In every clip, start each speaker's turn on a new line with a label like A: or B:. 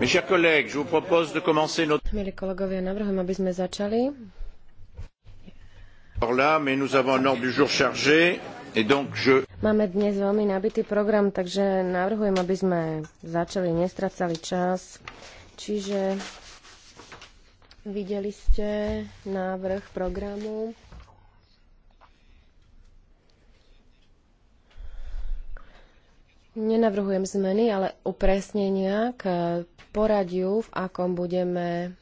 A: Milí
B: kolegovia, navrhujem, aby sme začali. Máme dnes veľmi nabitý program, takže navrhujem, aby sme začali, nestracali čas. Čiže videli ste návrh programu. Nenavrhujem zmeny, ale upresnenia k poradiu, v akom budeme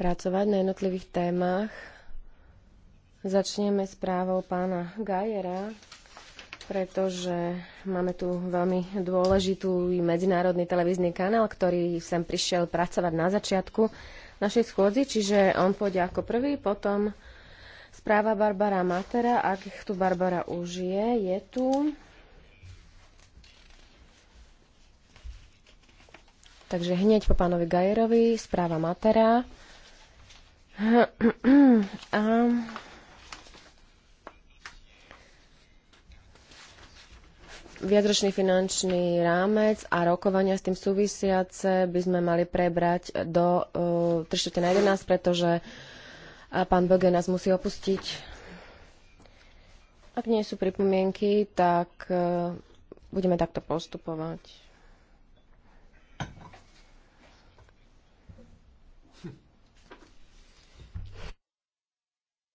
B: pracovať na jednotlivých témach. Začneme správou pána Gajera, pretože máme tu veľmi dôležitý medzinárodný televízny kanál, ktorý sem prišiel pracovať na začiatku našej schôdzi, čiže on pôjde ako prvý, potom správa Barbara Matera, ak tu Barbara už je, je tu. Takže hneď po pánovi Gajerovi správa Matera. A... Viacročný finančný rámec a rokovania s tým súvisiace by sme mali prebrať do uh, e, 3 na 11, pretože e, pán Böge nás musí opustiť. Ak nie sú pripomienky, tak uh, budeme takto postupovať.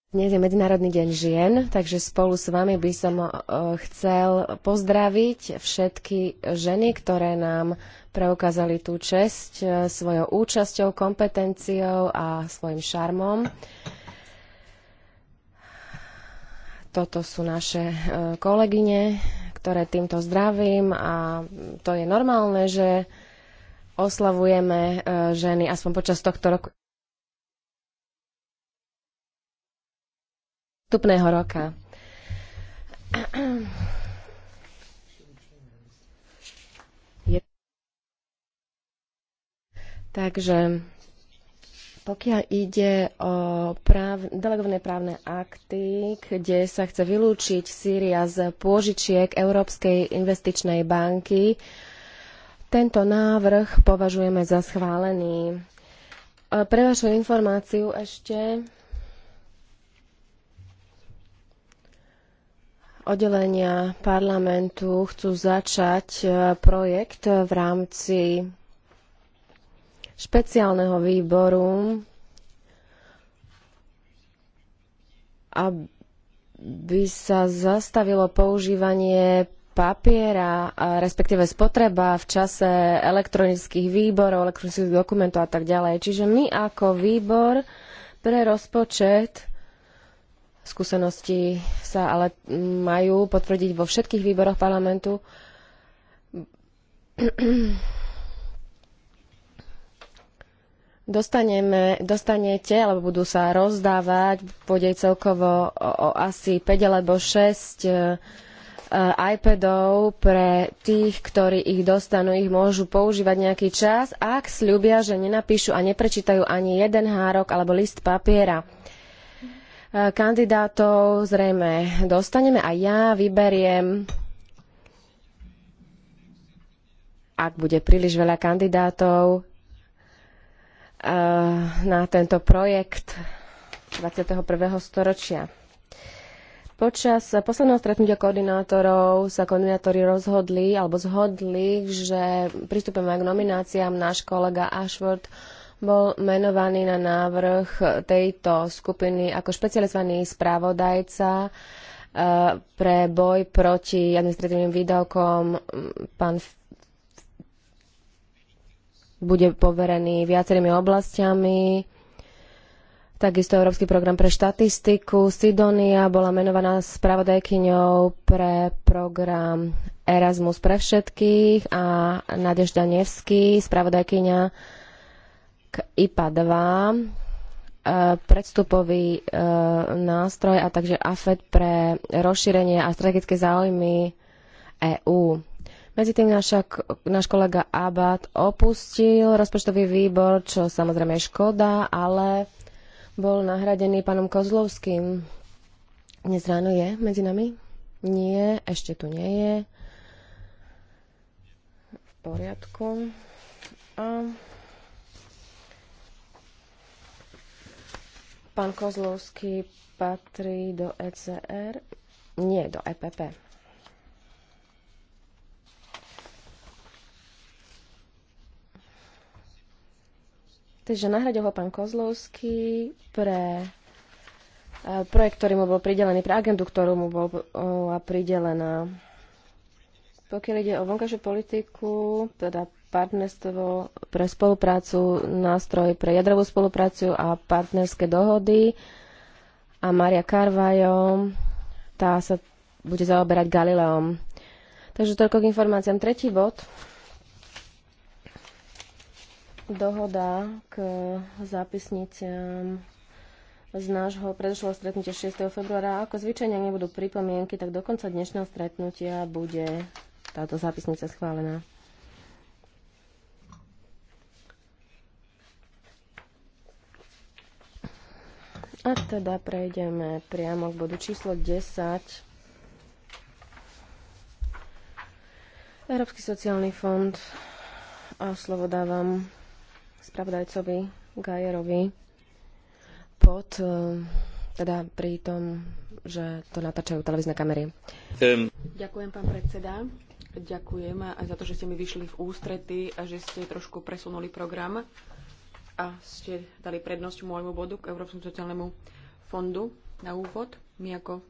B: Dnes je Medzinárodný deň žien, takže spolu s vami by som e, chcel pozdraviť všetky ženy, ktoré nám preukázali tú čest e, svojou účasťou, kompetenciou a svojim šarmom. Toto sú naše e, kolegyne, ktoré týmto zdravím a to je normálne, že oslavujeme ženy aspoň počas tohto roku. vstupného roka. Takže pokiaľ ide o práv, delegované právne akty, kde sa chce vylúčiť Sýria z pôžičiek Európskej investičnej banky, tento návrh považujeme za schválený. E, pre vašu informáciu ešte oddelenia parlamentu chcú začať e, projekt v rámci špeciálneho výboru, aby sa zastavilo používanie papiera, respektíve spotreba v čase elektronických výborov, elektronických dokumentov a tak ďalej. Čiže my ako výbor pre rozpočet Skúsenosti sa ale majú potvrdiť vo všetkých výboroch parlamentu. Dostaneme, dostanete, alebo budú sa rozdávať, bude celkovo o, o asi 5 alebo 6 e, e, iPadov pre tých, ktorí ich dostanú, ich môžu používať nejaký čas, ak sľubia, že nenapíšu a neprečítajú ani jeden hárok alebo list papiera. E, Eh, kandidátov zrejme dostaneme a ja vyberiem, ak bude príliš veľa kandidátov eh, na tento projekt 21. storočia. Počas posledného stretnutia koordinátorov sa koordinátori rozhodli alebo zhodli, že pristupujeme k nomináciám. Náš kolega Ashford bol menovaný na návrh tejto skupiny ako špecializovaný správodajca e, pre boj proti administratívnym výdavkom. Pán bude poverený viacerými oblastiami. Takisto Európsky program pre štatistiku. Sidonia bola menovaná spravodajkyňou pre program Erasmus pre všetkých a Nadežda Nevsky, spravodajkyňa k IPA 2 e, predstupový e, nástroj a takže AFED pre rozšírenie a strategické záujmy EÚ. Medzi tým naša, náš kolega Abad opustil rozpočtový výbor, čo samozrejme je škoda, ale bol nahradený pánom Kozlovským. Dnes ráno je medzi nami? Nie, ešte tu nie je. V poriadku. A Pán Kozlovský patrí do ECR, nie do EPP. Takže nahradil ho pán Kozlovský pre e, projekt, ktorý mu bol pridelený, pre agendu, ktorú mu bola e, pridelená. Pokiaľ ide o vonkajšiu politiku, teda partnerstvo pre spoluprácu, nástroj pre jadrovú spoluprácu a partnerské dohody. A Maria Carvajo, tá sa bude zaoberať Galileom. Takže toľko k informáciám. Tretí bod. Dohoda k zápisniciam z nášho predošlého stretnutia 6. februára. Ako zvyčajne nebudú pripomienky, tak do konca dnešného stretnutia bude táto zápisnica schválená. A teda prejdeme priamo k bodu číslo 10. Európsky sociálny fond. A slovo dávam spravodajcovi Gajerovi pod e, teda pri tom, že to natáčajú televízne kamery.
A: Um. Ďakujem, pán predseda. Ďakujem aj za to, že ste mi vyšli v ústrety a že ste trošku presunuli program a ste dali prednosť môjmu bodu k Európskom sociálnemu fondu na úvod. My ako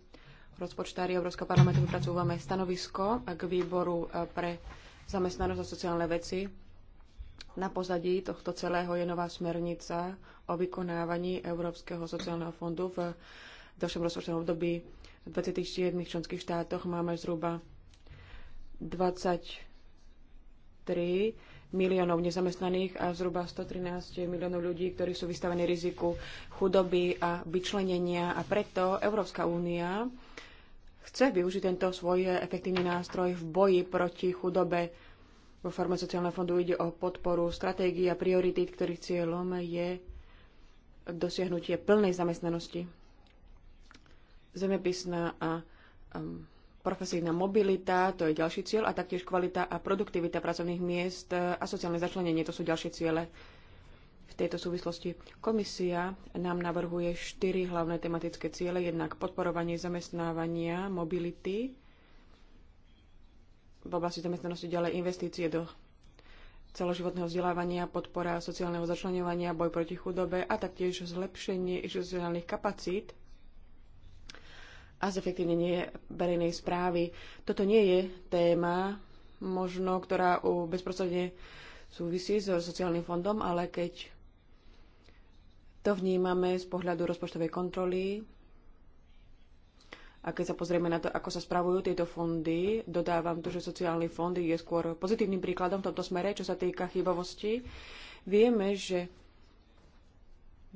A: rozpočtári Európskeho parlamentu vypracúvame stanovisko k výboru eh, pre zamestnanosť a sociálne veci. Na pozadí tohto celého je nová smernica o vykonávaní Európskeho sociálneho fondu v ďalšom rozpočtovom období v 21 členských štátoch máme zhruba 23 miliónov nezamestnaných a zhruba 113 miliónov ľudí, ktorí sú vystavení riziku chudoby a vyčlenenia. A preto Európska únia chce využiť tento svoj efektívny nástroj v boji proti chudobe. Vo forme sociálneho fondu ide o podporu stratégií a priority, ktorých cieľom je dosiahnutie plnej zamestnanosti. Zemepisná a um, profesijná mobilita, to je ďalší cieľ, a taktiež kvalita a produktivita pracovných miest a sociálne začlenenie, to sú ďalšie ciele. V tejto súvislosti komisia nám navrhuje štyri hlavné tematické ciele, jednak podporovanie zamestnávania, mobility, v oblasti zamestnanosti ďalej investície do celoživotného vzdelávania, podpora sociálneho začlenovania, boj proti chudobe a taktiež zlepšenie institucionálnych kapacít a zefektívnenie verejnej správy. Toto nie je téma, možno, ktorá bezprostredne súvisí so sociálnym fondom, ale keď to vnímame z pohľadu rozpočtovej kontroly a keď sa pozrieme na to, ako sa spravujú tieto fondy, dodávam to, že sociálny fond je skôr pozitívnym príkladom v tomto smere, čo sa týka chybovosti. Vieme, že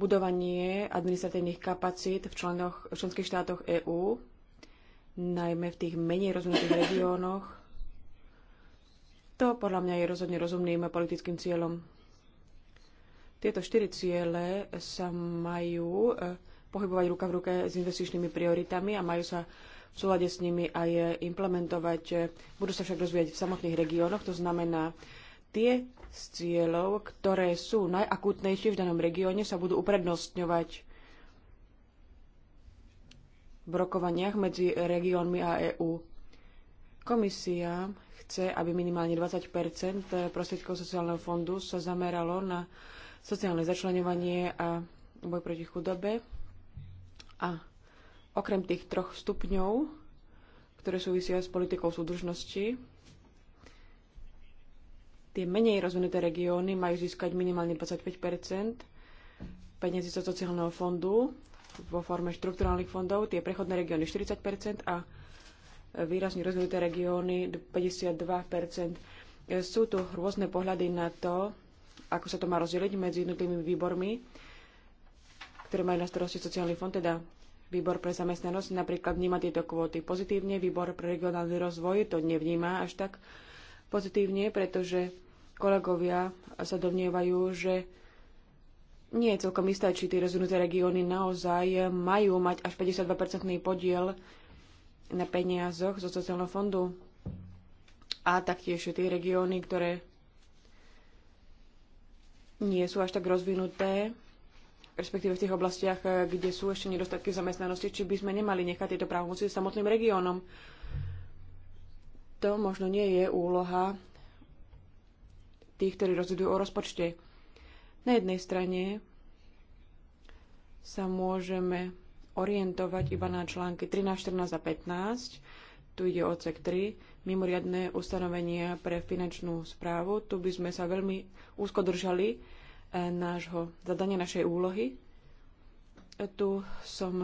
A: budovanie administratívnych kapacít v členoch, v členských štátoch EÚ, najmä v tých menej rozvinutých regiónoch. To podľa mňa je rozhodne rozumným politickým cieľom. Tieto štyri ciele sa majú e, pohybovať ruka v ruke s investičnými prioritami a majú sa v súlade s nimi aj implementovať. E, budú sa však rozvíjať v samotných regiónoch, to znamená, tie z cieľov, ktoré sú najakútnejšie v danom regióne, sa budú uprednostňovať v rokovaniach medzi regiónmi a EÚ. Komisia chce, aby minimálne 20 prostriedkov sociálneho fondu sa zameralo na sociálne začlenovanie a boj proti chudobe. A okrem tých troch stupňov, ktoré súvisia s politikou súdržnosti, Tie menej rozvinuté regióny majú získať minimálne 25 peniazy zo sociálneho fondu vo forme štrukturálnych fondov, tie prechodné regióny 40 a výrazne rozvinuté regióny 52 Sú tu rôzne pohľady na to, ako sa to má rozdeliť medzi jednotlivými výbormi, ktoré majú na starosti sociálny fond, teda výbor pre zamestnanosť napríklad vníma tieto kvóty pozitívne, výbor pre regionálny rozvoj to nevníma až tak pozitívne, pretože kolegovia sa domnievajú, že nie je celkom isté, či tie rozvinuté regióny naozaj majú mať až 52-percentný podiel na peniazoch zo sociálneho fondu a taktiež tie regióny, ktoré nie sú až tak rozvinuté, respektíve v tých oblastiach, kde sú ešte nedostatky zamestnanosti, či by sme nemali nechať tieto právomoci samotným regiónom to možno nie je úloha tých, ktorí rozhodujú o rozpočte. Na jednej strane sa môžeme orientovať iba na články 13, 14 a 15. Tu ide odsek 3, mimoriadné ustanovenia pre finančnú správu. Tu by sme sa veľmi úzko držali eh, nášho zadania, našej úlohy. Tu som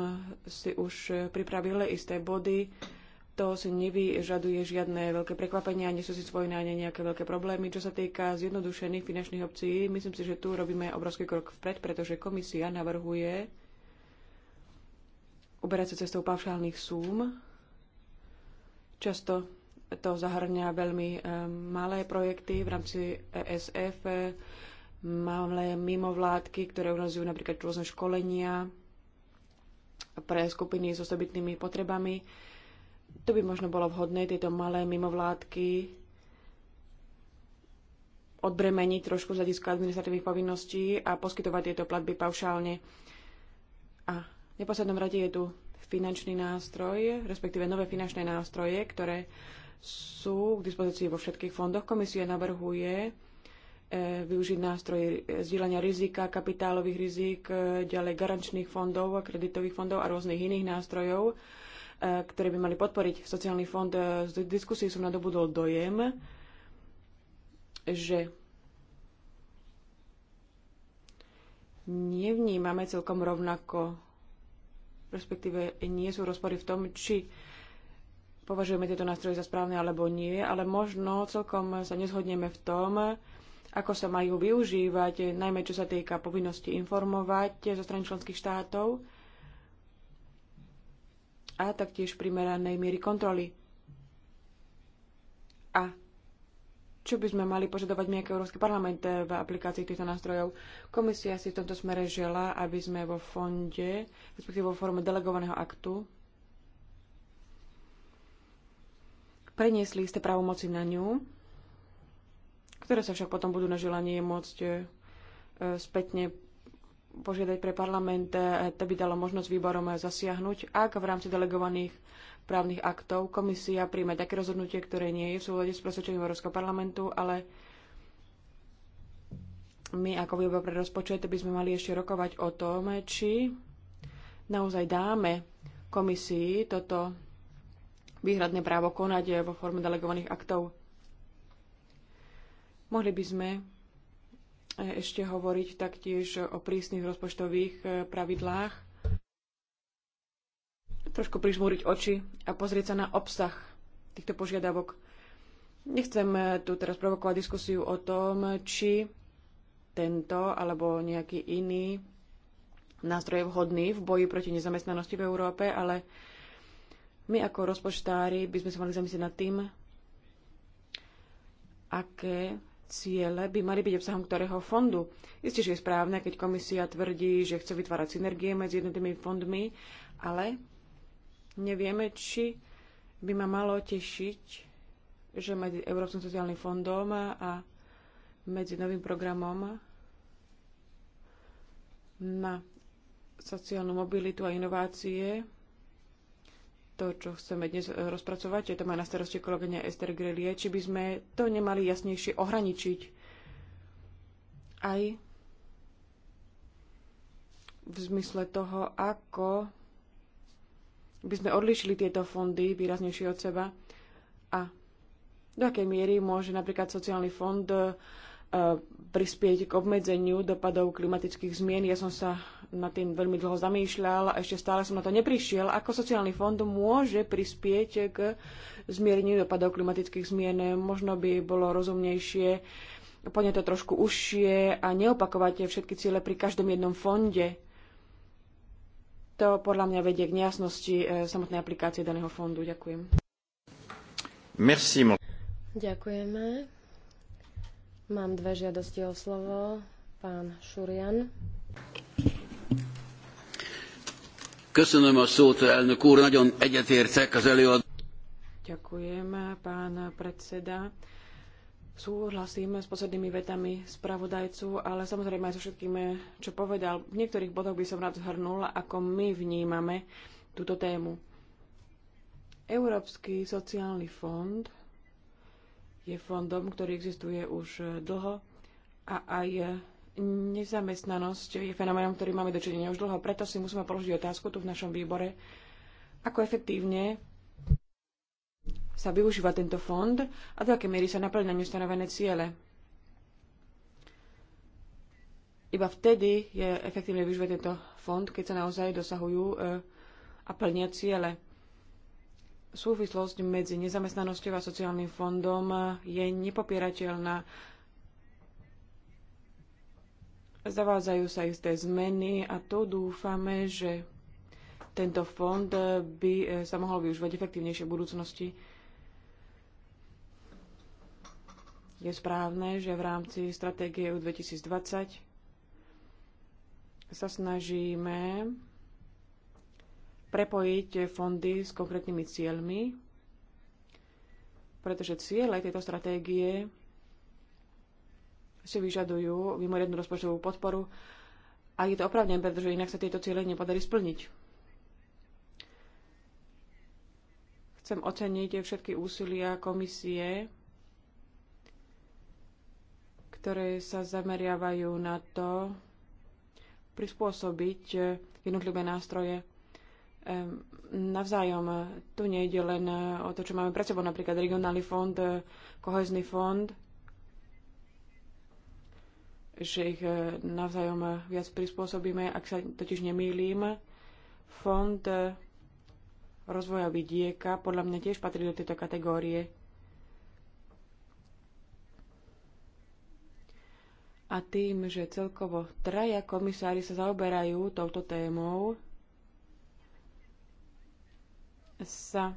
A: si už eh, pripravila isté body, to si nevyžaduje žiadne veľké prekvapenia, nie sú si svojné ani nejaké veľké problémy. Čo sa týka zjednodušených finančných obcí, myslím si, že tu robíme obrovský krok vpred, pretože komisia navrhuje uberať sa cestou paušálnych súm. Často to zahrňa veľmi eh, malé projekty v rámci ESF, malé mimovládky, ktoré urazujú napríklad rôzne školenia pre skupiny s osobitnými potrebami to by možno bolo vhodné, tieto malé mimovládky odbremeniť trošku z hľadiska administratívnych povinností a poskytovať tieto platby paušálne. A v neposlednom rade je tu finančný nástroj, respektíve nové finančné nástroje, ktoré sú k dispozícii vo všetkých fondoch. Komisia navrhuje e, využiť nástroj zdieľania rizika, kapitálových rizik, e, ďalej garančných fondov, a kreditových fondov a rôznych iných nástrojov E, ktoré by mali podporiť sociálny fond. E, z diskusie som nadobudol dojem, že nevnímame celkom rovnako, respektíve nie sú rozpory v tom, či považujeme tieto nástroje za správne alebo nie, ale možno celkom sa nezhodneme v tom, ako sa majú využívať, najmä čo sa týka povinnosti informovať zo strany členských štátov a taktiež primeranej miery kontroly. A čo by sme mali požadovať my ako Európsky parlament eh, v aplikácii týchto nástrojov. Komisia si v tomto smere žela, aby sme vo fonde, respektíve vo forme delegovaného aktu, preniesli ste právomoci na ňu, ktoré sa však potom budú na želanie môcť eh, spätne požiadať pre parlament, e, to by dalo možnosť výborom zasiahnuť, ak v rámci delegovaných právnych aktov komisia príjme také rozhodnutie, ktoré nie je v súlade s presvedčením Európskeho parlamentu, ale my ako výbor pre rozpočet by sme mali ešte rokovať o tom, či naozaj dáme komisii toto výhradné právo konať vo forme delegovaných aktov. Mohli by sme ešte hovoriť taktiež o prísnych rozpočtových e, pravidlách, trošku prižmúriť oči a pozrieť sa na obsah týchto požiadavok. Nechcem e, tu teraz provokovať diskusiu o tom, či tento alebo nejaký iný nástroj je vhodný v boji proti nezamestnanosti v Európe, ale my ako rozpočtári by sme sa mali zamyslieť nad tým, aké ciele by mali byť obsahom ktorého fondu. Isté, že je správne, keď komisia tvrdí, že chce vytvárať synergie medzi jednotými fondmi, ale nevieme, či by ma malo tešiť, že medzi Európskym sociálnym fondom a medzi novým programom na sociálnu mobilitu a inovácie to, čo chceme dnes eh, rozpracovať, je to má na starosti kolegyňa Ester Grelie, či by sme to nemali jasnejšie ohraničiť aj v zmysle toho, ako by sme odlišili tieto fondy výraznejšie od seba a do akej miery môže napríklad sociálny fond eh, prispieť k obmedzeniu dopadov klimatických zmien. Ja som sa nad tým veľmi dlho zamýšľal a ešte stále som na to neprišiel. Ako sociálny fond môže prispieť k zmierneniu dopadov klimatických zmien? Možno by bolo rozumnejšie poňať to trošku užšie a neopakovať všetky ciele pri každom jednom fonde. To podľa mňa vedie k nejasnosti eh, samotnej aplikácie daného fondu. Ďakujem. Merci. Ďakujeme. Mám dve žiadosti
B: o slovo.
A: Pán Šurian.
C: Köszönöm a szót, elnök úr, nagyon egyetértek az
A: Ďakujem, pán predseda. Súhlasím s poslednými vetami spravodajcu, ale samozrejme aj so všetkým, čo povedal. V niektorých bodoch by som rád zhrnul, ako my vnímame túto tému. Európsky sociálny fond je fondom, ktorý existuje už dlho a aj Nezamestnanosť je fenoménom, ktorý máme dočinenia už dlho, preto si musíme položiť otázku tu v našom výbore, ako efektívne sa využíva tento fond a do aké miery sa naplňajú stanovené ciele. Iba vtedy je efektívne využívať tento fond, keď sa naozaj dosahujú e, a plnia ciele. Súvislosť medzi nezamestnanosťou a sociálnym fondom je nepopierateľná Zavádzajú sa isté zmeny a tu dúfame, že tento fond by e, sa mohol využívať efektívnejšie v budúcnosti. Je správne, že v rámci stratégie EU 2020 sa snažíme prepojiť fondy s konkrétnymi cieľmi, pretože ciele tejto stratégie si vyžadujú mimoriadnu rozpočtovú podporu a je to opravnené, pretože inak sa tieto ciele nepodarí splniť. Chcem oceniť všetky úsilia komisie, ktoré sa zameriavajú na to, prispôsobiť jednotlivé nástroje navzájom. Tu nejde len o to, čo máme pred sebou, napríklad regionálny fond, kohezný fond – že ich e, navzájom viac prispôsobíme. Ak sa totiž nemýlim, fond e, rozvoja vidieka podľa mňa tiež patrí do tejto kategórie. A tým, že celkovo traja komisári sa zaoberajú touto témou, sa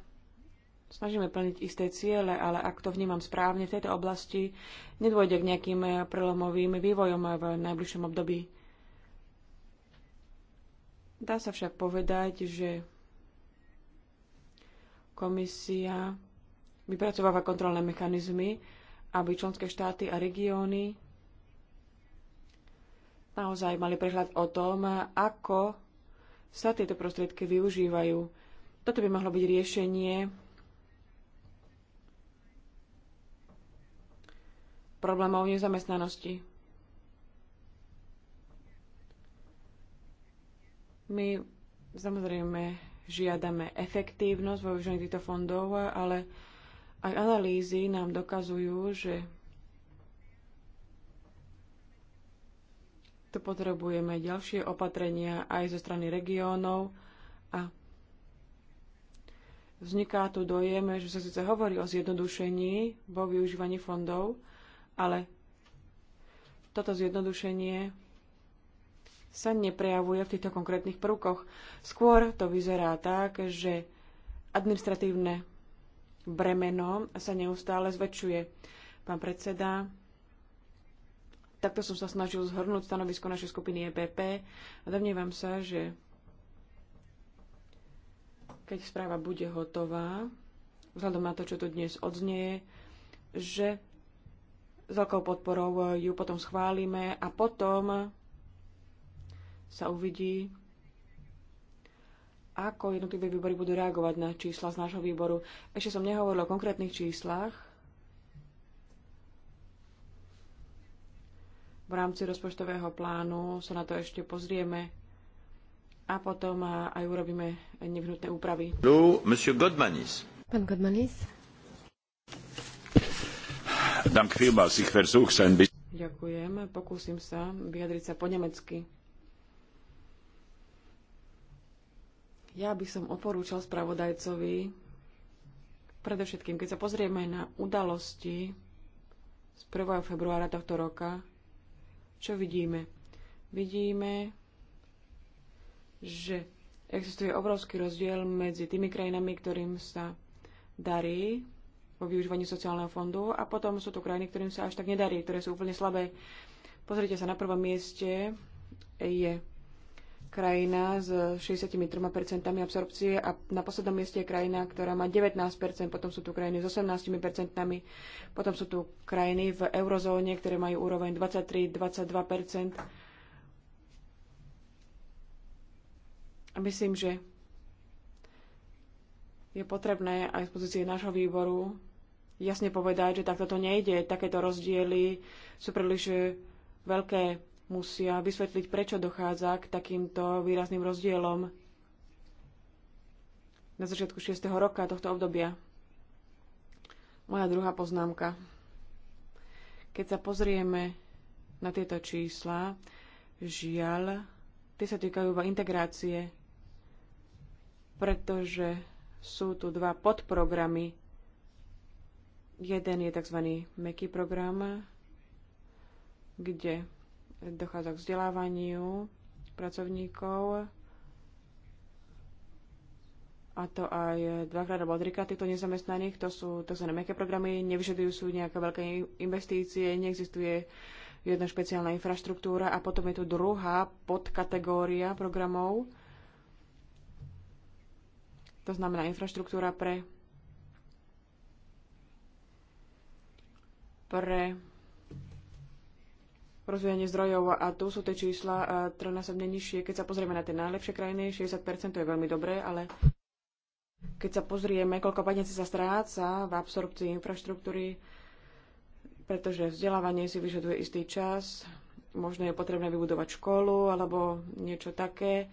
A: snažíme plniť isté ciele, ale ak to vnímam správne, v tejto oblasti nedôjde k nejakým prelomovým vývojom v najbližšom období. Dá sa však povedať, že komisia vypracováva kontrolné mechanizmy, aby členské štáty a regióny naozaj mali prehľad o tom, ako sa tieto prostriedky využívajú. Toto by mohlo byť riešenie problémov nezamestnanosti. My samozrejme žiadame efektívnosť vo využení týchto fondov, ale aj analýzy nám dokazujú, že tu potrebujeme ďalšie opatrenia aj zo strany regiónov a vzniká tu dojem, že sa síce hovorí o zjednodušení vo využívaní fondov, ale toto zjednodušenie sa neprejavuje v týchto konkrétnych prvkoch. Skôr to vyzerá tak, že administratívne bremeno sa neustále zväčšuje. Pán predseda, takto som sa snažil zhrnúť stanovisko našej skupiny EPP a domnievam sa, že keď správa bude hotová, vzhľadom na to, čo tu dnes odznieje, že s veľkou podporou eh, ju potom schválime a potom sa uvidí, ako jednotlivé výbory budú reagovať na čísla z nášho výboru. Ešte som nehovoril o konkrétnych číslach v rámci rozpočtového plánu, sa na to ešte pozrieme a potom eh, aj urobíme nevyhnutné úpravy. Pán Godmanis. Ďakujem, pokúsim sa vyjadriť sa po nemecky. Ja by som oporúčal spravodajcovi, predovšetkým, keď sa pozrieme na udalosti z 1. februára tohto roka, čo vidíme? Vidíme, že existuje obrovský rozdiel medzi tými krajinami, ktorým sa darí vo využívaní sociálneho fondu a potom sú to krajiny, ktorým sa až tak nedarí, ktoré sú úplne slabé. Pozrite sa, na prvom mieste je krajina s 63% absorpcie a na poslednom mieste je krajina, ktorá má 19%, potom sú tu krajiny s 18%, potom sú tu krajiny v eurozóne, ktoré majú úroveň 23-22%. A myslím, že je potrebné aj z pozície nášho výboru jasne povedať, že takto to nejde. Takéto rozdiely sú príliš veľké. Musia vysvetliť, prečo dochádza k takýmto výrazným rozdielom na začiatku 6. roka tohto obdobia. Moja druhá poznámka. Keď sa pozrieme na tieto čísla, žiaľ, tie sa týkajú iba integrácie, pretože sú tu dva podprogramy Jeden je tzv. meký program, kde dochádza k vzdelávaniu pracovníkov a to aj dvakrát alebo trikrát týchto nezamestnaných. To sú tzv. meké programy, nevyžadujú sú nejaké veľké investície, neexistuje jedna špeciálna infraštruktúra a potom je tu druhá podkategória programov. To znamená infraštruktúra pre pre rozvíjanie zdrojov a tu sú tie čísla trojnásobne nižšie. Keď sa pozrieme na tie najlepšie krajiny, 60% to je veľmi dobré, ale keď sa pozrieme, koľko peniazy sa stráca v absorpcii infraštruktúry, pretože vzdelávanie si vyžaduje istý čas, možno je potrebné vybudovať školu alebo niečo také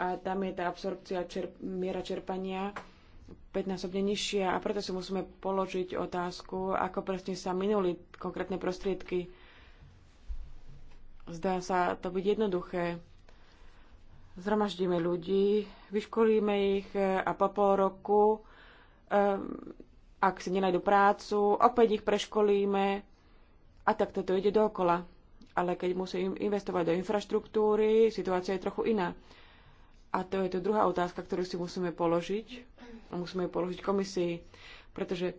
A: a tam je tá absorpcia, čerp, miera čerpania 5-násobne nižšia a preto si musíme položiť otázku, ako presne sa minuli konkrétne prostriedky. Zdá sa to byť jednoduché. Zhromaždíme ľudí, vyškolíme ich e, a po pol roku, e, ak si nenajdu prácu, opäť ich preškolíme a tak toto ide dokola. Ale keď musím investovať do infraštruktúry, situácia je trochu iná. A to je tu druhá otázka, ktorú si musíme položiť. A musíme ju položiť komisii, pretože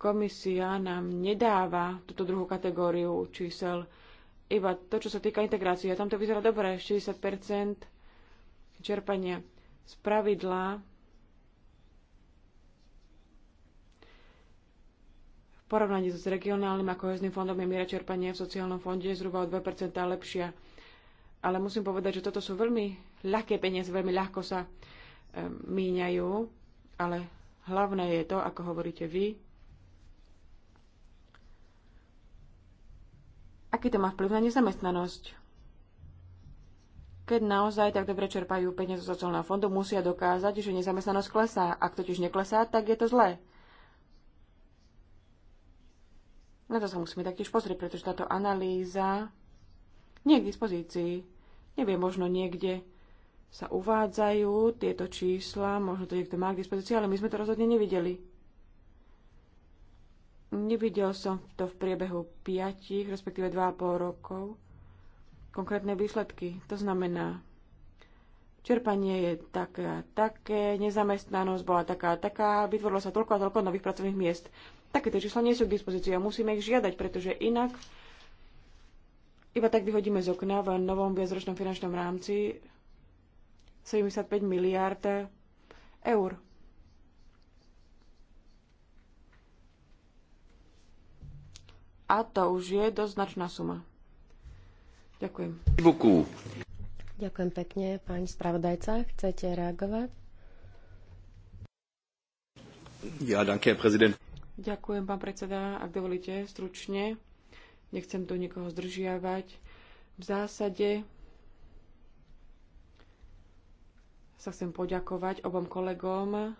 A: komisia nám nedáva túto druhú kategóriu čísel. Iba to, čo sa týka integrácie. A tam to vyzerá dobre, 60% čerpania z pravidla v porovnaní s regionálnym a kohezným fondom je miera čerpania v sociálnom fonde zhruba o 2% lepšia ale musím povedať, že toto sú veľmi ľahké peniaze, veľmi ľahko sa eh, míňajú, ale hlavné je to, ako hovoríte vy, aký to má vplyv na nezamestnanosť. Keď naozaj tak dobre čerpajú peniaze zo sociálneho fondu, musia dokázať, že nezamestnanosť klesá. Ak totiž neklesá, tak je to zlé. Na to sa musíme taktiež pozrieť, pretože táto analýza nie je k dispozícii Neviem, možno niekde sa uvádzajú tieto čísla, možno to niekto má k dispozícii, ale my sme to rozhodne nevideli. Nevidel som to v priebehu 5, respektíve 2,5 rokov. Konkrétne výsledky. To znamená, čerpanie je také a také, nezamestnanosť bola taká a taká, vytvorilo sa toľko a toľko nových pracovných miest. Takéto čísla nie sú k dispozícii a musíme ich žiadať, pretože inak iba tak vyhodíme z okna v novom viacročnom finančnom rámci 75 miliárd eur. A to už je dosť značná suma. Ďakujem.
B: Ďakujem pekne, pani spravodajca.
A: Chcete reagovať? Ja, prezident. Ďakujem, pán predseda. Ak dovolíte, stručne Nechcem tu nikoho zdržiavať. V zásade sa chcem poďakovať obom kolegom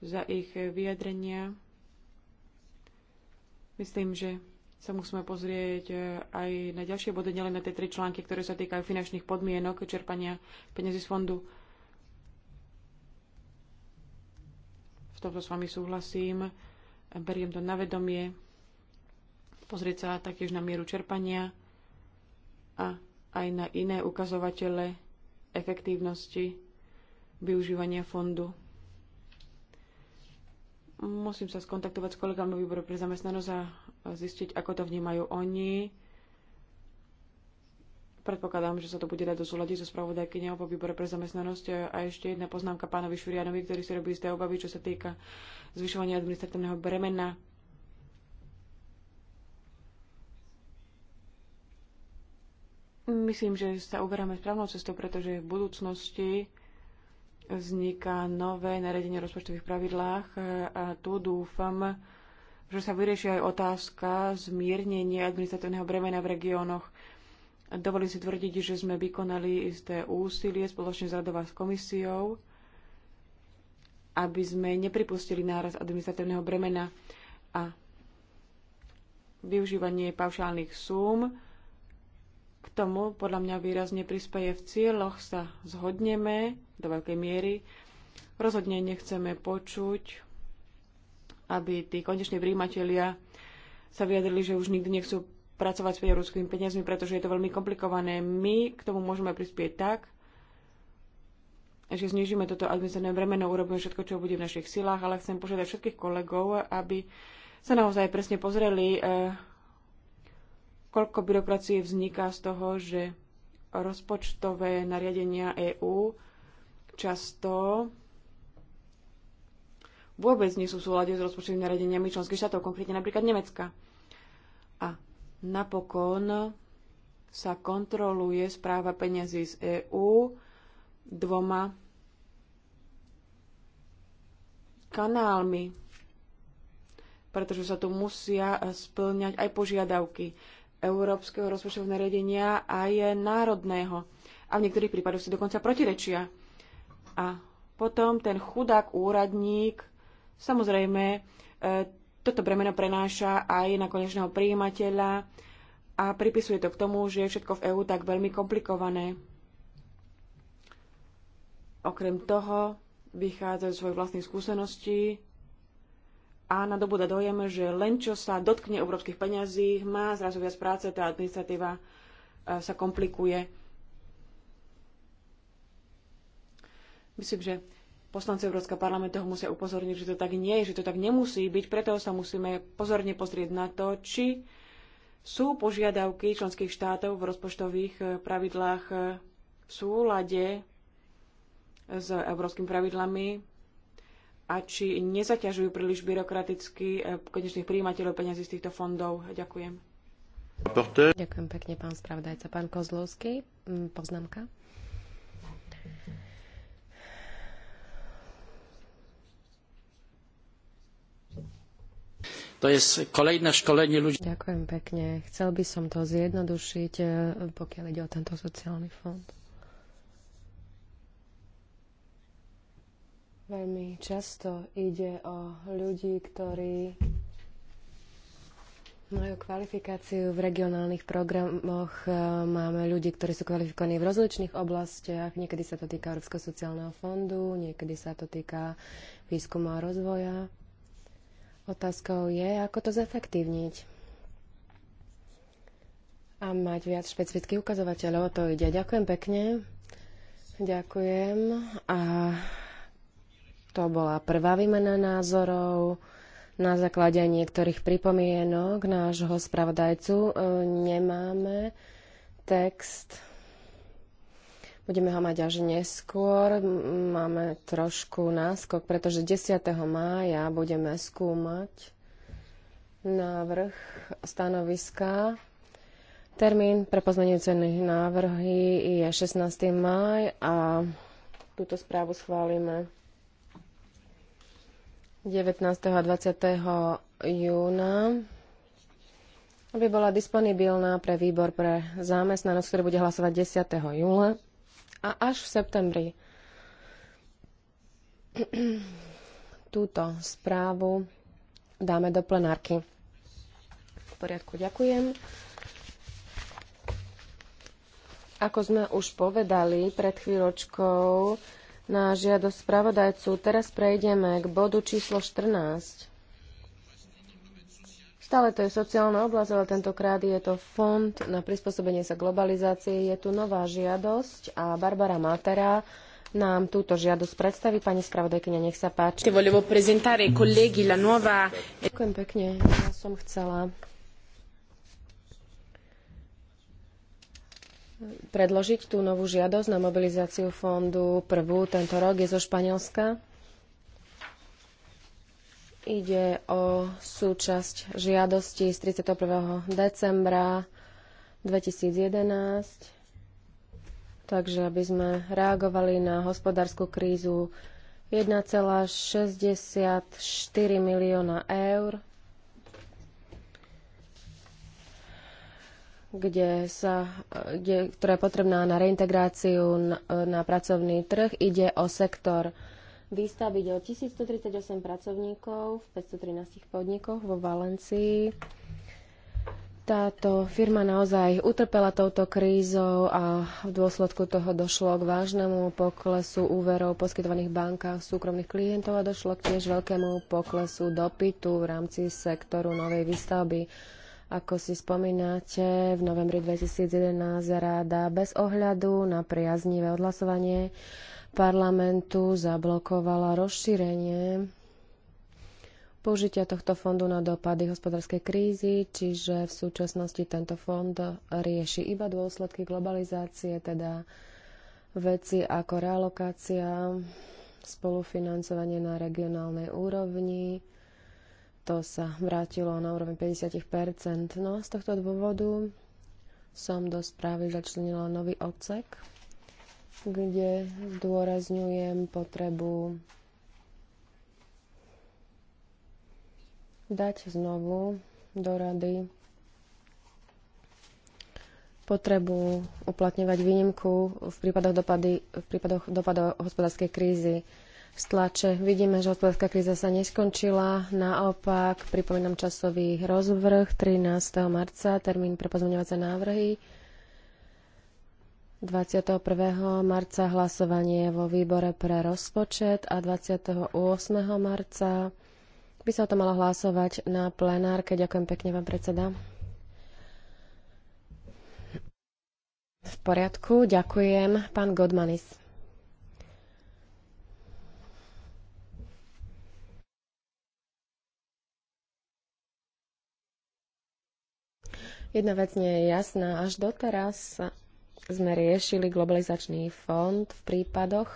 A: za ich vyjadrenia. Myslím, že sa musíme pozrieť eh, aj na ďalšie body, nielen na tie tri články, ktoré sa týkajú finančných podmienok čerpania peniazy z fondu. V tomto s vami súhlasím, beriem to na vedomie pozrieť sa taktiež na mieru čerpania a aj na iné ukazovatele efektívnosti využívania fondu. Musím sa skontaktovať s kolegami výboru pre zamestnanosť a zistiť, ako to vnímajú oni. Predpokladám, že sa to bude dať dosúľadiť so spravodajkyňou po výbore pre zamestnanosť. A ešte jedna poznámka pánovi Šurianovi, ktorý si robí isté obavy, čo sa týka zvyšovania administratívneho bremena Myslím, že sa uberáme správnou cestou, pretože v budúcnosti vzniká nové naredenie o rozpočtových pravidlách a tu dúfam, že sa vyrieši aj otázka zmiernenia administratívneho bremena v regiónoch. Dovolím si tvrdiť, že sme vykonali isté úsilie spoločne s radová s komisiou, aby sme nepripustili náraz administratívneho bremena a využívanie paušálnych súm tomu podľa mňa výrazne prispieje v cieľoch sa zhodneme do veľkej miery. Rozhodne nechceme počuť, aby tí koneční príjimatelia sa vyjadrili, že už nikdy nechcú pracovať s bieloruskými peniazmi, pretože je to veľmi komplikované. My k tomu môžeme prispieť tak, že znižíme toto administratívne bremeno, urobíme všetko, čo bude v našich silách, ale chcem požiadať všetkých kolegov, aby sa naozaj presne pozreli, eh, koľko byrokracie vzniká z toho, že rozpočtové nariadenia EÚ často vôbec nie sú v súlade s rozpočtovými nariadeniami členských štátov, konkrétne napríklad Nemecka. A napokon sa kontroluje správa peňazí z EÚ dvoma kanálmi, pretože sa tu musia splňať aj požiadavky európskeho rozpočtového nariadenia je národného. A v niektorých prípadoch si dokonca protirečia. A potom ten chudák úradník, samozrejme, e, toto bremeno prenáša aj na konečného príjimateľa a pripisuje to k tomu, že je všetko v EÚ tak veľmi komplikované. Okrem toho vychádza z svojich vlastných skúseností, a nadobúda dojem, že len čo sa dotkne európskych peňazí, má zrazu viac práce, tá administratíva e, sa komplikuje. Myslím, že poslanci Európskeho parlamentu ho musia upozorniť, že to tak nie je, že to tak nemusí byť, preto sa musíme pozorne pozrieť na to, či sú požiadavky členských štátov v rozpočtových e, pravidlách e, v súlade s európskymi pravidlami a či nezaťažujú príliš byrokraticky eh, konečných príjimateľov peniazy z týchto fondov. Ďakujem.
B: Ďakujem pekne, pán spravodajca. Pán Kozlovský, mm, poznámka.
C: To je kolejné školenie ľudí.
B: Ďakujem pekne. Chcel by som to zjednodušiť, eh, pokiaľ ide o tento sociálny fond. Veľmi často ide o ľudí, ktorí majú kvalifikáciu v regionálnych programoch. E, Máme ľudí, ktorí sú kvalifikovaní v rozličných oblastiach. Niekedy sa to týka Európskeho sociálneho fondu, niekedy sa to týka výskumu a rozvoja. Otázkou je, ako to zefektívniť a mať viac špecifických ukazovateľov. O to ide. Ďakujem pekne. Ďakujem. A to bola prvá výmena názorov. Na základe niektorých pripomienok nášho spravodajcu e, nemáme text. Budeme ho mať až neskôr. Máme trošku náskok, pretože 10. mája budeme skúmať návrh stanoviska Termín pre cených návrhy je 16. maj a túto správu schválime 19. a 20. júna aby bola disponibilná pre výbor pre zamestnanosť, ktorý bude hlasovať 10. júla a až v septembri túto správu dáme do plenárky. V poriadku, ďakujem. Ako sme už povedali pred chvíľočkou, na žiadosť spravodajcu. Teraz prejdeme k bodu číslo 14. Stále to je sociálna oblasť, ale tentokrát je to fond na prispôsobenie sa globalizácii. Je tu nová žiadosť a Barbara Matera nám túto žiadosť predstaví. Pani spravodajkyňa, nech sa páči. Ďakujem pekne. Ja som chcela predložiť tú novú žiadosť na mobilizáciu fondu prvú tento rok. Je zo Španielska. Ide o súčasť žiadosti z 31. decembra 2011. Takže aby sme reagovali na hospodárskú krízu 1,64 milióna eur kde sa, kde, ktorá je potrebná na reintegráciu na, na pracovný trh. Ide o sektor výstavy, ide o 1138 pracovníkov v 513 podnikoch vo Valencii. Táto firma naozaj utrpela touto krízou a v dôsledku toho došlo k vážnemu poklesu úverov poskytovaných bankách súkromných klientov a došlo k tiež veľkému poklesu dopytu v rámci sektoru novej výstavby. Ako si spomínate, v novembri 2011 ráda bez ohľadu na priaznivé odhlasovanie parlamentu zablokovala rozšírenie použitia tohto fondu na dopady hospodárskej krízy, čiže v súčasnosti tento fond rieši iba dôsledky globalizácie, teda veci ako realokácia, spolufinancovanie na regionálnej úrovni, to sa vrátilo na úroveň 50 No a z tohto dôvodu som do správy začlenila nový odsek, kde zdôrazňujem potrebu dať znovu do rady potrebu uplatňovať výnimku v prípadoch, dopady, v prípadoch dopadov hospodárskej krízy z tlače. Vidíme, že hospodárska kríza sa neskončila. Naopak, pripomínam časový rozvrh 13. marca, termín pre pozmeňovacie návrhy. 21. marca hlasovanie vo výbore pre rozpočet a 28. marca by sa o to malo hlasovať na plenárke. Ďakujem pekne, pán predseda. V poriadku, ďakujem. Pán Godmanis. Jedna vec nie je jasná. Až doteraz sme riešili globalizačný fond v prípadoch,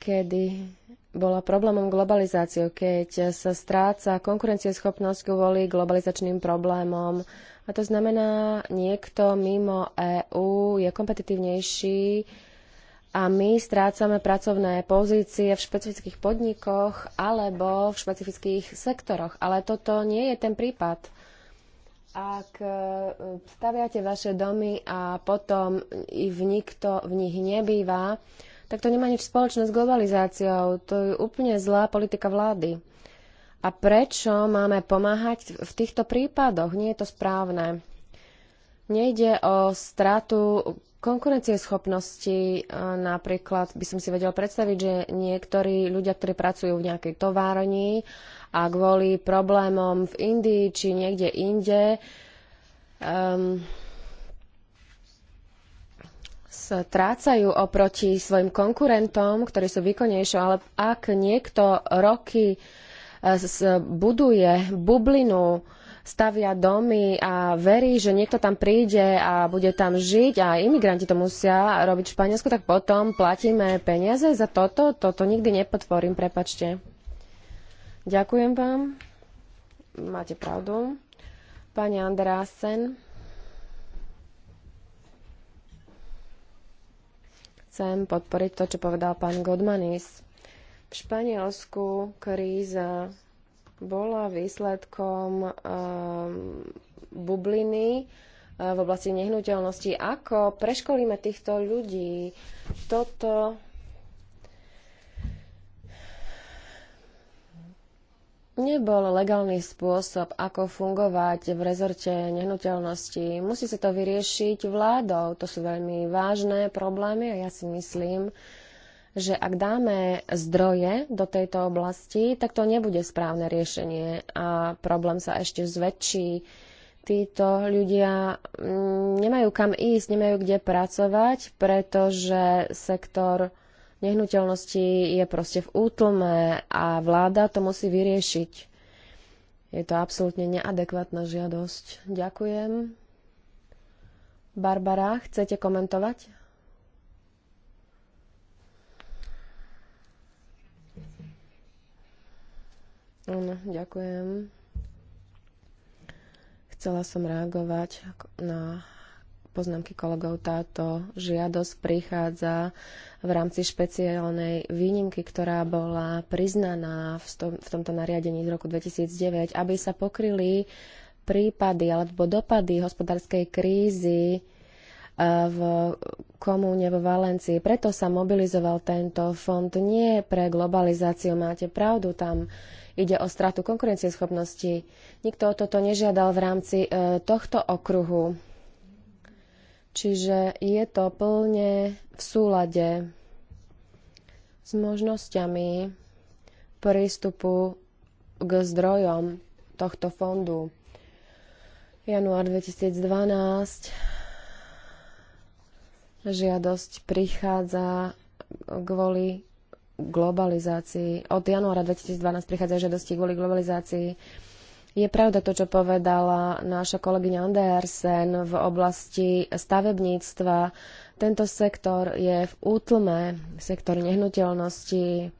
B: kedy bola problémom globalizáciou, keď sa stráca konkurencieschopnosť kvôli globalizačným problémom. A to znamená, niekto mimo EÚ je kompetitívnejší a my strácame pracovné pozície v špecifických podnikoch alebo v špecifických sektoroch. Ale toto nie je ten prípad. Ak e, staviate vaše domy a potom i v nikto v nich nebýva, tak to nemá nič spoločné s globalizáciou. To je úplne zlá politika vlády. A prečo máme pomáhať v týchto prípadoch? Nie je to správne. Nejde o stratu konkurencieschopnosti. E, napríklad by som si vedel predstaviť, že niektorí ľudia, ktorí pracujú v nejakej továrni a kvôli problémom v Indii či niekde inde um, ehm, strácajú oproti svojim konkurentom, ktorí sú výkonnejšie, ale ak niekto roky e, buduje bublinu, stavia domy a verí, že niekto tam príde a bude tam žiť a imigranti to musia robiť v Španielsku, tak potom platíme peniaze za toto. Toto nikdy nepodporím, prepačte. Ďakujem vám. Máte pravdu. Pani Andrásen. Chcem podporiť to, čo povedal pán Godmanis. V Španielsku kríza bola výsledkom um, bubliny eh, v oblasti nehnuteľnosti. Ako preškolíme týchto ľudí? Toto nebol legálny spôsob, ako fungovať v rezorte nehnuteľnosti. Musí sa to vyriešiť vládou. To sú veľmi vážne problémy a ja si myslím, že ak dáme zdroje do tejto oblasti, tak to nebude správne riešenie a problém sa ešte zväčší. Títo ľudia mm, nemajú kam ísť, nemajú kde pracovať, pretože sektor nehnuteľností je proste v útlme a vláda to musí vyriešiť. Je to absolútne neadekvátna žiadosť. Ďakujem. Barbara, chcete komentovať? Áno, ďakujem. Chcela som reagovať na poznámky kolegov, táto žiadosť prichádza v rámci špeciálnej výnimky, ktorá bola priznaná v, tom, v tomto nariadení z roku 2009, aby sa pokryli prípady alebo dopady hospodárskej krízy eh, v komúne vo Valencii. Preto sa mobilizoval tento fond nie pre globalizáciu. Máte pravdu, tam ide o stratu konkurencieschopnosti. Nikto o toto nežiadal v rámci eh, tohto okruhu Čiže je to plne v súlade s možnosťami prístupu k zdrojom tohto fondu. Január 2012 žiadosť prichádza kvôli globalizácii. Od januára 2012 prichádza žiadosti kvôli globalizácii je pravda to, čo povedala náša kolegyňa Andersen v oblasti stavebníctva. Tento sektor je v útlme, sektor nehnuteľnosti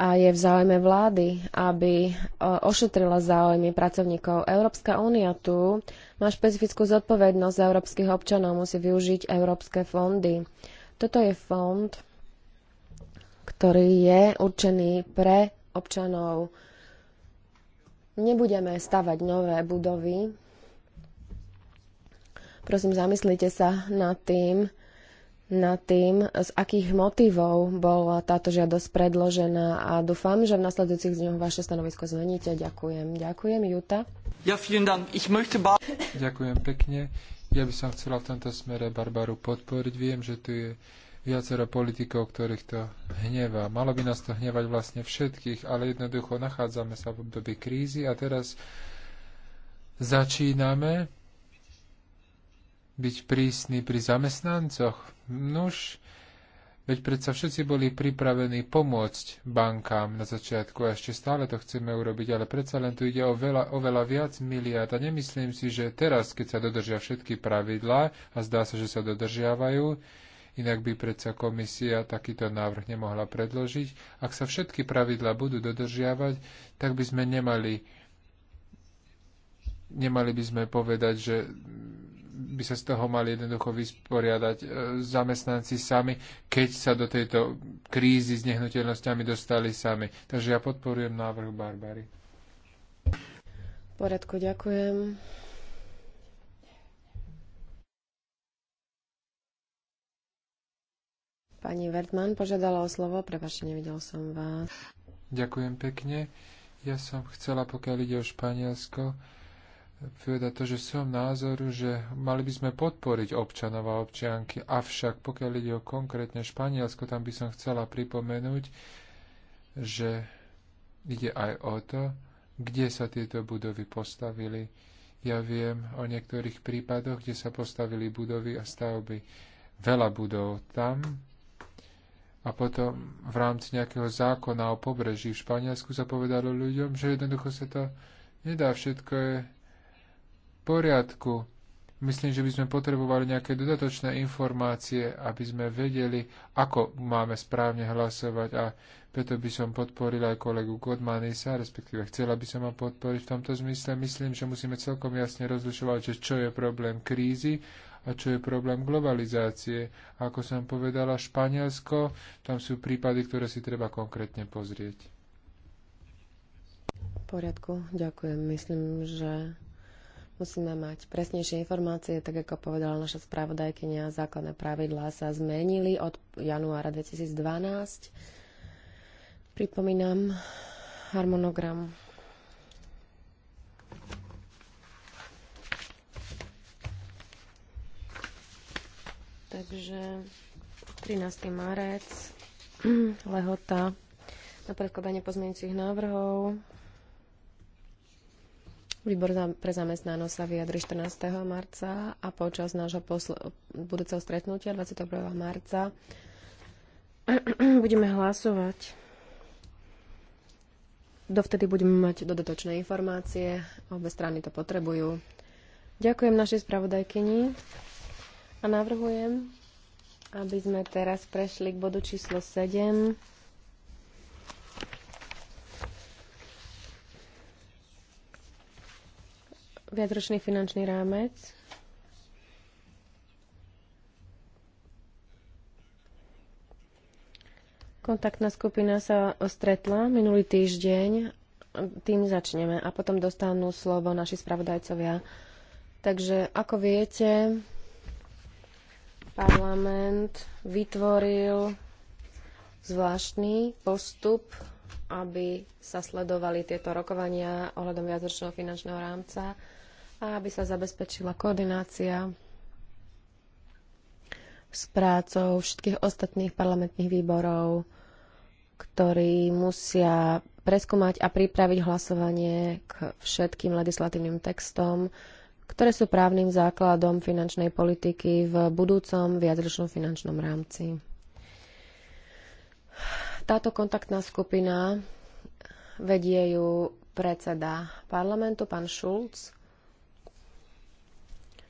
B: a je v záujme vlády, aby e, ošetrila záujmy pracovníkov. Európska únia tu má špecifickú zodpovednosť za európskych občanov, musí využiť európske fondy. Toto je fond, ktorý je určený pre občanov Nebudeme stavať nové budovy. Prosím, zamyslite sa nad tým, nad tým, z akých motivov bola táto žiadosť predložená a dúfam, že v nasledujúcich dňoch vaše stanovisko zmeníte. Ďakujem. Ďakujem, Juta.
C: Ja vielen Dank. Ich möchte ba- Ďakujem pekne. Ja by som chcela v tomto smere Barbaru podporiť. Viem, že tu je viacero politikov, ktorých to hnevá. Malo by nás to hnevať vlastne všetkých, ale jednoducho nachádzame sa v období krízy a teraz začíname byť prísni pri zamestnancoch. Nuž, veď predsa všetci boli pripravení pomôcť bankám na začiatku a ešte stále to chceme urobiť, ale predsa len tu ide o veľa, o veľa viac miliard a nemyslím si, že teraz, keď sa dodržia všetky pravidlá a zdá sa, že sa dodržiavajú, inak by predsa komisia takýto návrh nemohla predložiť. Ak sa všetky pravidlá budú dodržiavať, tak by sme nemali, nemali by sme povedať, že by sa z toho mali jednoducho vysporiadať e, zamestnanci sami, keď sa do tejto krízy s nehnuteľnosťami dostali sami. Takže ja podporujem návrh Barbary.
B: poriadku, ďakujem. Pani Vertman požiadala o slovo, prepačte, nevidel som vás.
C: Ďakujem pekne. Ja som chcela, pokiaľ ide o Španielsko, povedať to, že som názoru, že mali by sme podporiť občanov a občianky, avšak pokiaľ ide o konkrétne Španielsko, tam by som chcela pripomenúť, že ide aj o to, kde sa tieto budovy postavili. Ja viem o niektorých prípadoch, kde sa postavili budovy a stavby. Veľa budov tam, a potom v rámci nejakého zákona o pobreží v Španielsku sa povedalo ľuďom, že jednoducho sa to nedá, všetko je v poriadku. Myslím, že by sme potrebovali nejaké dodatočné informácie, aby sme vedeli, ako máme správne hlasovať a preto by som podporil aj kolegu Godmanisa, respektíve chcela by som ho podporiť v tomto zmysle. Myslím, že musíme celkom jasne rozlišovať, že čo je problém krízy a čo je problém globalizácie. A ako som povedala, Španielsko, tam sú prípady, ktoré si treba konkrétne pozrieť.
B: V poriadku, ďakujem. Myslím, že musíme mať presnejšie informácie, tak ako povedala naša spravodajkynia, základné pravidlá sa zmenili od januára 2012. Pripomínam harmonogram Takže 13. marec, lehota na predkladanie pozmeňujúcich návrhov. Výbor pre zamestnanosť sa vyjadri 14. marca a počas nášho posl- budúceho stretnutia 21. marca budeme hlasovať. Dovtedy budeme mať dodatočné informácie. Obe strany to potrebujú. Ďakujem našej spravodajkyni. A navrhujem, aby sme teraz prešli k bodu číslo 7. Viacročný finančný rámec. Kontaktná skupina sa stretla minulý týždeň. Tým začneme a potom dostanú slovo naši spravodajcovia. Takže, ako viete, parlament vytvoril zvláštny postup, aby sa sledovali tieto rokovania ohľadom viacročného finančného rámca a aby sa zabezpečila koordinácia s prácou všetkých ostatných parlamentných výborov, ktorí musia preskúmať a pripraviť hlasovanie k všetkým legislatívnym textom, ktoré sú právnym základom finančnej politiky v budúcom viacročnom finančnom rámci. Táto kontaktná skupina vedie ju predseda parlamentu, pán Šulc.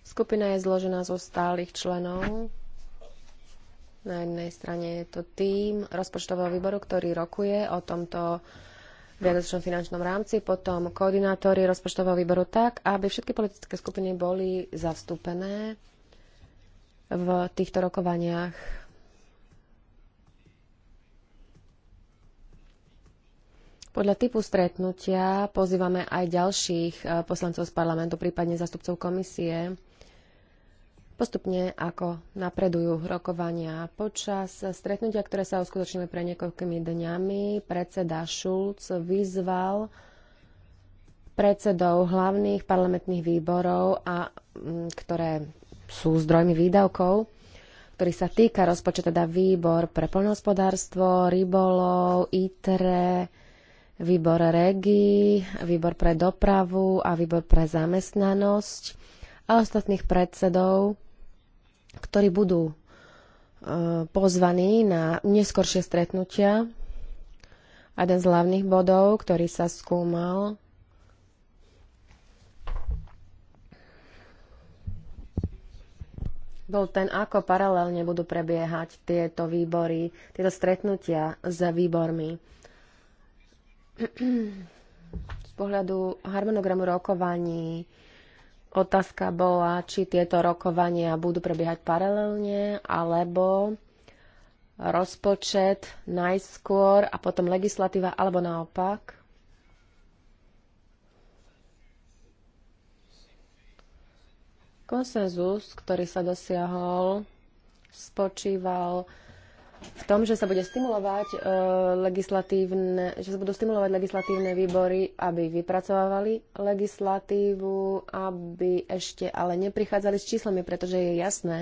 B: Skupina je zložená zo stálych členov. Na jednej strane je to tým rozpočtového výboru, ktorý rokuje o tomto vianočnom finančnom rámci, potom koordinátori rozpočtového výboru tak, aby všetky politické skupiny boli zastúpené v týchto rokovaniach. Podľa typu stretnutia pozývame aj ďalších eh, poslancov z parlamentu, prípadne zastupcov komisie postupne ako napredujú rokovania. Počas stretnutia, ktoré sa uskutočnili pre niekoľkými dňami, predseda Šulc vyzval predsedov hlavných parlamentných výborov, a, mm, ktoré sú zdrojmi výdavkov, ktorý sa týka rozpočet, teda výbor pre poľnohospodárstvo, rybolov, ITRE, výbor REGI, výbor pre dopravu a výbor pre zamestnanosť a ostatných predsedov ktorí budú e, pozvaní na neskoršie stretnutia. A jeden z hlavných bodov, ktorý sa skúmal, bol ten, ako paralelne budú prebiehať tieto výbory, tieto stretnutia s výbormi. Z pohľadu harmonogramu rokovaní Otázka bola, či tieto rokovania budú prebiehať paralelne, alebo rozpočet najskôr a potom legislatíva, alebo naopak. Konsenzus, ktorý sa dosiahol, spočíval v tom, že sa bude stimulovať e, legislatívne, že sa budú stimulovať legislatívne výbory, aby vypracovávali legislatívu, aby ešte ale neprichádzali s číslami, pretože je jasné,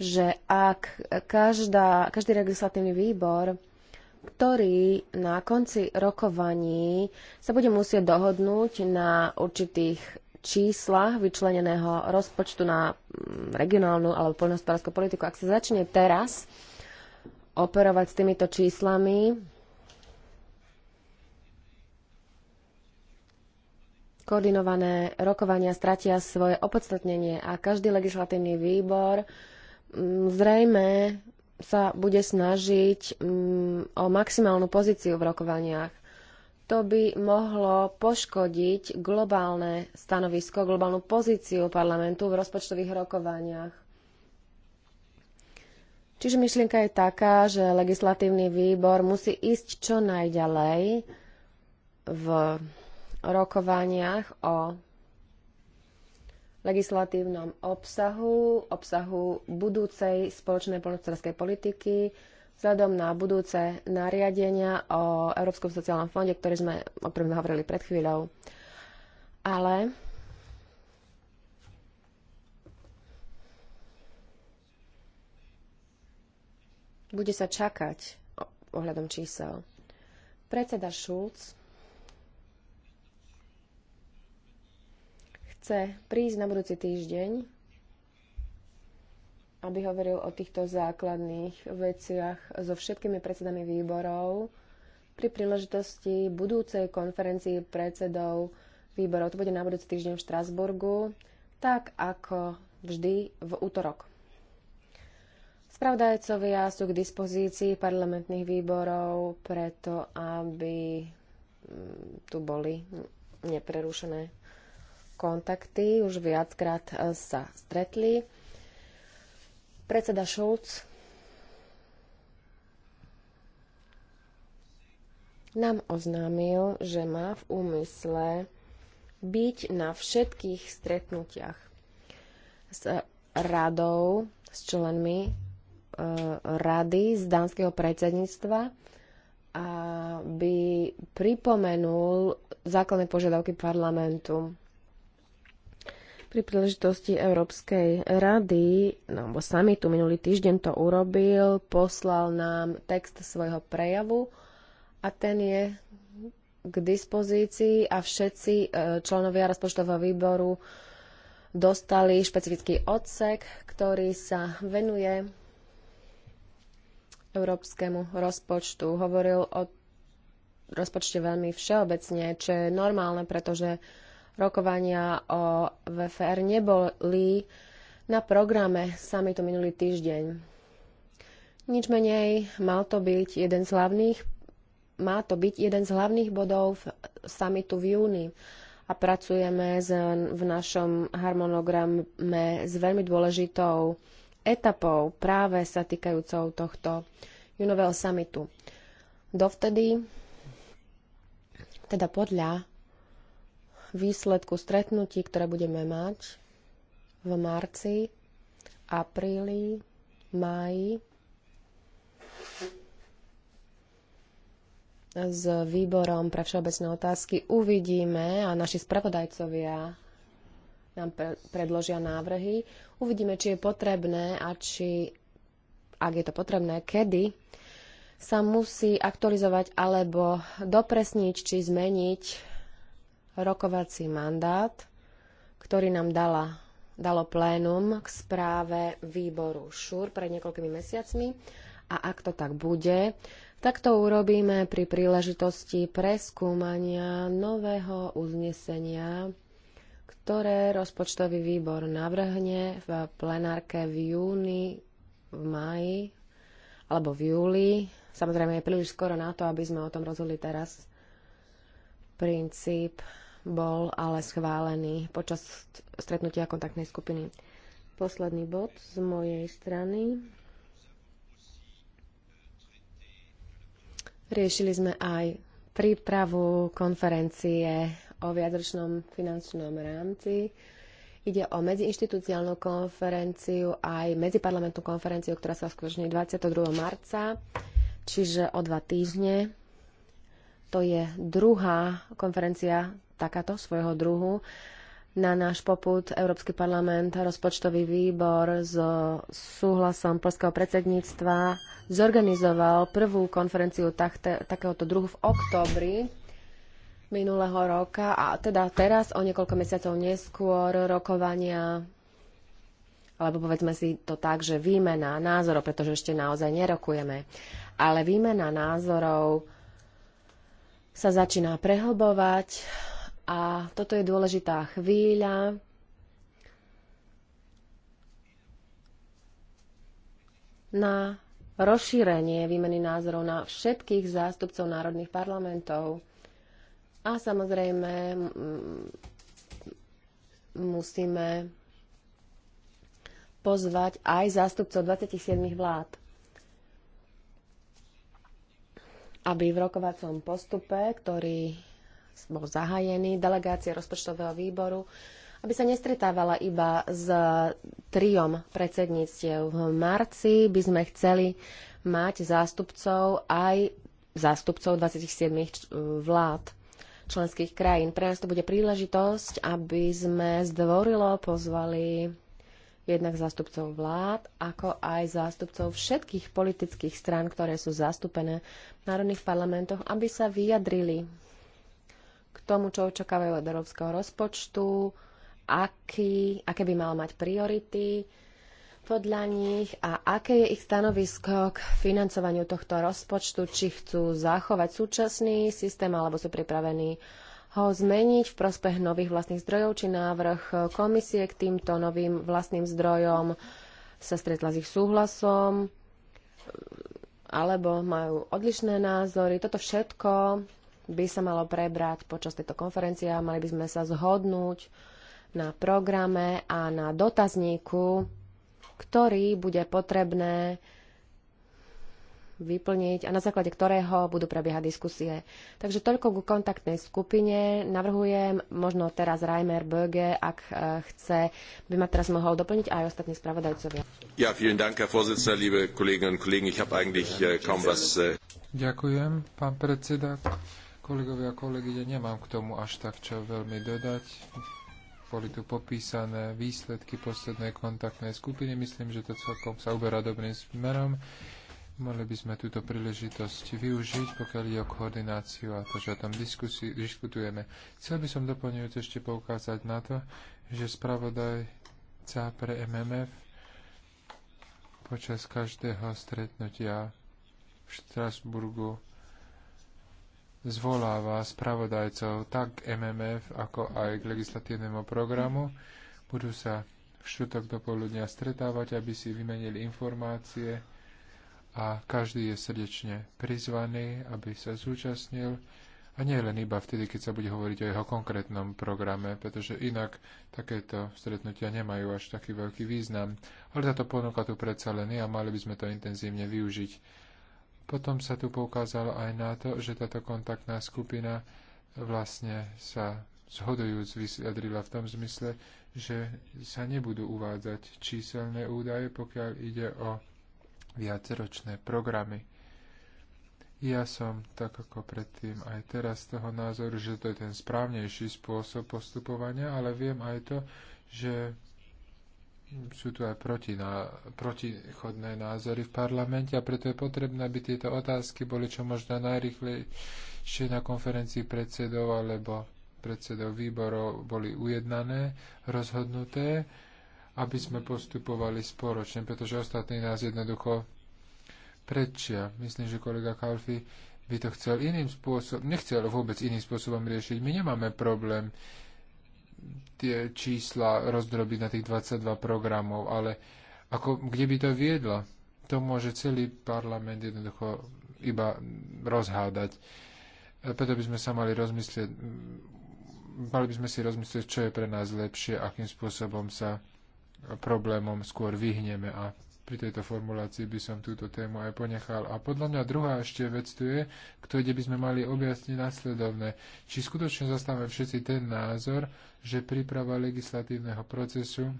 B: že ak každá, každý legislatívny výbor ktorý na konci rokovaní sa bude musieť dohodnúť na určitých číslach vyčleneného rozpočtu na mm, regionálnu alebo poľnohospodárskú politiku. Ak sa začne teraz, operovať s týmito číslami. Koordinované rokovania stratia svoje opodstatnenie a každý legislatívny výbor mm, zrejme sa bude snažiť mm, o maximálnu pozíciu v rokovaniach. To by mohlo poškodiť globálne stanovisko, globálnu pozíciu parlamentu v rozpočtových rokovaniach. Čiže myšlienka je taká, že legislatívny výbor musí ísť čo najďalej v rokovaniach o legislatívnom obsahu, obsahu budúcej spoločnej poľnohospodárskej politiky, vzhľadom na budúce nariadenia o Európskom sociálnom fonde, ktoré sme, o ktorom hovorili pred chvíľou. Ale Bude sa čakať ohľadom čísel. Predseda Schulz chce prísť na budúci týždeň, aby hovoril o týchto základných veciach so všetkými predsedami výborov pri príležitosti budúcej konferencii predsedov výborov. To bude na budúci týždeň v Štrasburgu, tak ako vždy v útorok spravdajcovia sú k dispozícii parlamentných výborov preto, aby mm, tu boli neprerušené kontakty. Už viackrát e, sa stretli. Predseda Šulc nám oznámil, že má v úmysle byť na všetkých stretnutiach s radou, s členmi E, rady z dánskeho predsedníctva, aby pripomenul základné požiadavky parlamentu. Pri príležitosti Európskej rady, no, alebo no, samitu minulý týždeň to urobil, poslal nám text svojho prejavu a ten je k dispozícii a všetci e, členovia rozpočtového výboru dostali špecifický odsek, ktorý sa venuje európskemu rozpočtu. Hovoril o rozpočte veľmi všeobecne, čo je normálne, pretože rokovania o VFR neboli na programe samitu minulý týždeň. Nič menej, mal to byť jeden z hlavných, má to byť jeden z hlavných bodov v samitu v júni a pracujeme z, v našom harmonograme s veľmi dôležitou etapou práve sa týkajúcou tohto junového summitu. Dovtedy, teda podľa výsledku stretnutí, ktoré budeme mať v marci, apríli, máji, s výborom pre všeobecné otázky uvidíme a naši spravodajcovia nám predložia návrhy, Uvidíme, či je potrebné a či, ak je to potrebné, kedy sa musí aktualizovať alebo dopresniť či zmeniť rokovací mandát, ktorý nám dala, dalo plénum k správe výboru ŠUR pred niekoľkými mesiacmi. A ak to tak bude, tak to urobíme pri príležitosti preskúmania nového uznesenia ktoré rozpočtový výbor navrhne v plenárke v júni, v maji alebo v júli. Samozrejme je príliš skoro na to, aby sme o tom rozhodli teraz. Princíp bol ale schválený počas stretnutia kontaktnej skupiny. Posledný bod z mojej strany. Riešili sme aj prípravu konferencie o viacročnom finančnom rámci. Ide o medziinštitucionálnu konferenciu aj medziparlamentnú konferenciu, ktorá sa skutoční 22. marca, čiže o dva týždne. To je druhá konferencia takáto svojho druhu. Na náš poput Európsky parlament, rozpočtový výbor s so súhlasom polského predsedníctva zorganizoval prvú konferenciu takte, takéhoto druhu v októbri minulého roka a teda teraz o niekoľko mesiacov neskôr rokovania alebo povedzme si to tak, že výmena názorov, pretože ešte naozaj nerokujeme, ale výmena názorov sa začína prehlbovať a toto je dôležitá chvíľa, na rozšírenie výmeny názorov na všetkých zástupcov národných parlamentov. A samozrejme musíme pozvať aj zástupcov 27 vlád, aby v rokovacom postupe, ktorý bol zahajený, delegácia rozpočtového výboru, aby sa nestretávala iba s triom predsedníctiev. V marci by sme chceli mať zástupcov aj zástupcov 27 vlád členských krajín. Pre nás to bude príležitosť, aby sme zdvorilo pozvali jednak zástupcov vlád, ako aj zástupcov všetkých politických strán, ktoré sú zastúpené v národných parlamentoch, aby sa vyjadrili k tomu, čo očakávajú od európskeho rozpočtu, aký, aké by mal mať priority, podľa nich a aké je ich stanovisko k financovaniu tohto rozpočtu, či chcú zachovať súčasný systém alebo sú pripravení ho zmeniť v prospech nových vlastných zdrojov, či návrh komisie k týmto novým vlastným zdrojom sa stretla s ich súhlasom, alebo majú odlišné názory. Toto všetko by sa malo prebrať počas tejto konferencie a mali by sme sa zhodnúť na programe a na dotazníku ktorý bude potrebné vyplniť a na základe ktorého budú prebiehať diskusie. Takže toľko ku kontaktnej skupine. Navrhujem, možno teraz Reimer Böge, ak e, chce, by ma teraz mohol doplniť aj ostatní
C: spravodajcovia.
B: Ja, vielen Dank, Herr Vorsitzender, liebe Kolleginnen und Kollegen. Ich habe eigentlich äh, kaum was... Äh,
C: Ďakujem, pán predseda. Kolegovia a Ja nemám k tomu až tak čo veľmi dodať boli tu popísané výsledky poslednej kontaktnej skupiny. Myslím, že to celkom sa uberá dobrým smerom. Mali by sme túto príležitosť využiť, pokiaľ ide o koordináciu a to, že o tom diskusi- diskutujeme. Chcel by som doplňujúce ešte poukázať na to, že spravodajca pre MMF počas každého stretnutia v Štrasburgu zvoláva spravodajcov tak MMF, ako aj k legislatívnemu programu. Budú sa v štvrtok do poludnia stretávať, aby si vymenili informácie a každý je srdečne prizvaný, aby sa zúčastnil. A nie len iba vtedy, keď sa bude hovoriť o jeho konkrétnom programe, pretože inak takéto stretnutia nemajú až taký veľký význam. Ale táto ponuka tu predsa len je a mali by sme to intenzívne využiť potom sa tu poukázalo aj na to, že táto kontaktná skupina vlastne sa zhodujúc vysvedrila v tom zmysle, že sa nebudú uvádzať číselné údaje, pokiaľ ide o viaceročné programy. Ja som, tak ako predtým, aj teraz toho názoru, že to je ten správnejší spôsob postupovania, ale viem aj to, že sú tu aj proti, protichodné názory v parlamente a preto je potrebné, aby tieto otázky boli čo možno najrychlejšie na konferencii predsedov alebo predsedov výborov boli ujednané, rozhodnuté, aby sme postupovali sporočne, pretože ostatní nás jednoducho prečia. Myslím, že kolega Kalfi by to chcel iným spôsobom, nechcel vôbec iným spôsobom riešiť. My nemáme problém tie čísla rozdrobiť na tých 22 programov, ale ako, kde by to viedlo? To môže celý parlament jednoducho iba rozhádať. E, preto by sme sa mali rozmyslieť, mali by sme si rozmyslieť, čo je pre nás lepšie, akým spôsobom sa problémom skôr vyhneme a pri tejto formulácii by som túto tému aj ponechal. A podľa mňa druhá ešte vec tu je, kde by sme mali objasniť nasledovne. Či skutočne zastávame všetci ten názor, že príprava legislatívneho procesu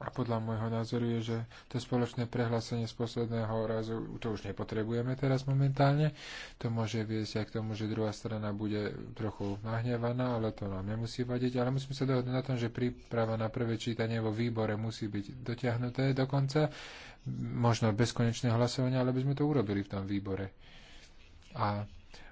C: a podľa môjho názoru je, že to spoločné prehlásenie z posledného razu, to už nepotrebujeme teraz momentálne, to môže viesť aj k tomu, že druhá strana bude trochu nahnevaná, ale to nám nemusí vadiť. Ale musíme sa dohodnúť na tom, že príprava na prvé čítanie vo výbore musí byť dotiahnuté do konca, možno bez konečného hlasovania, ale by sme to urobili v tom výbore. A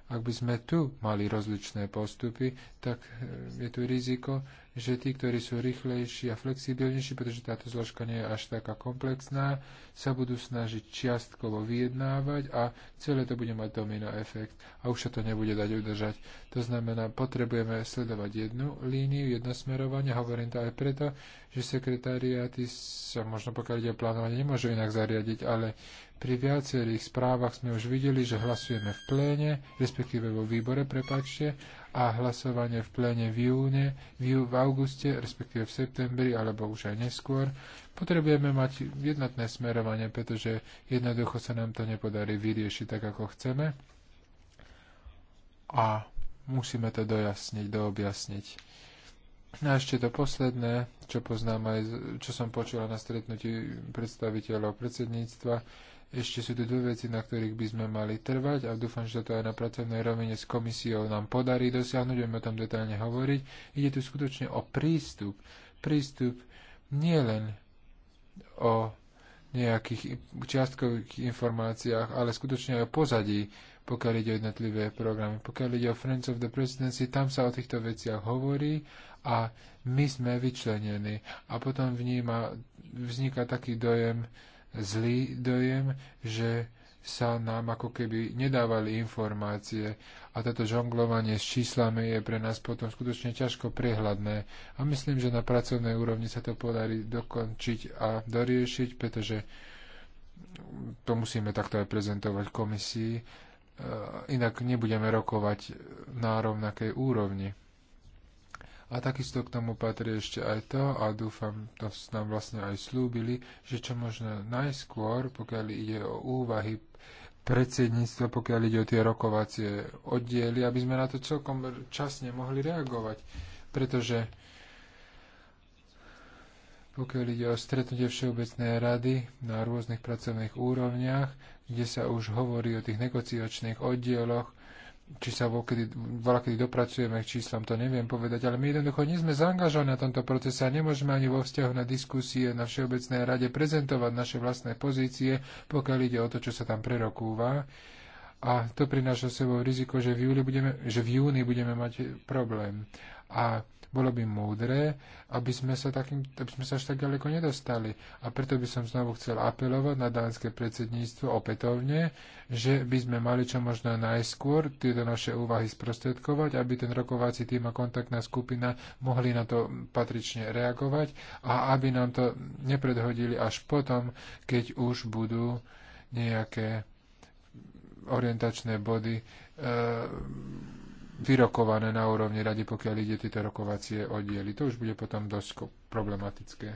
C: ak by sme tu mali rozličné postupy, tak eh, je tu riziko, že tí, ktorí sú rýchlejší a flexibilnejší, pretože táto zložka nie je až taká komplexná, sa budú snažiť čiastkovo vyjednávať a celé to bude mať domino efekt a už sa to nebude dať udržať. To znamená, potrebujeme sledovať jednu líniu, jedno smerovanie. Hovorím to aj preto, že sekretariáty sa možno pokiaľ ide o plánovanie nemôžu inak zariadiť, ale pri viacerých správach sme už videli, že hlasujeme v pléne, respektíve vo výbore, prepačte, a hlasovanie v pléne v júne, v, jú, v auguste, respektíve v septembri, alebo už aj neskôr. Potrebujeme mať jednotné smerovanie, pretože jednoducho sa nám to nepodarí vyriešiť tak, ako chceme. A musíme to dojasniť, doobjasniť. No a ešte to posledné, čo poznám aj, čo som počula na stretnutí predstaviteľov predsedníctva, ešte sú tu dve veci, na ktorých by sme mali trvať a dúfam, že to aj na pracovnej rovine s komisiou nám podarí dosiahnuť, budeme o tom detailne hovoriť. Ide tu skutočne o prístup. Prístup nie len o nejakých čiastkových informáciách, ale skutočne aj o pozadí, pokiaľ ide o jednotlivé programy. Pokiaľ ide o Friends of the Presidency, tam sa o týchto veciach hovorí a my sme vyčlenení. A potom vníma, vzniká taký dojem, zlý dojem, že sa nám ako keby nedávali informácie a toto žonglovanie s číslami je pre nás potom skutočne ťažko prehľadné. A myslím, že na pracovnej úrovni sa to podarí dokončiť a doriešiť, pretože to musíme takto aj prezentovať komisii, e, inak nebudeme rokovať na rovnakej úrovni. A takisto k tomu patrí ešte aj to, a dúfam, to nám vlastne aj slúbili, že čo možno najskôr, pokiaľ ide o úvahy predsedníctva, pokiaľ ide o tie rokovacie oddiely, aby sme na to celkom časne mohli reagovať. Pretože pokiaľ ide o stretnutie Všeobecnej rady na rôznych pracovných úrovniach, kde sa už hovorí o tých negociačných oddieloch, či sa volkedy, volakedy dopracujeme k číslam, to neviem povedať, ale my jednoducho nie sme zaangažovaní na tomto procese a nemôžeme ani vo vzťahu na diskusie na Všeobecnej rade prezentovať naše vlastné pozície, pokiaľ ide o to, čo sa tam prerokúva. A to prináša sebou riziko, že v, júli budeme, že v júni budeme mať problém. A bolo by múdre, aby sme sa, takým, aby sme sa až tak ďaleko nedostali. A preto by som znovu chcel apelovať na dánske predsedníctvo opätovne, že by sme mali čo možno najskôr tieto naše úvahy sprostredkovať, aby ten rokovací tým a kontaktná skupina mohli na to patrične reagovať a aby nám to nepredhodili až potom, keď už budú nejaké orientačné body eh, vyrokované na úrovni rady, pokiaľ ide tieto rokovacie oddiely. To už bude potom dosť problematické.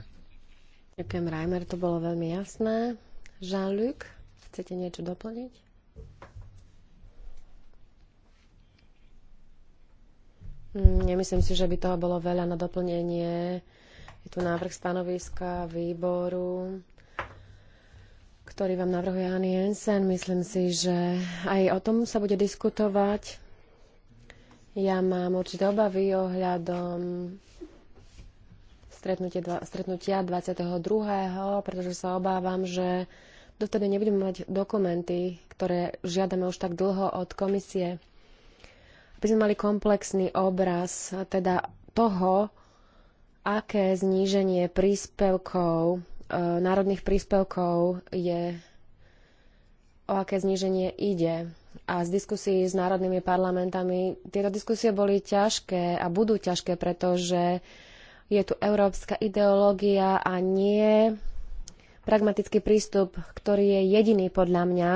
B: Ďakujem, Reimer, to bolo veľmi jasné. Jean-Luc, chcete niečo doplniť? Hm, nemyslím si, že by toho bolo veľa na doplnenie. Je tu návrh stanoviska výboru, ktorý vám navrhuje Ani Jensen. Myslím si, že aj o tom sa bude diskutovať ja mám určité obavy ohľadom stretnutia 22., pretože sa obávam, že dovtedy nebudeme mať dokumenty, ktoré žiadame už tak dlho od komisie. Aby sme mali komplexný obraz teda toho, aké zníženie príspevkov, e, národných príspevkov je, o aké zníženie ide a z diskusí s národnými parlamentami. Tieto diskusie boli ťažké a budú ťažké, pretože je tu európska ideológia a nie pragmatický prístup, ktorý je jediný podľa mňa,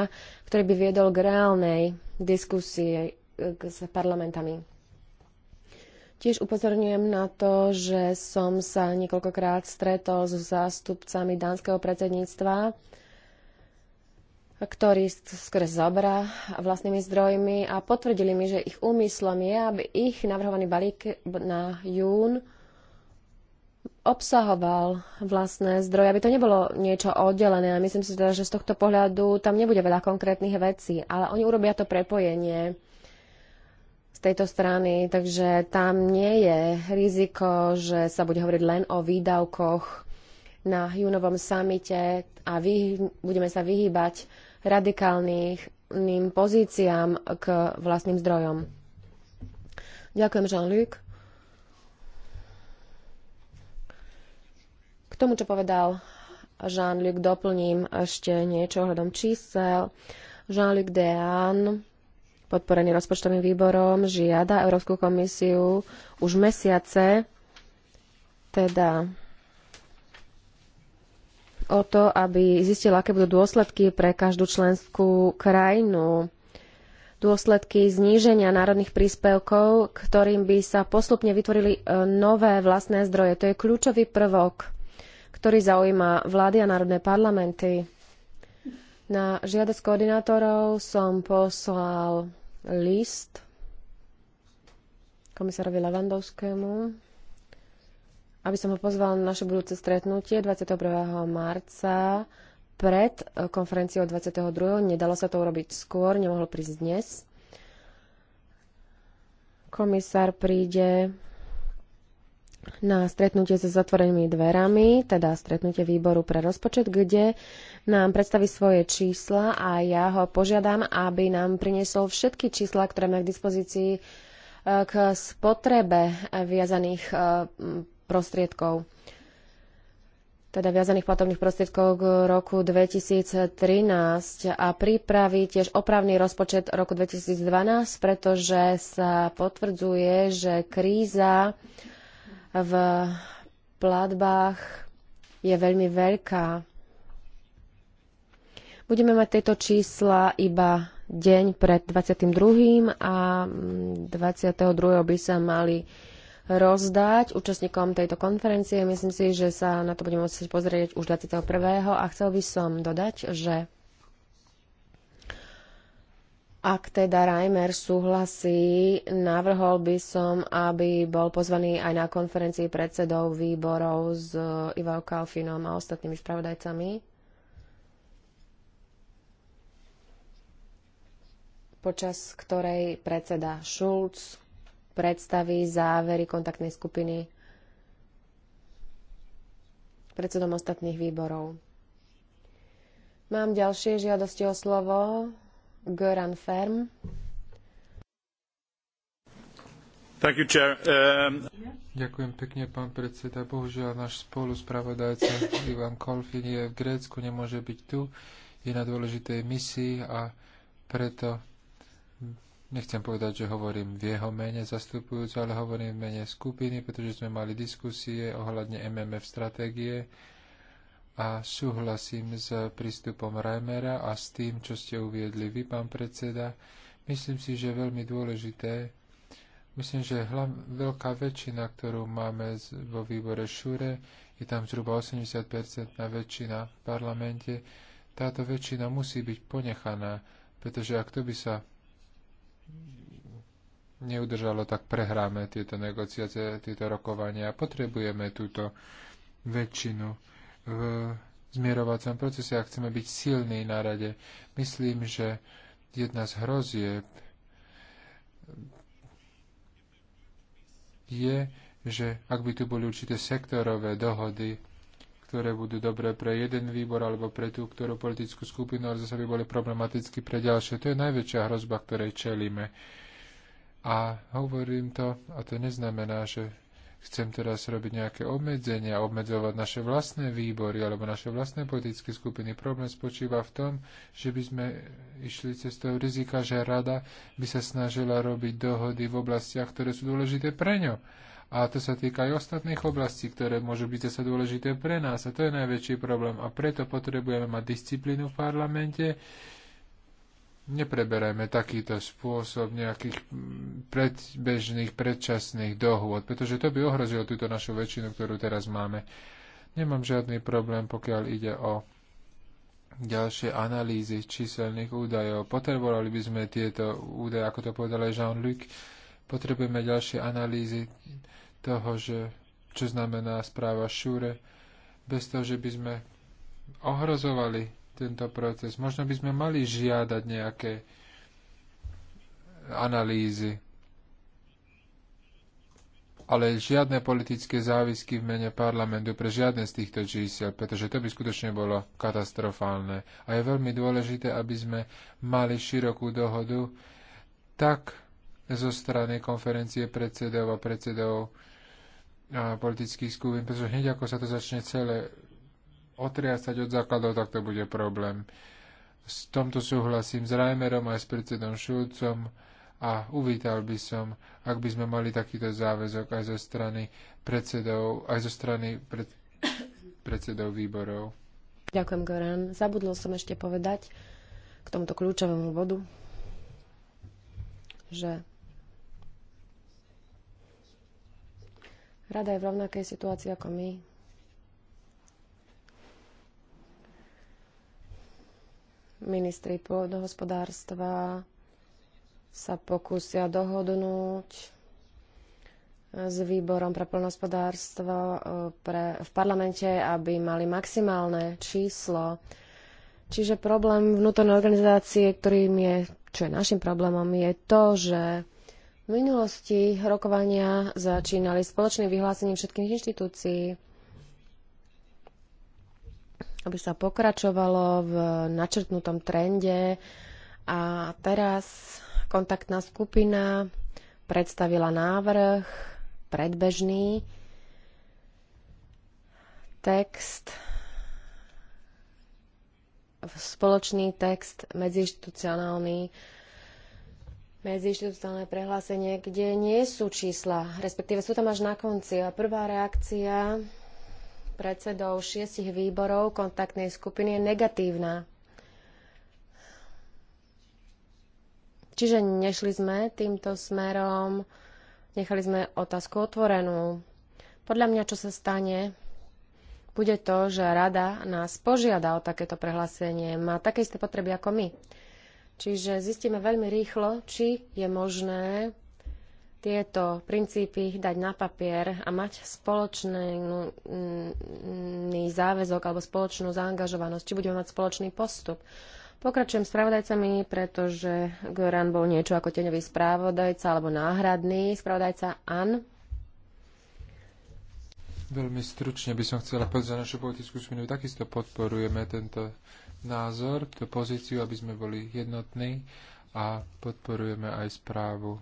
B: ktorý by viedol k reálnej diskusii e, s parlamentami. Tiež upozorňujem na to, že som sa niekoľkokrát stretol s zástupcami dánskeho predsedníctva, ktorý skres zobra vlastnými zdrojmi a potvrdili mi, že ich úmyslom je, aby ich navrhovaný balík na jún obsahoval vlastné zdroje, aby to nebolo niečo oddelené. A myslím si teda, že z tohto pohľadu tam nebude veľa konkrétnych vecí, ale oni urobia to prepojenie z tejto strany, takže tam nie je riziko, že sa bude hovoriť len o výdavkoch na júnovom samite a vy, budeme sa vyhýbať radikálnym pozíciám k vlastným zdrojom. Ďakujem, Jean-Luc. K tomu, čo povedal Jean-Luc, doplním ešte niečo ohľadom čísel. Jean-Luc Dean, podporený rozpočtovým výborom, žiada Európsku komisiu už mesiace, teda o to, aby zistila, aké budú dôsledky pre každú členskú krajinu. Dôsledky zníženia národných príspevkov, ktorým by sa postupne vytvorili e, nové vlastné zdroje. To je kľúčový prvok, ktorý zaujíma vlády a národné parlamenty. Na žiadosť koordinátorov som poslal list komisárovi Levandovskému aby som ho pozval na naše budúce stretnutie 21. marca pred e, konferenciou 22. Nedalo sa to urobiť skôr, nemohol prísť dnes. Komisár príde na stretnutie so zatvorenými dverami, teda stretnutie výboru pre rozpočet, kde nám predstaví svoje čísla a ja ho požiadam, aby nám priniesol všetky čísla, ktoré má k dispozícii e, k spotrebe viazaných e, prostriedkov teda viazaných platobných prostriedkov k roku 2013 a pripraví tiež opravný rozpočet roku 2012, pretože sa potvrdzuje, že kríza v platbách je veľmi veľká. Budeme mať tieto čísla iba deň pred 22. a 22. by sa mali rozdať účastníkom tejto konferencie. Myslím si, že sa na to budeme musieť pozrieť už 21. a chcel by som dodať, že ak teda Reimer súhlasí, navrhol by som, aby bol pozvaný aj na konferencii predsedov výborov s Ivo Kalfinom a ostatnými spravodajcami. počas ktorej predseda Schulz predstaví závery kontaktnej skupiny predsedom ostatných výborov. Mám ďalšie žiadosti o slovo. Göran
C: Ferm.
A: You, um...
C: Ďakujem pekne, pán predseda. Bohužiaľ, náš spoluspravodajca Ivan Kolfin je v Grécku, nemôže byť tu. Je na dôležitej misii a preto Nechcem povedať, že hovorím v jeho mene zastupujúco, ale hovorím v mene skupiny, pretože sme mali diskusie ohľadne MMF stratégie a súhlasím s prístupom Reimera a s tým, čo ste uviedli vy, pán predseda. Myslím si, že je veľmi dôležité. Myslím, že hla, veľká väčšina, ktorú máme vo výbore Šure, je tam zhruba 80% na väčšina v parlamente, táto väčšina musí byť ponechaná, pretože ak to by sa neudržalo, tak prehráme tieto negociácie, tieto rokovania. a Potrebujeme túto väčšinu v zmierovacom procese a chceme byť silní na rade. Myslím, že jedna z hrozieb je, že ak by tu boli určité sektorové dohody, ktoré budú dobré pre jeden výbor alebo pre tú ktorú politickú skupinu, ale zase by boli problematicky pre ďalšie. To je najväčšia hrozba, ktorej čelíme. A hovorím to, a to neznamená, že chcem teraz robiť nejaké obmedzenia, obmedzovať naše vlastné výbory alebo naše vlastné politické skupiny. Problém spočíva v tom, že by sme išli cestou rizika, že rada by sa snažila robiť dohody v oblastiach, ktoré sú dôležité pre ňo. A to sa týka aj ostatných oblastí, ktoré môžu byť zase dôležité pre nás. A to je najväčší problém. A preto potrebujeme mať disciplínu v parlamente, nepreberajme takýto spôsob nejakých predbežných, predčasných dohôd, pretože to by ohrozilo túto našu väčšinu, ktorú teraz máme. Nemám žiadny problém, pokiaľ ide o ďalšie analýzy číselných údajov. Potrebovali by sme tieto údaje, ako to povedal aj Jean-Luc, potrebujeme ďalšie analýzy toho, že, čo znamená správa Šúre, bez toho, že by sme ohrozovali tento proces. Možno by sme mali žiadať nejaké analýzy. Ale žiadne politické závisky v mene parlamentu pre žiadne z týchto čísel, pretože to by skutočne bolo katastrofálne. A je veľmi dôležité, aby sme mali širokú dohodu tak zo strany konferencie predsedov a predsedov a politických skupín, pretože hneď ako sa to začne celé otriasať od základov, tak to bude problém. S tomto súhlasím s Reimerom aj s predsedom Šulcom a uvítal by som, ak by sme mali takýto záväzok aj zo strany predsedov, aj zo strany pred, predsedov výborov.
B: Ďakujem, Goran. Zabudol som ešte povedať k tomuto kľúčovému bodu, že Rada je v rovnakej situácii ako my. ministri pôdohospodárstva sa pokúsia dohodnúť s výborom pre plnohospodárstvo e, v parlamente, aby mali maximálne číslo. Čiže problém vnútornej organizácie, ktorým je, čo je našim problémom, je to, že v minulosti rokovania začínali spoločným vyhlásením všetkých inštitúcií aby sa pokračovalo v načrtnutom trende. A teraz kontaktná skupina predstavila návrh predbežný text spoločný text medziinstitucionálny medziinstitucionálne prehlásenie, kde nie sú čísla, respektíve sú tam až na konci. A prvá reakcia predsedov šiestich výborov kontaktnej skupiny je negatívna. Čiže nešli sme týmto smerom, nechali sme otázku otvorenú. Podľa mňa, čo sa stane, bude to, že rada nás požiada o takéto prehlásenie. Má také isté potreby ako my. Čiže zistíme veľmi rýchlo, či je možné tieto princípy dať na papier a mať spoločný mm, mm, záväzok alebo spoločnú zaangažovanosť, či budeme mať spoločný postup. Pokračujem s spravodajcami, pretože Goran bol niečo ako teňový spravodajca alebo náhradný spravodajca An.
C: Veľmi stručne by som chcela povedať za našu politickú skupinu. Takisto podporujeme tento názor, tú pozíciu, aby sme boli jednotní a podporujeme aj správu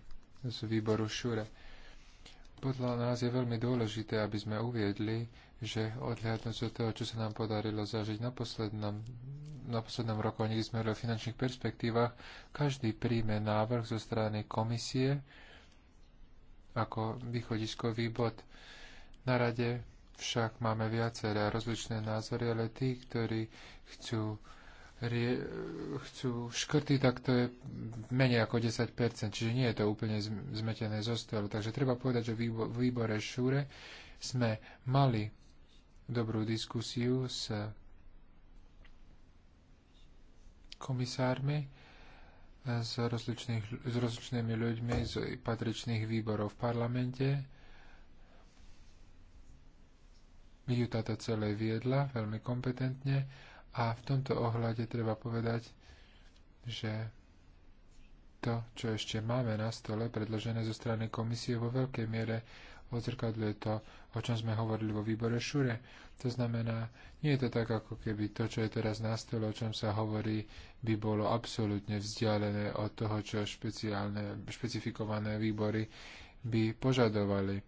C: z výboru Šure. Podľa nás je veľmi dôležité, aby sme uviedli, že odhľadnúť od toho, čo sa nám podarilo zažiť na poslednom, na poslednom roku, niekde sme o finančných perspektívach, každý príjme návrh zo strany komisie ako východiskový bod. Na rade však máme viaceré rozličné názory, ale tí, ktorí chcú chcú škrty, tak to je menej ako 10%, čiže nie je to úplne zmetené zo stolu. Takže treba povedať, že v výbore Šúre sme mali dobrú diskusiu s komisármi, s, s rozličnými ľuďmi z patričných výborov v parlamente. Juta to celé viedla veľmi kompetentne a v tomto ohľade treba povedať, že to, čo ešte máme na stole, predložené zo strany komisie, vo veľkej miere odzrkadľuje to, o čom sme hovorili vo výbore Šure. To znamená, nie je to tak, ako keby to, čo je teraz na stole, o čom sa hovorí, by bolo absolútne vzdialené od toho, čo špeciálne, špecifikované výbory by požadovali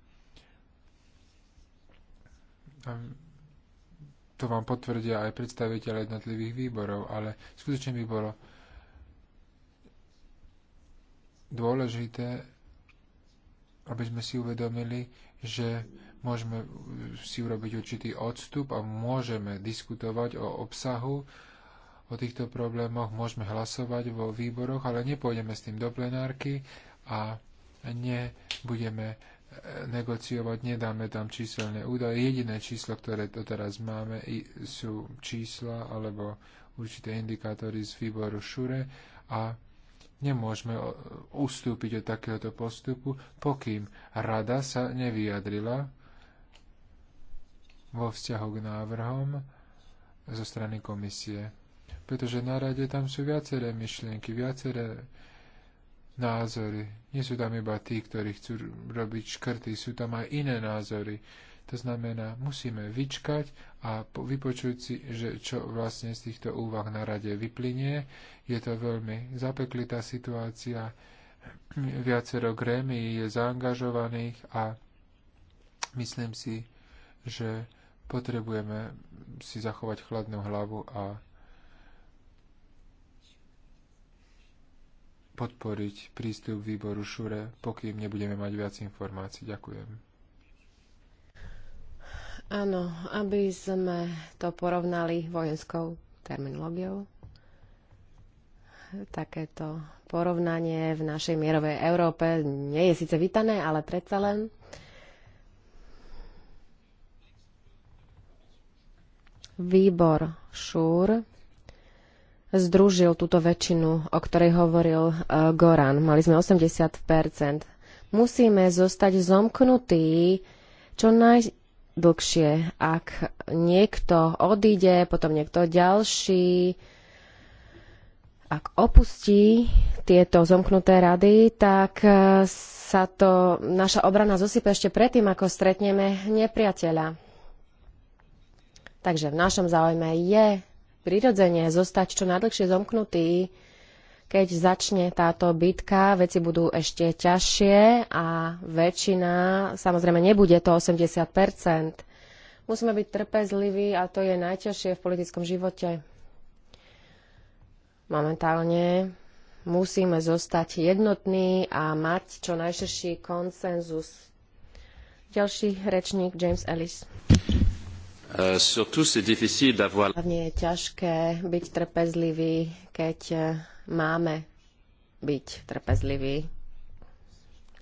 C: to vám potvrdia aj predstaviteľe jednotlivých výborov, ale skutočne by bolo dôležité, aby sme si uvedomili, že môžeme si urobiť určitý odstup a môžeme diskutovať o obsahu, o týchto problémoch, môžeme hlasovať vo výboroch, ale nepôjdeme s tým do plenárky a nebudeme negociovať, nedáme tam číselné údaje. Jediné číslo, ktoré doteraz máme, sú čísla alebo určité indikátory z výboru Šure a nemôžeme ustúpiť od takéhoto postupu, pokým rada sa nevyjadrila vo vzťahu k návrhom zo strany komisie. Pretože na rade tam sú viaceré myšlienky, viaceré názory. Nie sú tam iba tí, ktorí chcú robiť škrty, sú tam aj iné názory. To znamená, musíme vyčkať a vypočuť si, že čo vlastne z týchto úvah na rade vyplynie. Je to veľmi zapeklitá situácia, viacero grémy je zaangažovaných a myslím si, že potrebujeme si zachovať chladnú hlavu a podporiť prístup výboru Šure, pokým nebudeme mať viac informácií. Ďakujem.
B: Áno, aby sme to porovnali vojenskou terminológiou. Takéto porovnanie v našej mierovej Európe nie je síce vítané, ale predsa len. Výbor ŠUR združil túto väčšinu, o ktorej hovoril uh, Goran. Mali sme 80 Musíme zostať zomknutí čo najdlhšie. Ak niekto odíde, potom niekto ďalší, ak opustí tieto zomknuté rady, tak e, sa to naša obrana zosype ešte predtým, ako stretneme nepriateľa. Takže v našom záujme je prirodzene zostať čo najdlhšie zomknutý, keď začne táto bitka, veci budú ešte ťažšie a väčšina, samozrejme nebude to 80%. Musíme byť trpezliví a to je najťažšie v politickom živote. Momentálne musíme zostať jednotní a mať čo najširší konsenzus. Ďalší rečník James Ellis.
C: Euh, Hlavne
B: je ťažké byť trpezlivý, keď e, máme byť trpezlivý.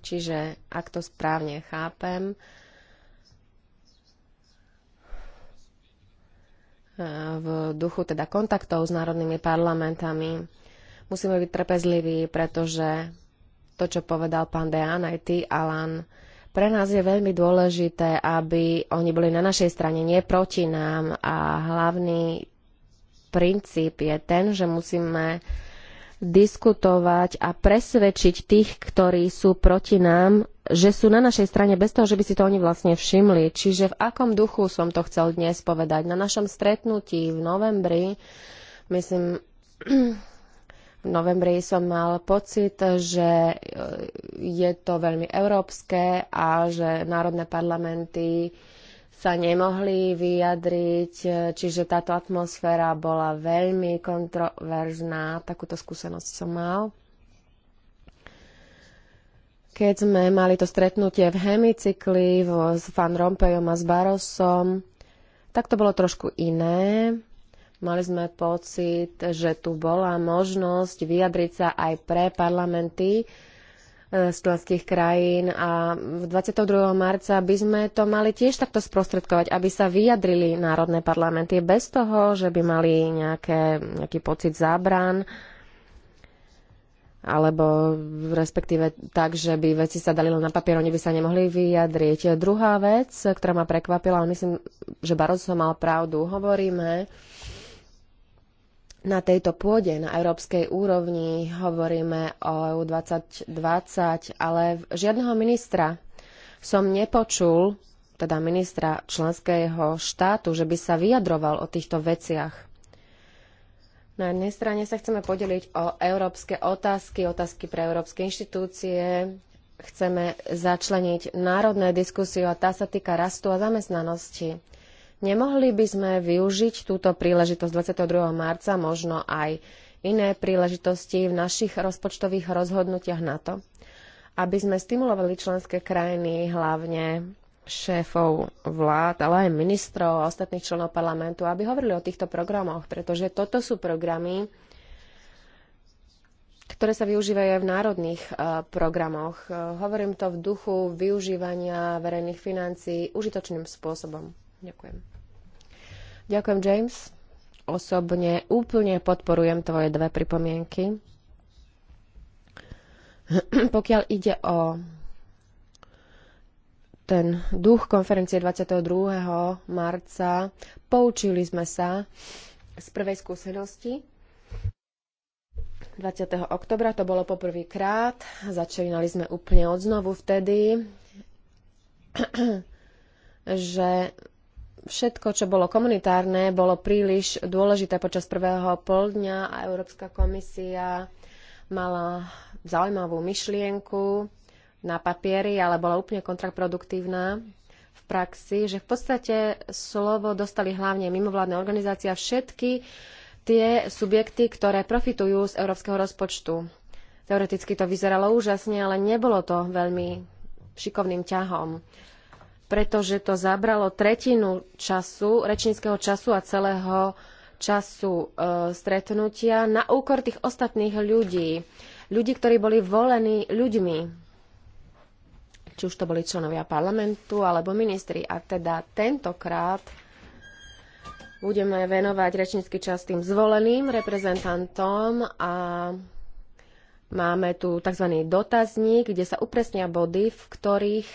B: Čiže, ak to správne chápem, e, v duchu teda kontaktov s národnými parlamentami, musíme byť trpezliví, pretože to, čo povedal pán Deán, aj ty, Alan, pre nás je veľmi dôležité, aby oni boli na našej strane, nie proti nám. A hlavný princíp je ten, že musíme diskutovať a presvedčiť tých, ktorí sú proti nám, že sú na našej strane bez toho, že by si to oni vlastne všimli. Čiže v akom duchu som to chcel dnes povedať? Na našom stretnutí v novembri, myslím, V novembri som mal pocit, že e, je to veľmi európske a že národné parlamenty sa nemohli vyjadriť, e, čiže táto atmosféra bola veľmi kontroverzná. Takúto skúsenosť som mal. Keď sme mali to stretnutie v hemicykli s Van Rompejom a s Barosom, tak to bolo trošku iné Mali sme pocit, že tu bola možnosť vyjadriť sa aj pre parlamenty e, z členských krajín a 22. marca by sme to mali tiež takto sprostredkovať, aby sa vyjadrili národné parlamenty bez toho, že by mali nejaké, nejaký pocit zábran alebo respektíve tak, že by veci sa dali len na papier, oni by sa nemohli vyjadriť. Druhá vec, ktorá ma prekvapila, ale myslím, že Barozo mal pravdu, hovoríme na tejto pôde, na európskej úrovni, hovoríme o EU 2020, ale žiadneho ministra som nepočul, teda ministra členského štátu, že by sa vyjadroval o týchto veciach. Na jednej strane sa chceme podeliť o európske otázky, otázky pre európske inštitúcie, chceme začleniť národné diskusie a tá sa týka rastu a zamestnanosti. Nemohli by sme využiť túto príležitosť 22. marca, možno aj iné príležitosti v našich rozpočtových rozhodnutiach na to, aby sme stimulovali členské krajiny, hlavne šéfov vlád, ale aj ministrov a ostatných členov parlamentu, aby hovorili o týchto programoch, pretože toto sú programy, ktoré sa využívajú aj v národných e, programoch. E, hovorím to v duchu využívania verejných financií užitočným spôsobom. Ďakujem. Ďakujem, James. Osobne úplne podporujem tvoje dve pripomienky. Pokiaľ ide o ten duch konferencie 22. marca, poučili sme sa z prvej skúsenosti 20. oktobra, to bolo poprvýkrát. Začínali sme úplne od znovu vtedy, že všetko, čo bolo komunitárne, bolo príliš dôležité počas prvého pol dňa a Európska komisia mala zaujímavú myšlienku na papieri, ale bola úplne kontraproduktívna v praxi, že v podstate slovo dostali hlavne mimovládne organizácie a všetky tie subjekty, ktoré profitujú z európskeho rozpočtu. Teoreticky to vyzeralo úžasne, ale nebolo to veľmi šikovným ťahom pretože to zabralo tretinu času, rečníckého času a celého času e, stretnutia na úkor tých ostatných ľudí. Ľudí, ktorí boli volení ľuďmi. Či už to boli členovia parlamentu alebo ministri. A teda tentokrát budeme venovať rečnícky čas tým zvoleným reprezentantom a máme tu tzv. dotazník, kde sa upresnia body, v ktorých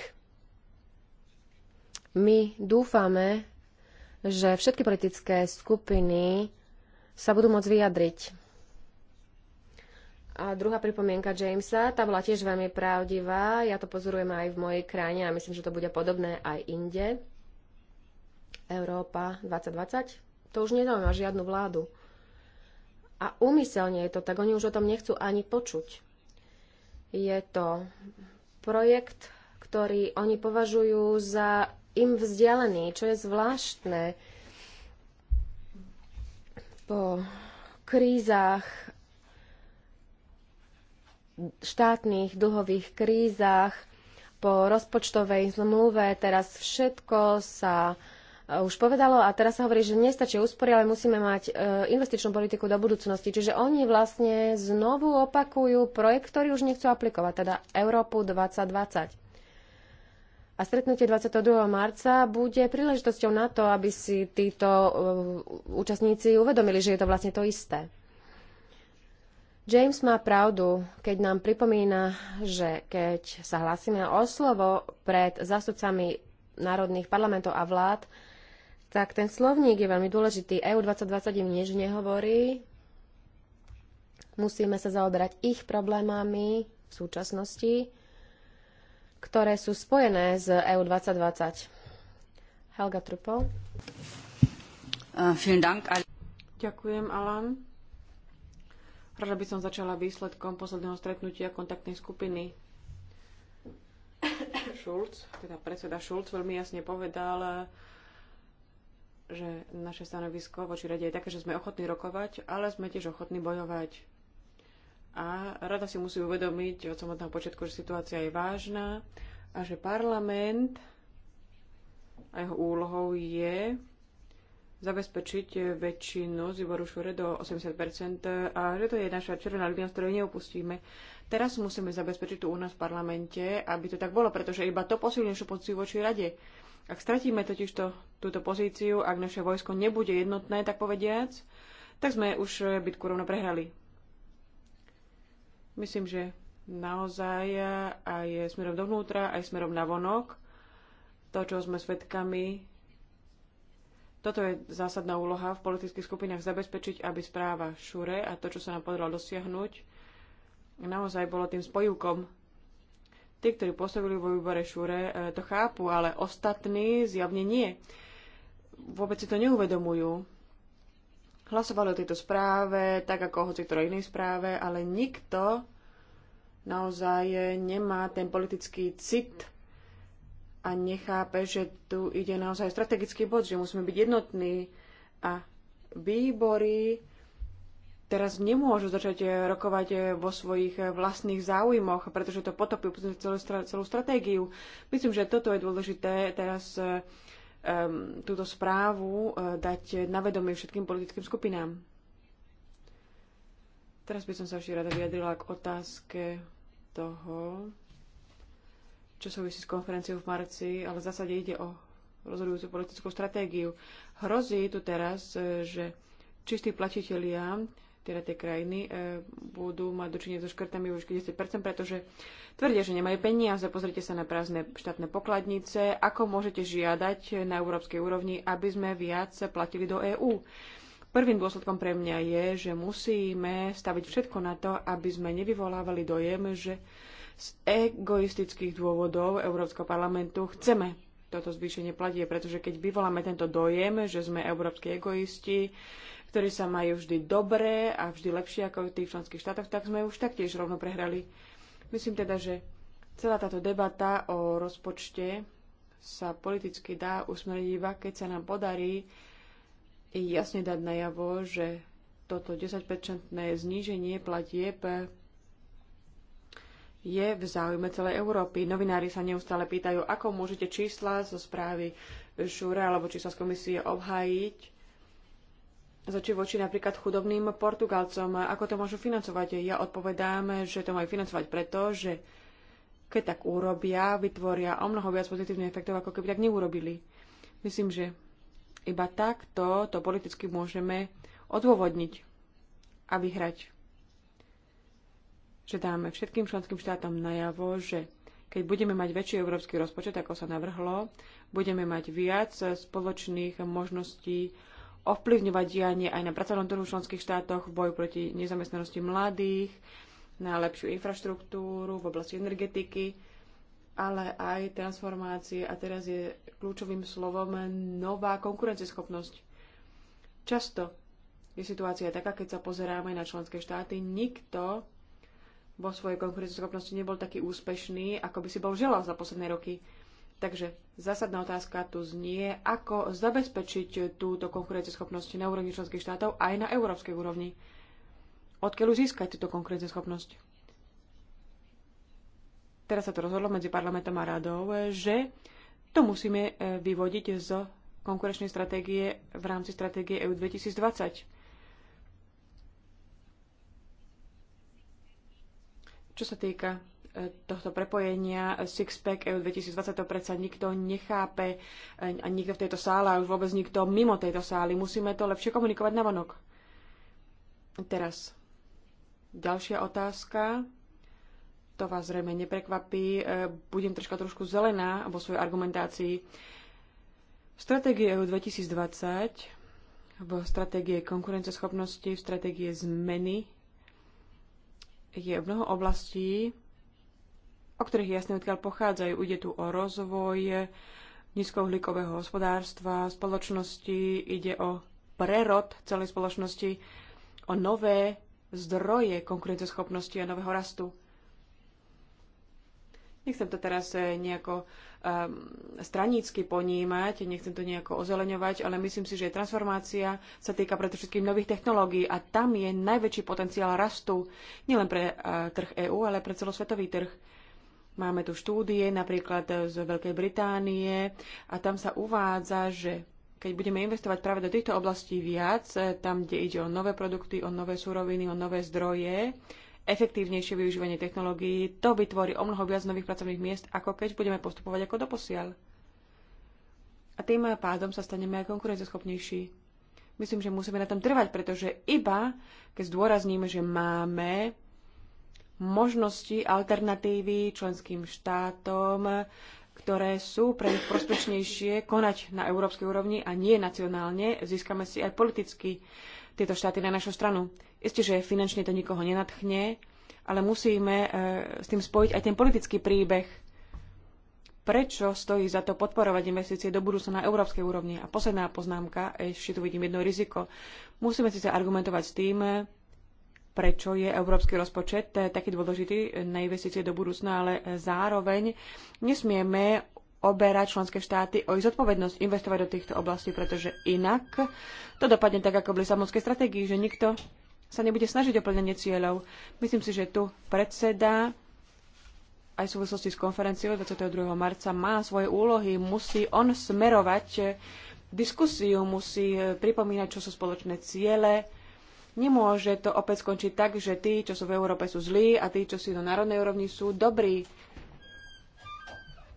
B: my dúfame, že všetky politické skupiny sa budú môcť vyjadriť. A druhá pripomienka Jamesa, tá bola tiež veľmi pravdivá. Ja to pozorujem aj v mojej krajine a myslím, že to bude podobné aj inde. Európa 2020, to už nezaujíma žiadnu vládu. A úmyselne je to tak, oni už o tom nechcú ani počuť. Je to projekt, ktorý oni považujú za im vzdialený, čo je zvláštne. Po krízach, štátnych dlhových krízach, po rozpočtovej zmluve, teraz všetko sa e, už povedalo a teraz sa hovorí, že nestačí úspory, ale musíme mať e, investičnú politiku do budúcnosti. Čiže oni vlastne znovu opakujú projekt, ktorý už nechcú aplikovať, teda Európu 2020. A stretnutie 22. marca bude príležitosťou na to, aby si títo e, účastníci uvedomili, že je to vlastne to isté. James má pravdu, keď nám pripomína, že keď sa hlásime o slovo pred zástupcami národných parlamentov a vlád, tak ten slovník je veľmi dôležitý. EU 2020 im nič nehovorí. Musíme sa zaoberať ich problémami v súčasnosti ktoré sú spojené s EU 2020. Helga Trupel.
A: Ďakujem, Alan. Rada by som začala výsledkom posledného stretnutia kontaktnej skupiny. Schulz, teda predseda Schulz, veľmi jasne povedal, že naše stanovisko voči rade je také, že sme ochotní rokovať, ale sme tiež ochotní bojovať. A rada si musí uvedomiť od samotného počiatku, že situácia je vážna a že parlament a jeho úlohou je zabezpečiť väčšinu z výboru šure do 80% a že to je naša červená línia, z ktorej neopustíme. Teraz musíme zabezpečiť tu u nás v parlamente, aby to tak bolo, pretože iba to posilní našu pozíciu voči rade. Ak stratíme totiž to, túto pozíciu, ak naše vojsko nebude jednotné, tak povediac, tak sme už bitku rovno prehrali. Myslím, že naozaj aj smerom dovnútra, aj smerom na vonok, to, čo sme svedkami, toto je zásadná úloha v politických skupinách zabezpečiť, aby správa Šure a to, čo sa nám podarilo dosiahnuť, naozaj bolo tým spojúkom. Tí, ktorí pôsobili vo výbore Šure, e, to chápu, ale ostatní zjavne nie. Vôbec si to neuvedomujú. Hlasovali o tejto správe, tak ako o hoci ktorej inej správe, ale nikto naozaj nemá ten politický cit a nechápe, že tu ide naozaj strategický bod, že musíme byť jednotní a výbory teraz nemôžu začať rokovať vo svojich vlastných záujmoch, pretože to potopí celú, celú stratégiu. Myslím, že toto je dôležité teraz um, túto správu eh, dať na vedomie všetkým politickým skupinám. Teraz by som sa ešte rada vyjadrila k otázke toho, čo súvisí s konferenciou v marci, ale v zásade ide o rozhodujúcu politickú stratégiu. Hrozí tu teraz, e, že čistí platitelia, teda tie krajiny, e, budú mať dočinie so škrtami už 10%, pretože tvrdia, že nemajú peniaze. Pozrite sa na prázdne štátne pokladnice. Ako môžete žiadať na európskej úrovni, aby sme viac platili do EÚ? Prvým dôsledkom pre mňa je, že musíme staviť všetko na to, aby sme nevyvolávali dojem, že z egoistických dôvodov Európskeho parlamentu chceme toto zvýšenie platie, pretože keď vyvoláme tento dojem, že sme európsky egoisti, ktorí sa majú vždy dobre a vždy lepšie ako v tých členských štátoch, tak sme už taktiež rovno prehrali. Myslím teda, že celá táto debata o rozpočte sa politicky dá usmeriť iba, keď sa nám podarí jasne dať najavo, že toto 10-percentné zníženie platieb je v záujme celej Európy. Novinári sa neustále pýtajú, ako môžete čísla zo správy Šúra alebo čísla z komisie obhájiť zoči voči napríklad chudobným Portugalcom. Ako to môžu financovať? Ja odpovedám, že to majú financovať preto, že keď tak urobia, vytvoria o mnoho viac pozitívnych efektov, ako keby tak neurobili. Myslím, že iba takto to politicky môžeme odôvodniť a vyhrať. Že dáme všetkým členským štátom najavo, že keď budeme mať väčší európsky rozpočet, ako sa navrhlo, budeme mať viac spoločných možností ovplyvňovať dianie aj na pracovnom trhu v členských štátoch, v boju proti nezamestnanosti mladých, na lepšiu infraštruktúru v oblasti energetiky, ale aj transformácie a teraz je kľúčovým slovom nová konkurencieschopnosť. Často je situácia taká, keď sa pozeráme na členské štáty, nikto vo svojej konkurencieschopnosti nebol taký úspešný, ako by si bol želal za posledné roky. Takže zásadná otázka tu znie, ako zabezpečiť túto konkurencieschopnosť na úrovni členských štátov aj na európskej úrovni. Odkiaľ získať túto konkurencieschopnosť? teraz sa to rozhodlo medzi parlamentom a radou, že to musíme e, vyvodiť z konkurenčnej stratégie v rámci stratégie EU 2020. Čo sa týka e, tohto prepojenia e, Sixpack EU 2020 to predsa nikto nechápe a nikto v tejto sále a už vôbec nikto mimo tejto sály. Musíme to lepšie komunikovať na vonok. Teraz ďalšia otázka to vás zrejme neprekvapí, e, budem troška trošku zelená vo svojej argumentácii. V EU 2020, v stratégie konkurenceschopnosti, v stratégie zmeny je mnoho oblastí, o ktorých jasne odkiaľ pochádzajú. Ide tu o rozvoj nízkouhlíkového hospodárstva, spoločnosti, ide o prerod celej spoločnosti, o nové zdroje konkurenceschopnosti a nového rastu. Nechcem to teraz eh, nejako um, ehm, stranícky ponímať, nechcem to nejako ozeleňovať, ale myslím si, že transformácia sa týka všetkých nových technológií a tam je najväčší potenciál rastu nielen pre uh, trh EÚ, ale pre celosvetový trh. Máme tu štúdie napríklad eh, z Veľkej Británie a tam sa uvádza, že keď budeme investovať práve do týchto oblastí viac, tam, kde ide o nové produkty, o nové suroviny, o nové zdroje, efektívnejšie využívanie technológií, to vytvorí o mnoho viac nových pracovných miest, ako keď budeme postupovať ako doposiaľ. A tým pádom sa staneme aj konkurenceschopnejší. Myslím, že musíme na tom trvať, pretože iba keď zdôrazníme, že máme možnosti, alternatívy členským štátom, ktoré sú pre nich prospešnejšie konať na európskej úrovni a nie nacionálne, získame si aj politicky tieto štáty na našu stranu. Isté, že finančne to nikoho nenatchne, ale musíme e, s tým spojiť aj ten politický príbeh. Prečo stojí za to podporovať investície do budúcna na európskej úrovni? A posledná poznámka, e, ešte tu vidím jedno riziko. Musíme sa argumentovať s tým, prečo je európsky rozpočet e, taký dôležitý na investície do budúcna, ale zároveň nesmieme oberať členské štáty o ich zodpovednosť investovať do týchto oblastí, pretože inak to dopadne tak ako v Lisabonskej strategii, že nikto sa nebude snažiť o plnenie cieľov. Myslím si, že tu predseda aj v súvislosti s konferenciou 22. marca má svoje úlohy, musí on smerovať diskusiu, musí pripomínať, čo sú spoločné ciele. Nemôže to opäť skončiť tak, že tí, čo sú v Európe, sú zlí a tí, čo sú na národnej úrovni, sú dobrí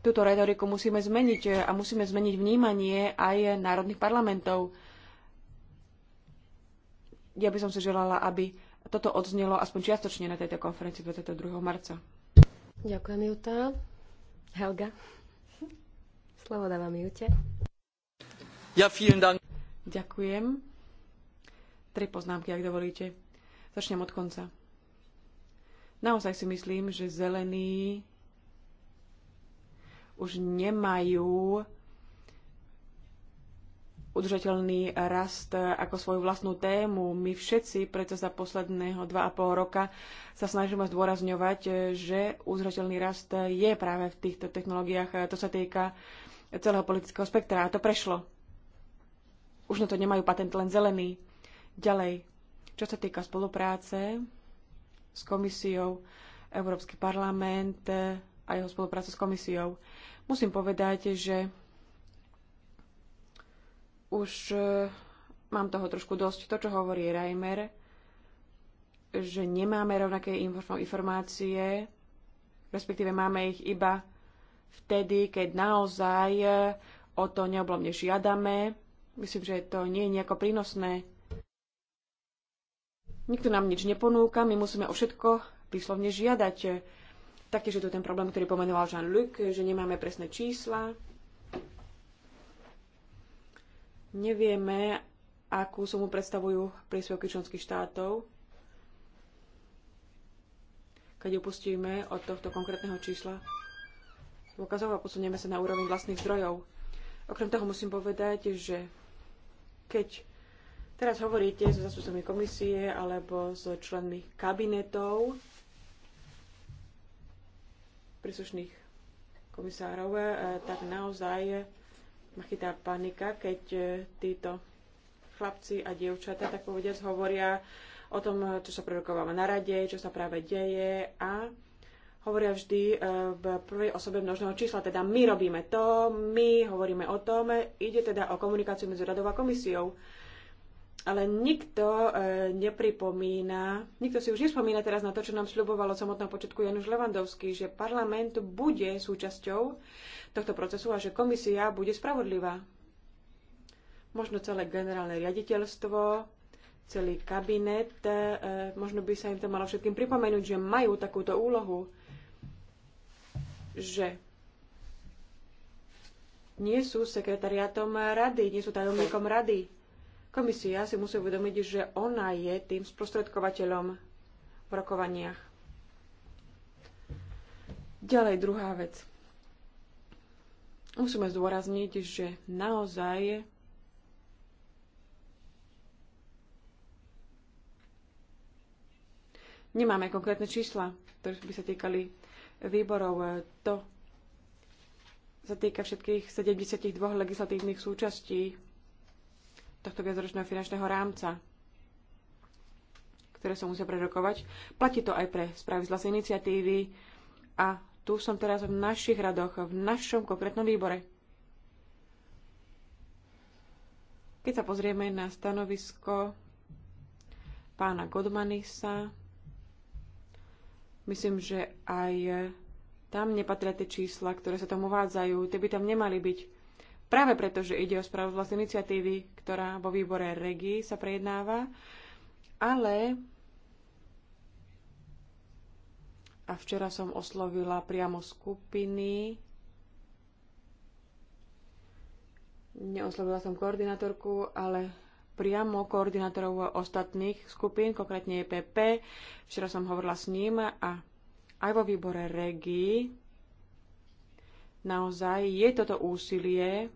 A: túto retoriku musíme zmeniť eh, a musíme zmeniť vnímanie aj národných parlamentov. Ja by som si želala, aby toto odznelo aspoň čiastočne na tejto konferencii 22. marca.
B: Ďakujem, Juta. Helga. Slovo dávam Jute.
A: Ja, vielen Dank. Ďakujem. Tri poznámky, ak dovolíte. Začnem od konca. Naozaj si myslím, že zelení už nemajú udržateľný rast ako svoju vlastnú tému. My všetci preto za posledného 2,5 roka sa snažíme zdôrazňovať, že udržateľný rast je práve v týchto technológiách. To sa týka celého politického spektra a to prešlo. Už na to nemajú patent len zelený. Ďalej, čo sa týka spolupráce s komisiou, Európsky parlament a jeho spolupráca s komisiou. Musím povedať, že už e, mám toho trošku dosť. To, čo hovorí Reimer, že nemáme rovnaké informácie, respektíve máme ich iba vtedy, keď naozaj e, o to neoblomne žiadame. Myslím, že to nie je nejako prínosné. Nikto nám nič neponúka, my musíme o všetko výslovne žiadať. Taktiež je to ten problém, ktorý pomenoval Jean-Luc, že nemáme presné čísla. Nevieme, akú sumu predstavujú príspevky členských štátov. Keď upustíme od tohto konkrétneho čísla dôkazov a posunieme sa na úroveň vlastných zdrojov. Okrem toho musím povedať, že keď teraz hovoríte so zastupcami komisie alebo s so členmi kabinetov, príslušných komisárov, e, tak naozaj ma chytá panika, keď e, títo chlapci a dievčatá, tak povediac, hovoria o tom, čo sa prerokováva na rade, čo sa práve deje a hovoria vždy e, v prvej osobe množného čísla, teda my robíme to, my hovoríme o tom, ide teda o komunikáciu medzi radou a komisiou ale nikto e, nepripomína, nikto si už nespomína teraz na to, čo nám sľubovalo samotného početku Januš Levandovský, že parlament bude súčasťou tohto procesu a že komisia bude spravodlivá. Možno celé generálne riaditeľstvo, celý kabinet, e, možno by sa im to malo všetkým pripomenúť, že majú takúto úlohu, že nie sú sekretariátom rady, nie sú tajomníkom rady Komisia si musí uvedomiť, že ona je tým sprostredkovateľom v rokovaniach. Ďalej druhá vec. Musíme zdôrazniť, že naozaj nemáme konkrétne čísla, ktoré by sa týkali výborov. To sa týka všetkých 72 legislatívnych súčastí tohto viacročného finančného rámca, ktoré sa musia prerokovať. Platí to aj pre správy z vlastnej iniciatívy a tu som teraz v našich radoch, v našom konkrétnom výbore. Keď sa pozrieme na stanovisko pána Godmanisa, myslím, že aj tam nepatria tie čísla, ktoré sa tam uvádzajú, tie by tam nemali byť práve preto, že ide o správu z iniciatívy, ktorá vo výbore REGI sa prejednáva, ale a včera som oslovila priamo skupiny. Neoslovila som koordinátorku, ale priamo koordinátorov ostatných skupín, konkrétne EPP. Včera som hovorila s ním a aj vo výbore REGI naozaj je toto úsilie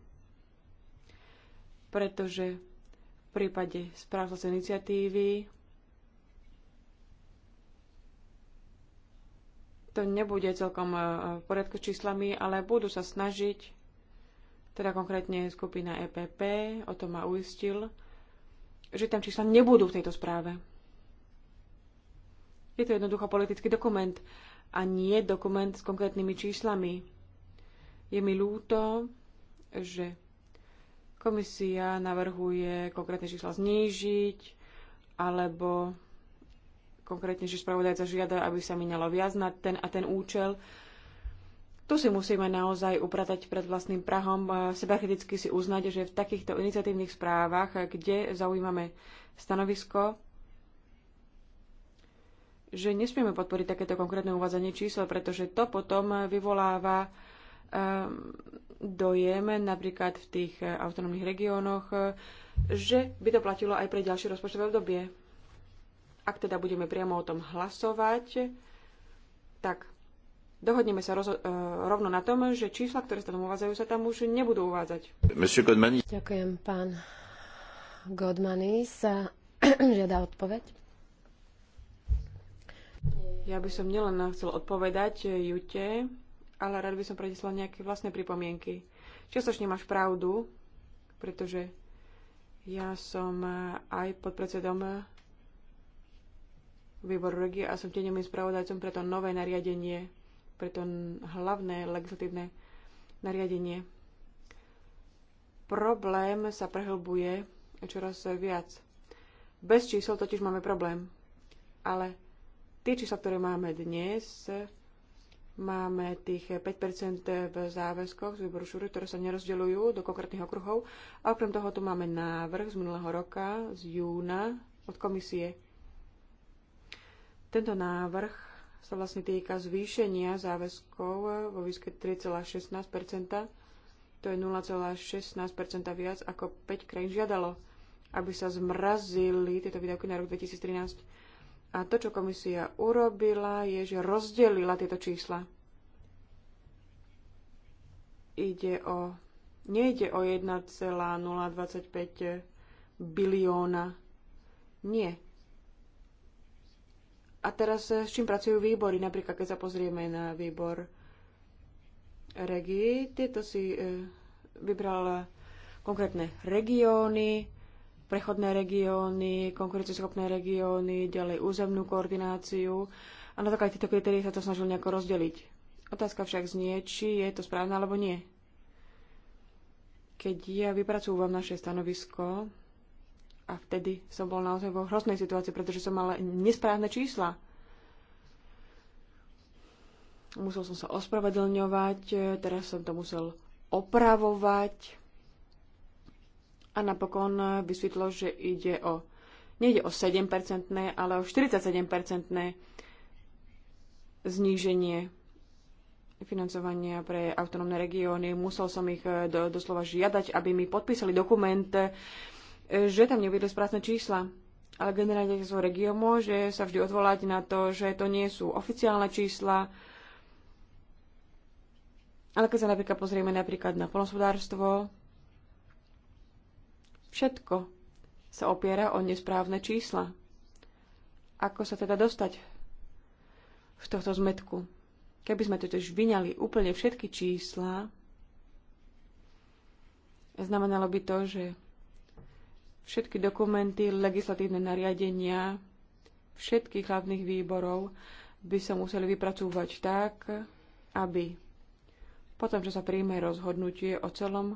A: pretože v prípade správcov iniciatívy to nebude celkom e, e, v poriadku s číslami, ale budú sa snažiť, teda konkrétne skupina EPP, o tom ma uistil, že tam čísla nebudú v tejto správe. Je to jednoducho politický dokument a nie dokument s konkrétnymi číslami. Je mi ľúto, že Komisia navrhuje konkrétne čísla znížiť, alebo že spravodajca žiada, aby sa minalo viac na ten a ten účel. Tu si musíme naozaj upratať pred vlastným prahom, kriticky si uznať, že v takýchto iniciatívnych správach, kde zaujímame stanovisko, že nesmieme podporiť takéto konkrétne uvádzanie čísel, pretože to potom vyvoláva Ehm, dojem napríklad v tých eh, autonómnych regiónoch, eh, že by to platilo aj pre ďalšie rozpočtové obdobie. Ak teda budeme priamo o tom hlasovať, tak dohodneme sa eh, rovno na tom, že čísla, ktoré sa tam uvádzajú, sa tam už nebudú uvádzať.
B: Ďakujem, pán Godmany sa žiada odpoveď.
A: Ja by som nielen chcel odpovedať Jute, ale rád by som predesla nejaké vlastné pripomienky. Čiastočne máš pravdu, pretože ja som eh, aj podpredsedom eh, výboru regie a som tieňovým spravodajcom pre to nové nariadenie, pre to hlavné legislatívne nariadenie. Problém sa prehlbuje čoraz viac. Bez čísel totiž máme problém. Ale tie čísla, ktoré máme dnes, Máme tých 5% v záväzkoch z brošúry, ktoré sa nerozdeľujú do konkrétnych okruhov. A okrem toho tu máme návrh z minulého roka, z júna, od komisie. Tento návrh sa vlastne týka zvýšenia záväzkov vo výške 3,16 to je 0,16 viac ako 5 krajín žiadalo, aby sa zmrazili tieto výdavky na rok 2013. A to, čo komisia urobila, je, že rozdelila tieto čísla. Ide o, nejde o 1,025 bilióna. Nie. A teraz eh, s čím pracujú výbory? Napríklad, keď sa pozrieme na výbor regii, tieto si e, vybral konkrétne regióny, prechodné regióny, konkurencieschopné regióny, ďalej územnú koordináciu. A na základe týchto kritérií sa to snažil nejako rozdeliť. Otázka však znie, či je to správne alebo nie. Keď ja vypracúvam naše stanovisko, a vtedy som bol naozaj vo hroznej situácii, pretože som mal nesprávne čísla. Musel som sa ospravedlňovať, teraz som to musel opravovať a napokon vysvetlo, že ide o, nejde o 7-percentné, ale o 47-percentné zníženie financovania pre autonómne regióny. Musel som ich e, do, doslova žiadať, aby mi podpísali dokument, e, že tam neuviedli správne čísla. Ale generálne zo regió môže sa vždy odvolať na to, že to nie sú oficiálne čísla. Ale keď sa napríklad pozrieme napríklad na polnospodárstvo, Všetko sa opiera o nesprávne čísla. Ako sa teda dostať v tohto zmetku? Keby sme totiž vyňali úplne všetky čísla, znamenalo by to, že všetky dokumenty, legislatívne nariadenia všetkých hlavných výborov by sa museli vypracúvať tak, aby potom, čo sa príjme rozhodnutie o celom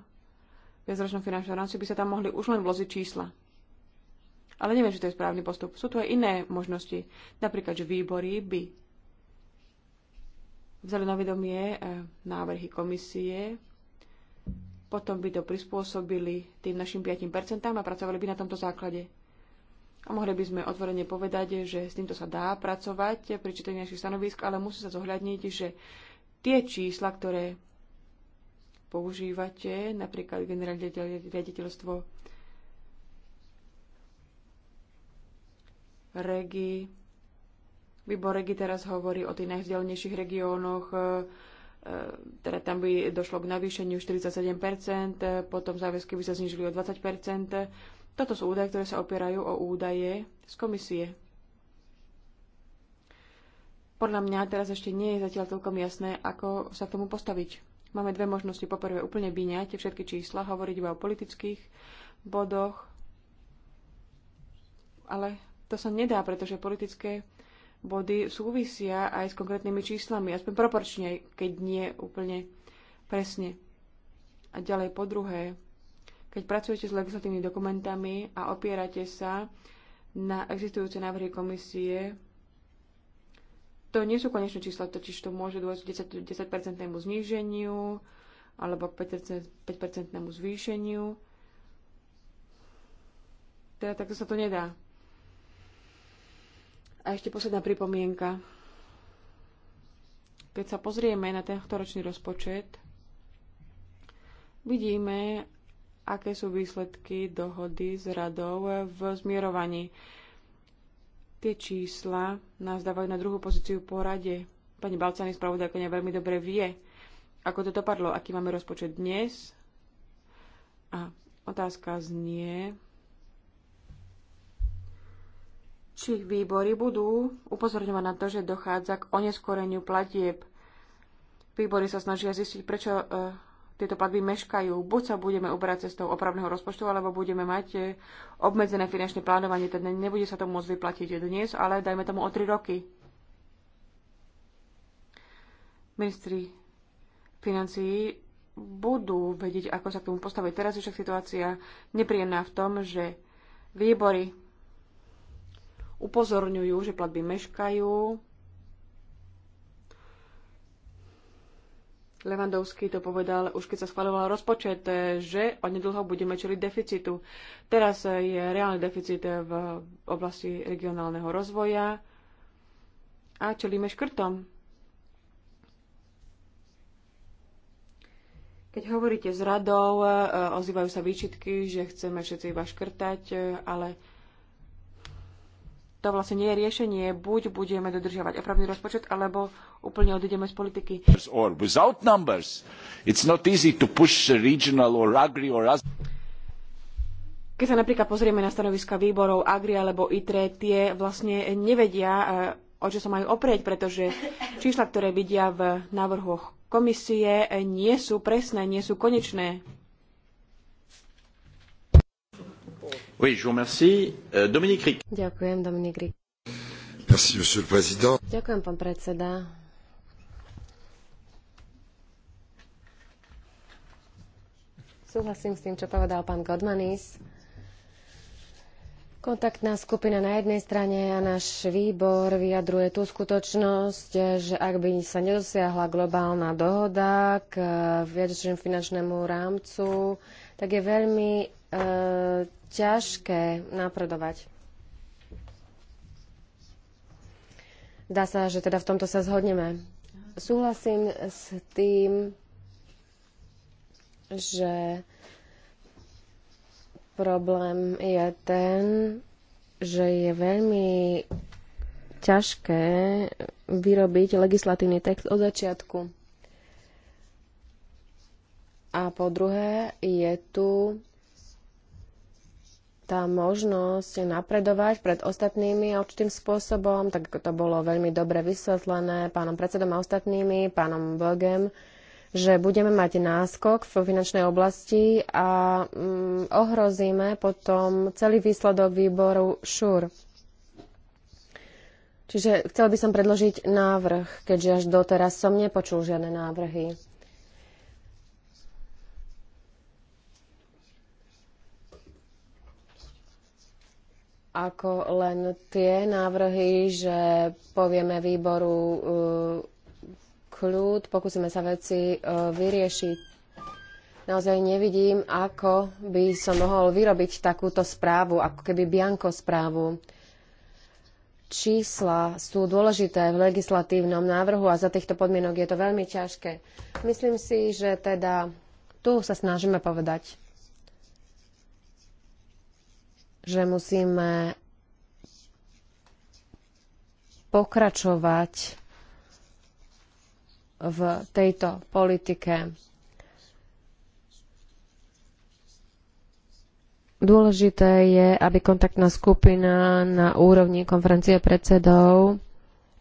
A: viacročnom finančnom rámci by sa tam mohli už len vloziť čísla. Ale neviem, či to je správny postup. Sú tu aj iné možnosti. Napríklad, že výbory by vzali na vedomie e, návrhy komisie, potom by to prispôsobili tým našim 5% a pracovali by na tomto základe. A mohli by sme otvorene povedať, že s týmto sa dá pracovať pri čítaní našich stanovisk, ale musí sa zohľadniť, že tie čísla, ktoré používate, napríklad generálne riaditeľstvo regi. Výbor regi teraz hovorí o tých najvzdialenejších regiónoch, e, e, teda tam by došlo k navýšeniu 47%, potom záväzky by sa znižili o 20%. Toto sú údaje, ktoré sa opierajú o údaje z komisie. Podľa mňa teraz ešte nie je zatiaľ celkom jasné, ako sa k tomu postaviť. Máme dve možnosti. Poprvé úplne vyňať všetky čísla, hovoriť iba o politických bodoch, ale to sa nedá, pretože politické body súvisia aj s konkrétnymi číslami, aspoň proporčne, keď nie úplne presne. A ďalej po druhé, keď pracujete s legislatívnymi dokumentami a opierate sa na existujúce návrhy komisie, to nie sú konečné čísla, totiž to môže dôjsť k 10, 10-percentnému zníženiu alebo k 5-percentnému zvýšeniu. Teda takto sa to nedá. A ešte posledná pripomienka. Keď sa pozrieme na tento ročný rozpočet, vidíme, aké sú výsledky dohody s radou v zmierovaní Tie čísla nás dávajú na druhú pozíciu po rade. Pani Balcani, spravodajkoňa veľmi dobre vie, ako to dopadlo, aký máme rozpočet dnes. A otázka znie, či výbory budú upozorňovať na to, že dochádza k oneskoreniu platieb. Výbory sa snažia zistiť, prečo eh, tieto platby meškajú. Buď sa budeme uberať cestou opravného rozpočtu, alebo budeme mať e, obmedzené finančné plánovanie, teda nebude sa to môcť vyplatiť dnes, ale dajme tomu o 3 roky. Ministri financí budú vedieť, ako sa k tomu postaviť. Teraz je však situácia nepríjemná v tom, že výbory upozorňujú, že platby meškajú, Levandovský to povedal už keď sa schváľoval rozpočet, eh, že onedlho budeme čeliť deficitu. Teraz eh, je reálny deficit eh, v oblasti regionálneho rozvoja a čelíme škrtom. Keď hovoríte s radou, ozývajú sa výčitky, že chceme všetci iba škrtať, ale to vlastne nie je riešenie. Buď budeme dodržiavať opravný rozpočet, alebo úplne odídeme z politiky. Keď sa napríklad pozrieme na stanoviska výborov Agri alebo ITRE, tie vlastne nevedia, e, o čo sa majú oprieť, pretože čísla, ktoré vidia v návrhoch komisie, e, nie sú presné, nie sú konečné. Oui, je vous remercie. Euh, Dominique Rick. Ďakujem, Dominik
B: Rick.
C: Merci, monsieur le président.
B: Ďakujem, pán predseda. Súhlasím s tým, čo povedal pán Godmanis. Kontaktná skupina na jednej strane a náš výbor vyjadruje tú skutočnosť, že ak by sa nedosiahla globálna dohoda k viacročnému finančnému rámcu, tak je veľmi e, ťažké napredovať. Dá sa, že teda v tomto sa zhodneme. Súhlasím s tým, že problém je ten, že je veľmi ťažké vyrobiť legislatívny text od začiatku. A po druhé je tu tá možnosť napredovať pred ostatnými určitým spôsobom, tak ako to bolo veľmi dobre vysvetlené pánom predsedom a ostatnými, pánom Bogem, že budeme mať náskok v finančnej oblasti a mm, ohrozíme potom celý výsledok výboru ŠUR. Čiže chcel by som predložiť návrh, keďže až doteraz som nepočul žiadne návrhy. ako len tie návrhy, že povieme výboru uh, kľud, pokúsime sa veci uh, vyriešiť. Naozaj nevidím, ako by som mohol vyrobiť takúto správu, ako keby bianko správu. Čísla sú dôležité v legislatívnom návrhu a za týchto podmienok je to veľmi ťažké. Myslím si, že teda tu sa snažíme povedať že musíme pokračovať v tejto politike. Dôležité je, aby kontaktná skupina na úrovni konferencie predsedov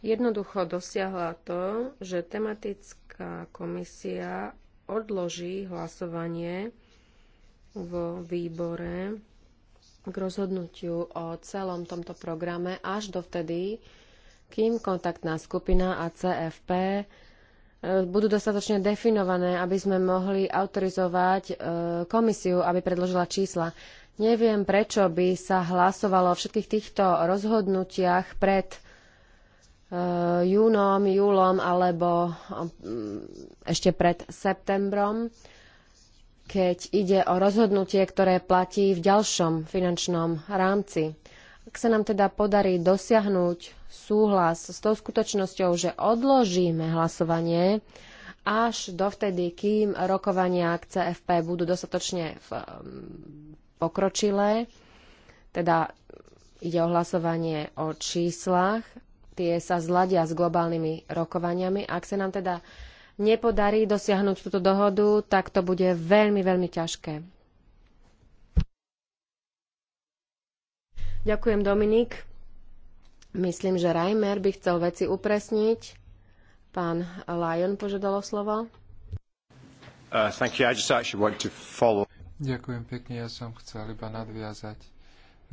B: jednoducho dosiahla to, že tematická komisia odloží hlasovanie vo výbore k rozhodnutiu o celom tomto programe až dovtedy, kým kontaktná skupina a CFP e, budú dostatočne definované, aby sme mohli autorizovať e, komisiu, aby predložila čísla. Neviem, prečo by sa hlasovalo o všetkých týchto rozhodnutiach pred e, júnom, júlom alebo ešte pred septembrom keď ide o rozhodnutie, ktoré platí v ďalšom finančnom rámci. Ak sa nám teda podarí dosiahnuť súhlas s tou skutočnosťou, že odložíme hlasovanie až dovtedy, kým rokovania k CFP budú dostatočne um, pokročilé, teda ide o hlasovanie o číslach, tie sa zladia s globálnymi rokovaniami. Ak sa nám teda nepodarí dosiahnuť túto dohodu, tak to bude veľmi, veľmi ťažké. Ďakujem, Dominik. Myslím, že Reimer by chcel veci upresniť. Pán Lyon
C: požiadal o slovo. Uh, Ďakujem pekne, ja som chcel iba nadviazať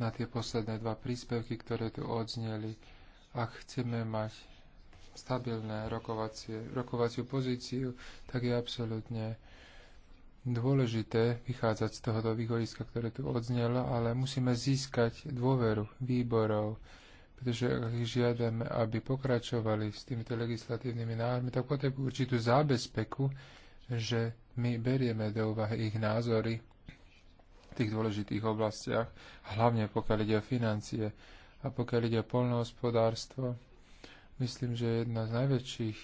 C: na tie posledné dva príspevky, ktoré tu odzneli. Ak chceme mať stabilné rokovacie, rokovaciu pozíciu, tak je absolútne dôležité vychádzať z tohoto výhodiska, ktoré tu odznelo, ale musíme získať dôveru výborov, pretože ak ich žiadame, aby pokračovali s týmito legislatívnymi návrhmi, tak potrebujú určitú zábezpeku, že my berieme do úvahy ich názory v tých dôležitých oblastiach, hlavne pokiaľ ide o financie a pokiaľ ide o polnohospodárstvo Myslím, že jedna z najväčších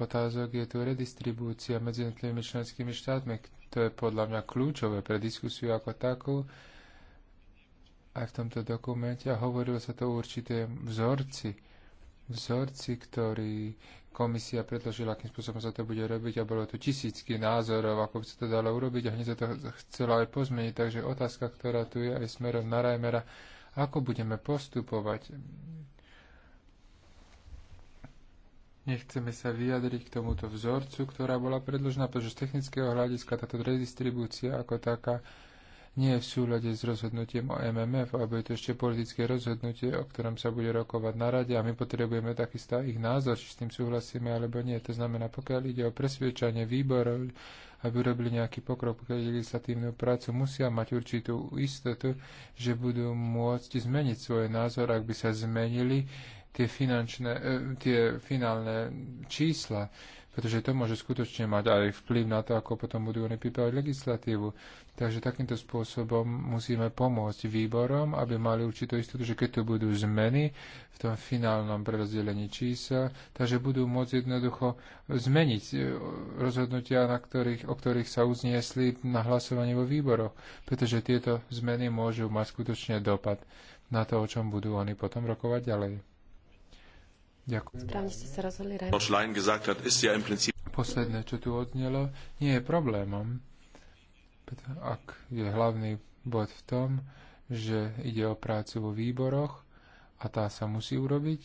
C: otázok je tu redistribúcia medzi jednotlivými členskými štátmi. To je podľa mňa kľúčové pre diskusiu ako takú. Aj v tomto dokumente a hovorilo sa to o určité vzorci. Vzorci, ktorý komisia predložila, akým spôsobom sa to bude robiť a bolo tu tisícky názorov, ako by sa to dalo urobiť a hneď sa to chcelo aj pozmeniť. Takže otázka, ktorá tu je aj smerom na Rajmera, ako budeme postupovať nechceme sa vyjadriť k tomuto vzorcu, ktorá bola predložená, pretože z technického hľadiska táto redistribúcia ako taká nie je v súlade s rozhodnutím o MMF, alebo je to ešte politické rozhodnutie, o ktorom sa bude rokovať na rade a my potrebujeme takisto ich názor, či s tým súhlasíme alebo nie. To znamená, pokiaľ ide o presviečanie výborov, aby urobili nejaký pokrok, pokiaľ ide legislatívnu prácu, musia mať určitú istotu, že budú môcť zmeniť svoj názor, ak by sa zmenili tie, finančné, e, tie finálne čísla, pretože to môže skutočne mať aj vplyv na to, ako potom budú oni pripravať legislatívu. Takže takýmto spôsobom musíme pomôcť výborom, aby mali určitú istotu, že keď tu budú zmeny v tom finálnom prerozdelení čísel, takže budú môcť jednoducho zmeniť e, rozhodnutia, na ktorých, o ktorých sa uzniesli na hlasovanie vo výboroch, pretože tieto zmeny môžu mať skutočne dopad na to, o čom budú oni potom rokovať ďalej. Ďakujem. Posledné, čo tu odnelo, nie je problémom, ak je hlavný bod v tom, že ide o prácu vo výboroch a tá sa musí urobiť.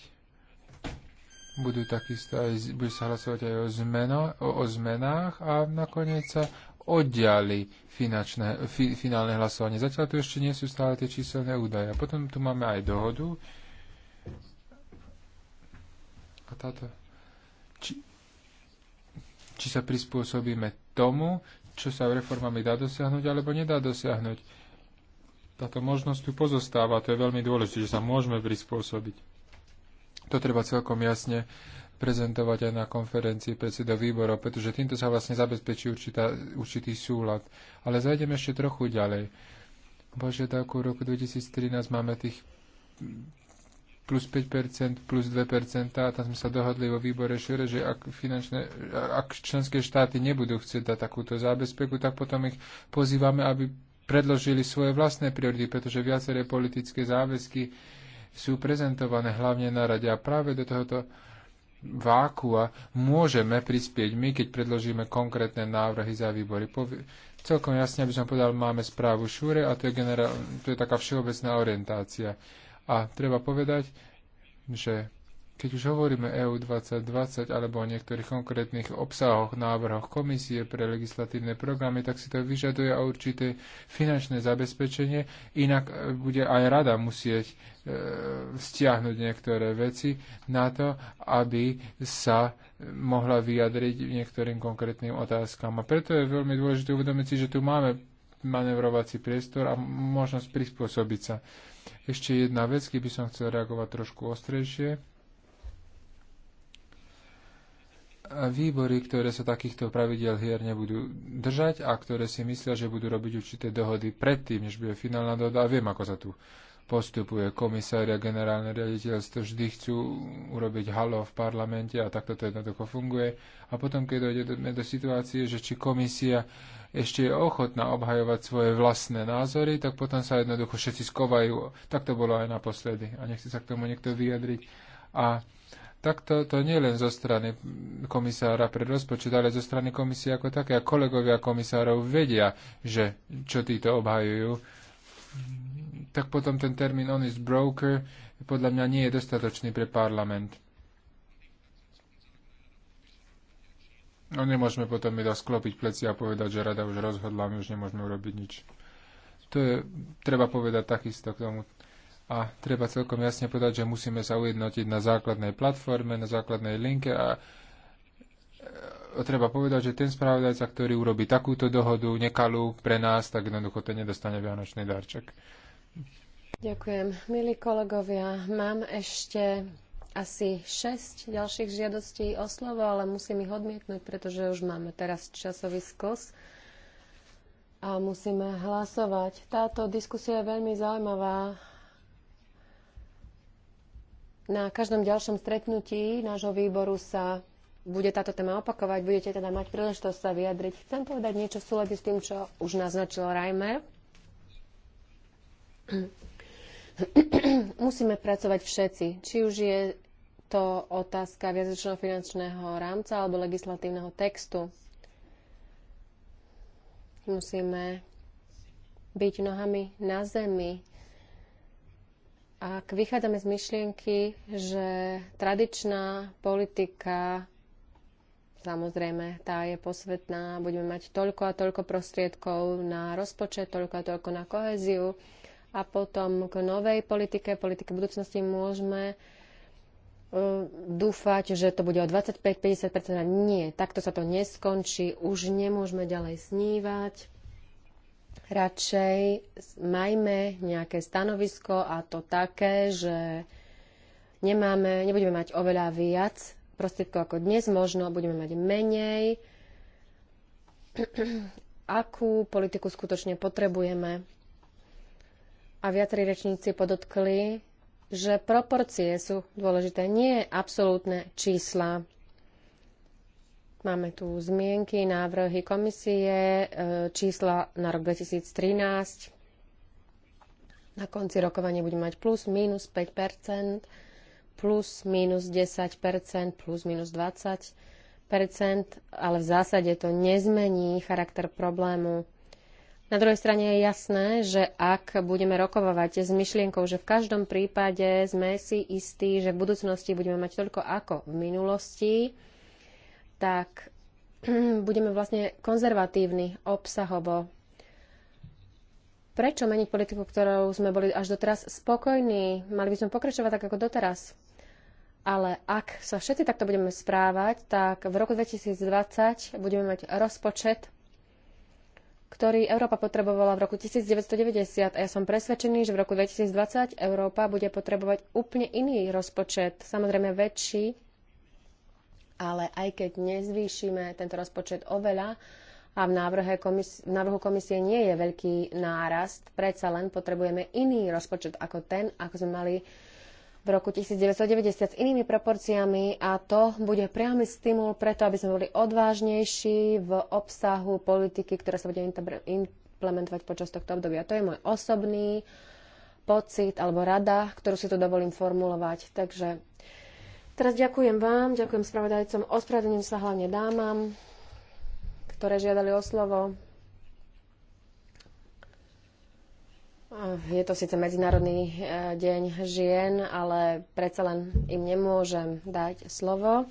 C: Budú takisto aj, bude sa hlasovať aj o, zmeno, o, o zmenách a nakoniec sa oddiali finančné, fi, finálne hlasovanie. Zatiaľ tu ešte nie sú stále tie číselné údaje. Potom tu máme aj dohodu, a táto, či, či sa prispôsobíme tomu, čo sa reformami dá dosiahnuť alebo nedá dosiahnuť. Táto možnosť tu pozostáva, to je veľmi dôležité, že sa môžeme prispôsobiť. To treba celkom jasne prezentovať aj na konferencii predsedov výborov, pretože týmto sa vlastne zabezpečí určitá, určitý súlad. Ale zajdeme ešte trochu ďalej. v roku 2013 máme tých plus 5%, plus 2%, a tam sme sa dohodli vo výbore šire, že ak, finančné, ak členské štáty nebudú chcieť dať takúto zábezpeku, tak potom ich pozývame, aby predložili svoje vlastné priority, pretože viaceré politické záväzky sú prezentované hlavne na rade a práve do tohoto a môžeme prispieť my, keď predložíme konkrétne návrhy za výbory. celkom jasne, aby som povedal, máme správu Šúre a to je, generál, to je taká všeobecná orientácia. A treba povedať, že keď už hovoríme EU 2020 alebo o niektorých konkrétnych obsahoch, návrhoch komisie pre legislatívne programy, tak si to vyžaduje aj určité finančné zabezpečenie, inak e, bude aj rada musieť e, stiahnuť niektoré veci na to, aby sa e, mohla vyjadriť niektorým konkrétnym otázkam. A preto je veľmi dôležité uvedomiť si, že tu máme manevrovací priestor a možnosť prispôsobiť sa. E, ešte jedna vec, keby som chcel reagovať trošku ostrejšie. Výbory, ktoré sa takýchto pravidel hier nebudú držať a ktoré si myslia, že budú robiť určité dohody predtým, než bude finálna dohoda, a viem, ako sa tu postupuje. Komisária, generálne riaditeľstvo vždy chcú urobiť halo v parlamente a takto to jednoducho funguje. A potom, keď dojde do, do situácie, že či komisia uh, ešte je ochotná obhajovať svoje vlastné názory, tak potom sa jednoducho všetci skovajú. Tak to bolo aj naposledy. A nechce sa k tomu niekto vyjadriť. A takto to nie len zo strany komisára pre rozpočet, ale zo strany komisie ako také. A kolegovia komisárov vedia, že čo títo obhajujú tak potom ten termín honest broker podľa mňa nie je dostatočný pre parlament. No nemôžeme potom iba sklopiť pleci a povedať, že rada už rozhodla, my už nemôžeme urobiť nič. To je, treba povedať takisto k tomu. A treba celkom jasne povedať, že musíme sa ujednotiť na základnej platforme, na základnej linke a e, treba povedať, že ten spravodajca, ktorý urobí takúto dohodu nekalú pre nás, tak jednoducho to nedostane vianočný darček.
B: Ďakujem. Milí kolegovia, mám ešte asi 6 ďalších žiadostí o slovo, ale musím ich odmietnúť, pretože už máme teraz časový skos a musíme hlasovať. Táto diskusia je veľmi zaujímavá. Na každom ďalšom stretnutí nášho výboru sa bude táto téma opakovať, budete teda mať príležitosť sa vyjadriť. Chcem povedať niečo v súlade s tým, čo už naznačil Rajmer. Musíme pracovať všetci, či už je to otázka viacročného finančného rámca alebo legislatívneho textu. Musíme byť nohami na zemi. Ak vychádzame z myšlienky, že tradičná politika, samozrejme, tá je posvetná, budeme mať toľko a toľko prostriedkov na rozpočet, toľko a toľko na koheziu, a potom k novej politike, politike budúcnosti môžeme e, dúfať, že to bude o 25-50%. Nie, takto sa to neskončí. Už nemôžeme ďalej snívať. Radšej majme nejaké stanovisko a to také, že nemáme, nebudeme mať oveľa viac prostriedkov ako dnes, možno budeme mať menej. Akú politiku skutočne potrebujeme? a viacerí rečníci podotkli, že proporcie sú dôležité, nie absolútne čísla. Máme tu zmienky, návrhy komisie, e, čísla na rok 2013. Na konci rokovania budeme mať plus, minus 5 plus, minus 10 plus, minus 20 ale v zásade to nezmení charakter problému na druhej strane je jasné, že ak budeme rokovať s myšlienkou, že v každom prípade sme si istí, že v budúcnosti budeme mať toľko ako v minulosti, tak budeme vlastne konzervatívni obsahovo. Prečo meniť politiku, ktorou sme boli až doteraz spokojní? Mali by sme pokračovať tak ako doteraz. Ale ak sa všetci takto budeme správať, tak v roku 2020 budeme mať rozpočet, ktorý Európa potrebovala v roku 1990 a ja som presvedčený, že v roku 2020 Európa bude potrebovať úplne iný rozpočet, samozrejme väčší, ale aj keď nezvýšime tento rozpočet oveľa a v, komis- v návrhu komisie nie je veľký nárast, predsa len potrebujeme iný rozpočet ako ten, ako sme mali v roku 1990 s inými proporciami a to bude priamy stimul preto, aby sme boli odvážnejší v obsahu politiky, ktorá sa bude implementovať počas tohto obdobia. To je môj osobný pocit alebo rada, ktorú si tu dovolím formulovať. Takže teraz ďakujem vám, ďakujem spravodajcom, ospravedlňujem sa hlavne dámam, ktoré žiadali o slovo. Je to síce Medzinárodný e, deň žien, ale predsa len im nemôžem dať slovo.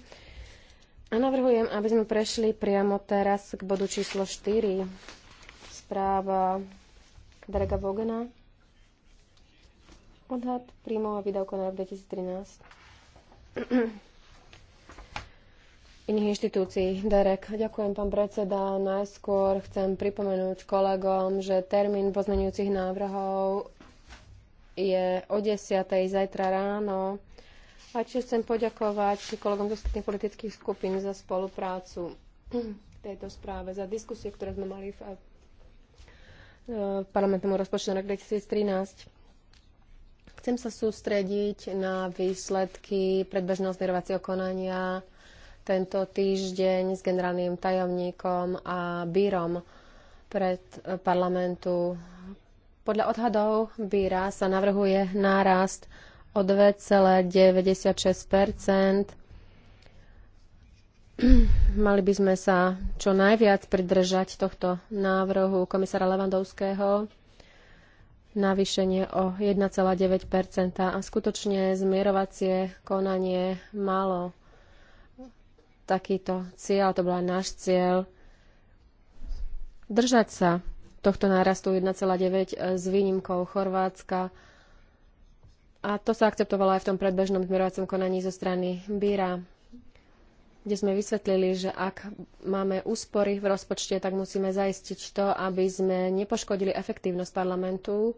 B: A navrhujem, aby sme prešli priamo teraz k bodu číslo 4. Správa Darega Vogena. Odhad príjmov a výdavkov na rok 2013 iných inštitúcií. Derek, ďakujem, pán predseda. Najskôr chcem pripomenúť kolegom, že termín pozmenujúcich návrhov je o 10. zajtra ráno. A tiež chcem poďakovať kolegom z ostatných politických skupín za spoluprácu v tejto správe, za diskusie, ktoré sme mali v, eh, v parlamentnom rozpočtu na rok 2013. Chcem sa sústrediť na výsledky predbežného zmierovacieho konania tento týždeň s generálnym tajomníkom a Bírom pred eh, parlamentu. Podľa odhadov Bíra sa navrhuje nárast o 2,96 Mali by sme sa čo najviac pridržať tohto návrhu komisára Levandovského navýšenie o 1,9 a skutočne zmierovacie konanie malo takýto cieľ, to bol náš cieľ, držať sa tohto nárastu 1,9 eh, s výnimkou Chorvátska. A to sa akceptovalo aj v tom predbežnom zmerovacom konaní zo strany Bíra, kde sme vysvetlili, že ak máme úspory v rozpočte, tak musíme zaistiť to, aby sme nepoškodili efektívnosť parlamentu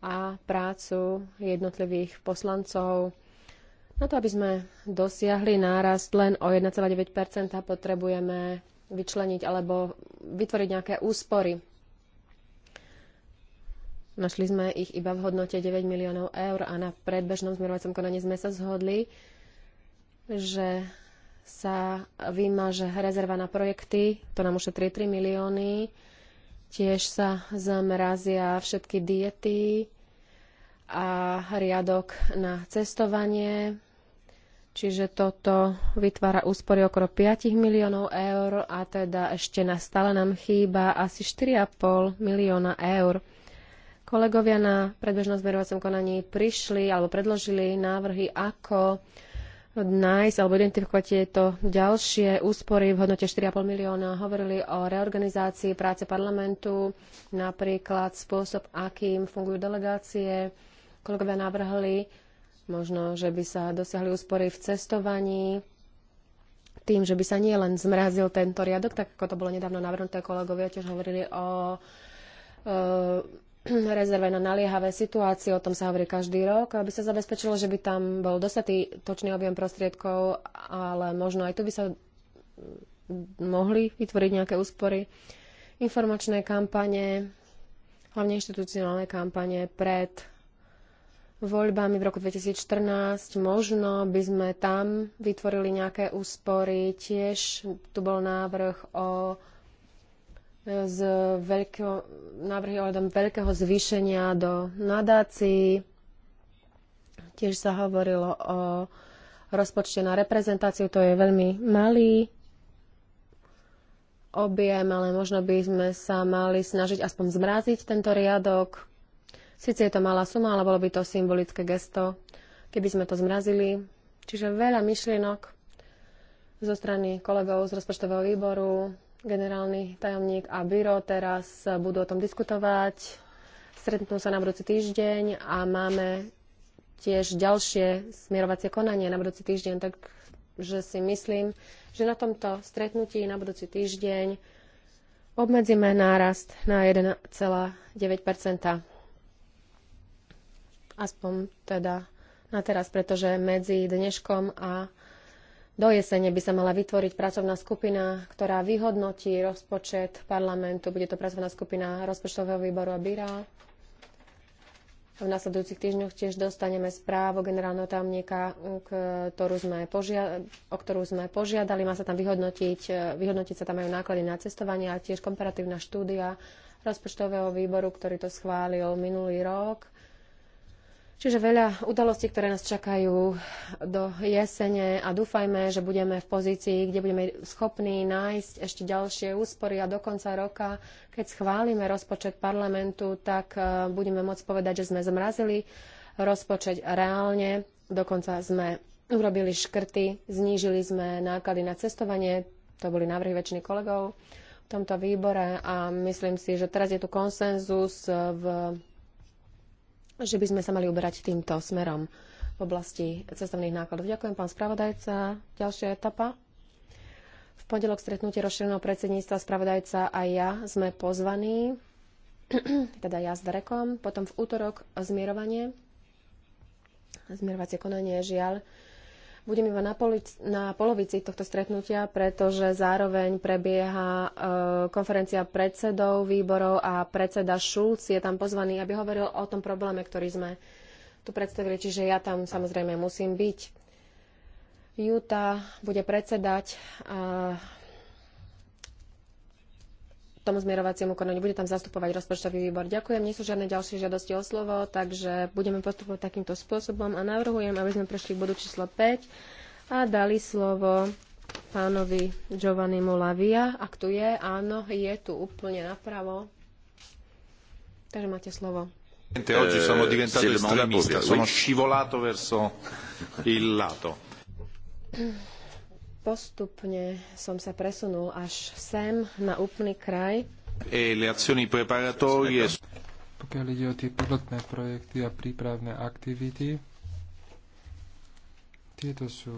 B: a prácu jednotlivých poslancov na to, aby sme dosiahli nárast len o 1,9 potrebujeme vyčleniť alebo vytvoriť nejaké úspory. Našli sme ich iba v hodnote 9 miliónov eur a na predbežnom zmerovacom konaní sme sa zhodli, že sa vymaže rezerva na projekty, to nám ušetrí 3 milióny, tiež sa zamrazia všetky diety a riadok na cestovanie, Čiže toto vytvára úspory okolo 5 miliónov eur a teda ešte na stále nám chýba asi 4,5 milióna eur. Kolegovia na predbežnom zmerovacom konaní prišli alebo predložili návrhy, ako nájsť alebo identifikovať tieto ďalšie úspory v hodnote 4,5 milióna. Hovorili o reorganizácii práce parlamentu, napríklad spôsob, akým fungujú delegácie. Kolegovia navrhli Možno, že by sa dosiahli úspory v cestovaní, tým, že by sa nie len zmrazil tento riadok, tak ako to bolo nedávno navrhnuté, kolegovia tiež hovorili o e, rezerve na naliehavé situácie, o tom sa hovorí každý rok, aby sa zabezpečilo, že by tam bol točný objem prostriedkov, ale možno aj tu by sa mohli vytvoriť nejaké úspory. Informačné kampane, hlavne inštitucionálne kampane pred voľbami v roku 2014. Možno by sme tam vytvorili nejaké úspory. Tiež tu bol návrh o z veľkého, návrhy ohľadom veľkého zvýšenia do nadácií. Tiež sa hovorilo o rozpočte na reprezentáciu, to je veľmi malý objem, ale možno by sme sa mali snažiť aspoň zmraziť tento riadok Sice je to malá suma, ale bolo by to symbolické gesto, keby sme to zmrazili. Čiže veľa myšlienok zo strany kolegov z rozpočtového výboru, generálny tajomník a byro teraz budú o tom diskutovať. Stretnú sa na budúci týždeň a máme tiež ďalšie smerovacie konanie na budúci týždeň, takže si myslím, že na tomto stretnutí na budúci týždeň obmedzíme nárast na 1,9 Aspoň teda na teraz, pretože medzi dneškom a do jesene by sa mala vytvoriť pracovná skupina, ktorá vyhodnotí rozpočet parlamentu. Bude to pracovná skupina rozpočtového výboru a byra. V nasledujúcich týždňoch tiež dostaneme správu generálneho tajomníka, ktorú sme požia- o ktorú sme požiadali. Má sa tam vyhodnotiť, vyhodnotiť sa tam aj náklady na cestovanie a tiež komparatívna štúdia rozpočtového výboru, ktorý to schválil minulý rok Čiže veľa udalostí, ktoré nás čakajú do jesene a dúfajme, že budeme v pozícii, kde budeme schopní nájsť ešte ďalšie úspory a do konca roka, keď schválime rozpočet parlamentu, tak e, budeme môcť povedať, že sme zmrazili rozpočet reálne, dokonca sme urobili škrty, znížili sme náklady na cestovanie, to boli návrhy väčšiny kolegov v tomto výbore a myslím si, že teraz je tu konsenzus v že by sme sa mali uberať týmto smerom v oblasti cestovných nákladov. Ďakujem, pán spravodajca. Ďalšia etapa. V pondelok stretnutie rozšíreného predsedníctva spravodajca a ja sme pozvaní, teda ja s Darekom, potom v útorok zmierovanie, zmierovacie konanie, žiaľ, budem iba na, polic- na polovici tohto stretnutia, pretože zároveň prebieha e, konferencia predsedov výborov a predseda Šulc je tam pozvaný, aby hovoril o tom probléme, ktorý sme tu predstavili. Čiže ja tam samozrejme musím byť. Juta bude predsedať tomu zmierovaciemu konaniu. Bude tam zastupovať rozpočtový výbor. Ďakujem, nie sú žiadne ďalšie žiadosti o slovo, takže budeme postupovať takýmto spôsobom a navrhujem, aby sme prešli k bodu číslo 5 a dali slovo pánovi Giovanni Lavia. Ak tu je, áno, je tu úplne napravo. Takže máte slovo. Oggi postupne som sa presunul až sem, na úplný kraj.
C: E le azioni preparatorie. Pokiaľ ide o tie pilotné projekty a prípravné aktivity, tieto sú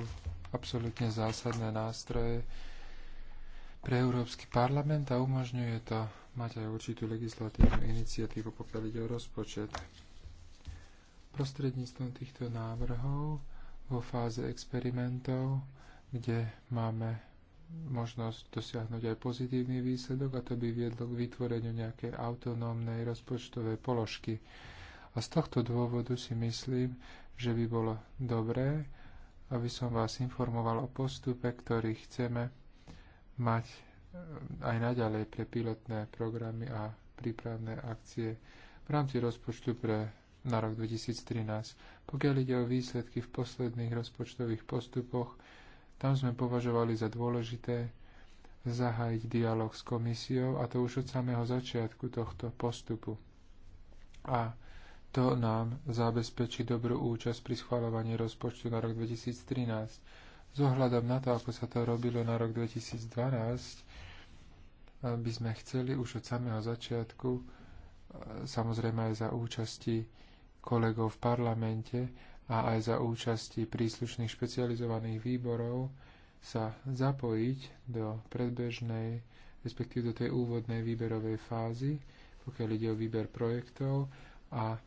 C: absolútne zásadné nástroje pre Európsky parlament a umožňuje to mať aj určitú legislatívnu iniciatívu, pokiaľ ide o rozpočet. Prostredníctvom týchto návrhov vo fáze experimentov kde máme možnosť dosiahnuť aj pozitívny výsledok a to by viedlo k vytvoreniu nejakej autonómnej rozpočtovej položky. A z tohto dôvodu si myslím, že by bolo dobré, aby som vás informoval o postupe, ktorý chceme mať eh, aj naďalej pre pilotné programy a prípravné akcie v rámci rozpočtu pre na rok 2013. Pokiaľ ide o výsledky v posledných rozpočtových postupoch, tam sme považovali za dôležité zahájiť dialog s komisiou a to už od samého začiatku tohto postupu. A to nám zabezpečí dobrú účasť pri schváľovaní rozpočtu na rok 2013. Zohľadom ohľadom na to, ako sa to robilo na rok 2012, eh, by sme chceli už od samého začiatku, eh, samozrejme aj za účasti kolegov v parlamente, a aj za účasti príslušných špecializovaných výborov sa zapojiť do predbežnej, respektíve do tej úvodnej výberovej fázy, pokiaľ ide o výber projektov a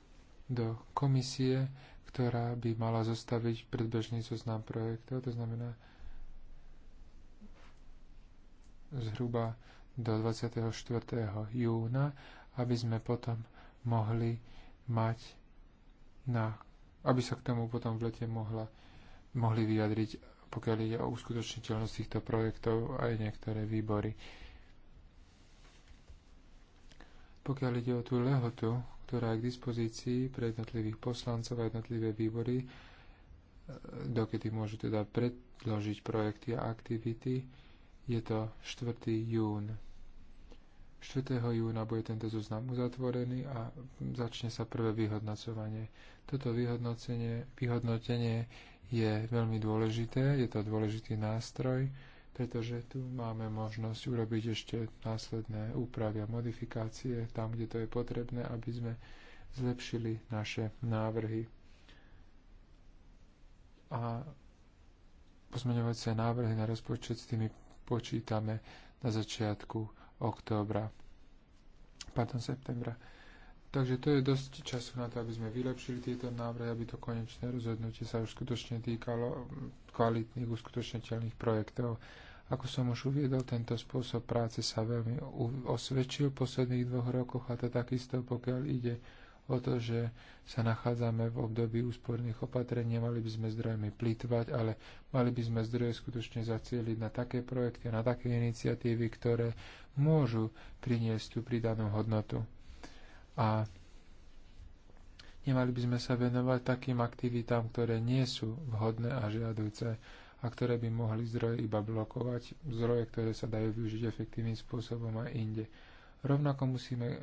C: do komisie, ktorá by mala zostaviť predbežný zoznam projektov, to znamená zhruba do 24. júna, aby sme potom mohli mať na aby sa k tomu potom v lete mohla, mohli vyjadriť, pokiaľ ide o uskutočniteľnosť týchto projektov aj niektoré výbory. Pokiaľ ide o tú lehotu, ktorá je k dispozícii pre jednotlivých poslancov a jednotlivé výbory, e, dokedy môžu teda predložiť projekty a aktivity, je to 4. jún 4. júna bude tento zoznam uzatvorený a začne sa prvé vyhodnocovanie. Toto vyhodnotenie, vyhodnotenie je veľmi dôležité, je to dôležitý nástroj, pretože tu máme možnosť urobiť ešte následné úpravy a modifikácie tam, kde to je potrebné, aby sme zlepšili naše návrhy. A pozmeňovacie návrhy na rozpočet s tými počítame na začiatku októbra, pardon, septembra. Takže to je dosť času na to, aby sme vylepšili tieto návrhy, aby to konečné rozhodnutie sa už skutočne týkalo kvalitných, uskutočniteľných projektov. Ako som už uviedol, tento spôsob práce sa veľmi osvedčil v posledných dvoch rokoch a to takisto, pokiaľ ide o to, že sa nachádzame v období úsporných opatrení, mali by sme zdrojmi plýtvať, ale mali by sme zdroje skutočne zacieliť na také projekty, na také iniciatívy, ktoré môžu priniesť tú pridanú hodnotu. A nemali by sme sa venovať takým aktivitám, ktoré nie sú vhodné a žiaduce a ktoré by mohli zdroje iba blokovať, zdroje, ktoré sa dajú využiť efektívnym spôsobom aj inde. Rovnako musíme eh,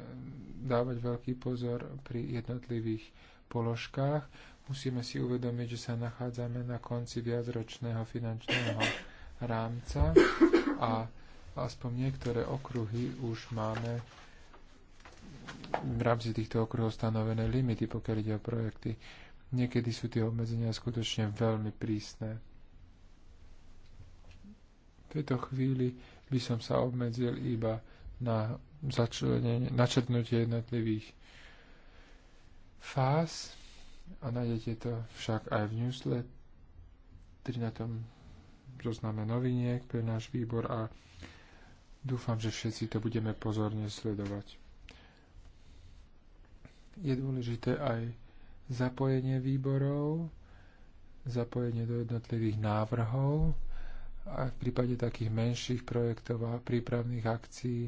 C: dávať veľký pozor pri jednotlivých položkách. Musíme si uvedomiť, že sa nachádzame na konci viacročného finančného rámca a aspoň niektoré okruhy už máme v rámci týchto okruhov stanovené limity, pokiaľ ide o projekty. Niekedy sú tie obmedzenia skutočne veľmi prísne. V tejto chvíli by som sa obmedzil iba na načrtnutie jednotlivých fáz a nájdete to však aj v newsletteri na tom zozname noviniek pre náš výbor a dúfam, že všetci to budeme pozorne sledovať. Je dôležité aj zapojenie výborov, zapojenie do jednotlivých návrhov aj v prípade takých menších projektov a prípravných akcií.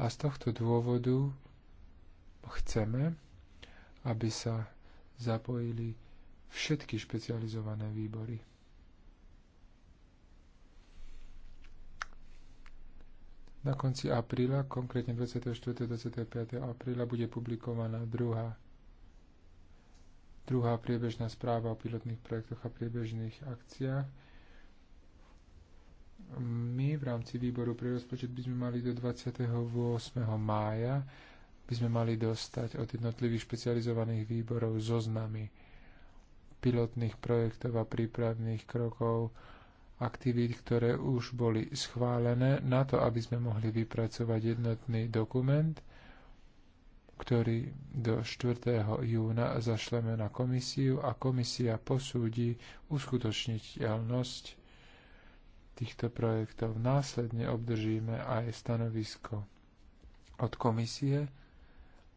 C: A z tohto dôvodu chceme, aby sa zapojili všetky špecializované výbory. Na konci apríla, konkrétne 24. 25. apríla, bude publikovaná druhá, druhá priebežná správa o pilotných projektoch a priebežných akciách my v rámci výboru pre rozpočet by sme mali do 28. mája by sme mali dostať od jednotlivých špecializovaných výborov zoznamy pilotných projektov a prípravných krokov, aktivít, ktoré už boli schválené na to, aby sme mohli vypracovať jednotný dokument, ktorý do 4. júna zašleme na komisiu a komisia posúdi uskutočniteľnosť týchto projektov. Následne obdržíme aj stanovisko od komisie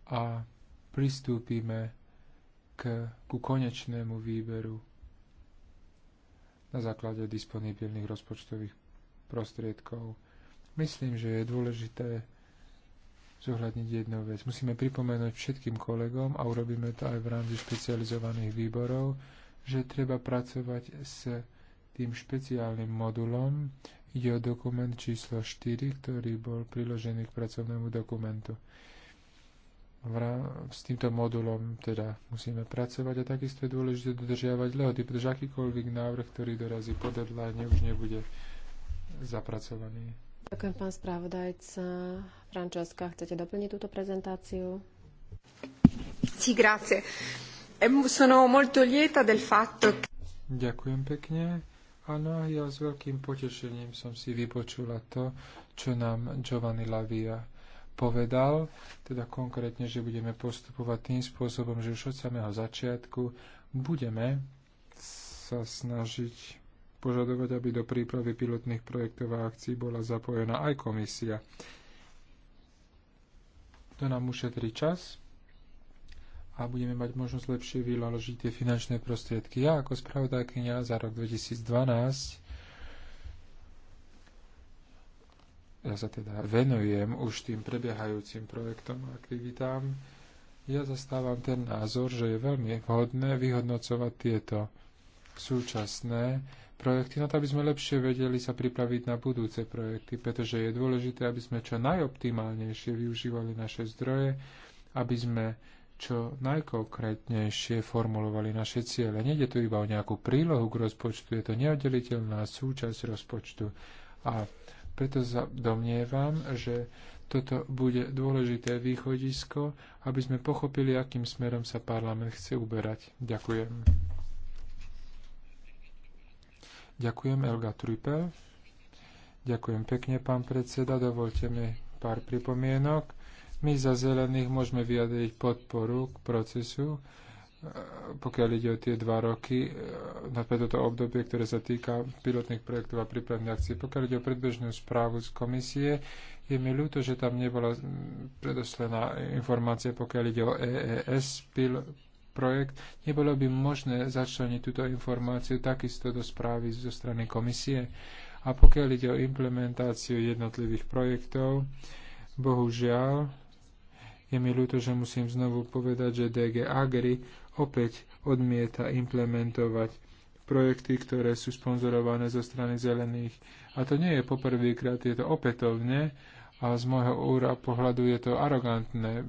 C: a pristúpime k, ku konečnému výberu na základe disponibilných rozpočtových prostriedkov. Myslím, že je dôležité zohľadniť jednu vec. Musíme pripomenúť všetkým kolegom a urobíme to aj v rámci špecializovaných výborov, že treba pracovať s tým špeciálnym modulom. Ide o dokument číslo 4, ktorý bol priložený k pracovnému dokumentu. S týmto modulom teda musíme pracovať a takisto je dôležité dodržiavať lehoty, pretože akýkoľvek návrh, ktorý dorazí po deadline, už nebude zapracovaný.
B: Ďakujem, pán spravodajca. Francesca, chcete doplniť túto prezentáciu? Sì,
A: grazie. Sono molto lieta del fatto che...
C: Ďakujem pekne. Áno, ja s veľkým potešením som si vypočula to, čo nám Giovanni Lavia povedal, teda konkrétne, že budeme postupovať tým spôsobom, že už od samého začiatku budeme sa snažiť požadovať, aby do prípravy pilotných projektov a akcií bola zapojená aj komisia. To nám ušetrí čas, a budeme mať možnosť lepšie vyložiť tie finančné prostriedky. Ja ako spravodajkynia za rok 2012 ja sa teda venujem už tým prebiehajúcim projektom a aktivitám, ja zastávam ten názor, že je veľmi vhodné vyhodnocovať tieto súčasné projekty, na no to aby sme lepšie vedeli sa pripraviť na budúce projekty, pretože je dôležité, aby sme čo najoptimálnejšie využívali naše zdroje, aby sme čo najkonkrétnejšie formulovali naše ciele. Nede tu iba o nejakú prílohu k rozpočtu, je to neoddeliteľná súčasť rozpočtu. A preto sa domnievam, že toto bude dôležité východisko, aby sme pochopili, akým smerom sa parlament chce uberať. Ďakujem. Ďakujem Elga Trüppel. Ďakujem pekne, pán predseda. Dovolte mi pár pripomienok my za zelených môžeme vyjadriť podporu k procesu, e, pokiaľ ide o tie dva roky, e, na toto obdobie, ktoré sa týka pilotných projektov a prípravných akcií. Pokiaľ ide o predbežnú správu z komisie, je mi ľúto, že tam nebola predoslená informácia, pokiaľ ide o EES pil projekt. Nebolo by možné začleniť túto informáciu takisto do správy zo strany komisie. A pokiaľ ide o implementáciu jednotlivých projektov, bohužiaľ, je mi ľúto, že musím znovu povedať, že DG Agri opäť odmieta implementovať projekty, ktoré sú sponzorované zo strany zelených. A to nie je poprvýkrát, je to opätovne a z môjho úra pohľadu je to arogantné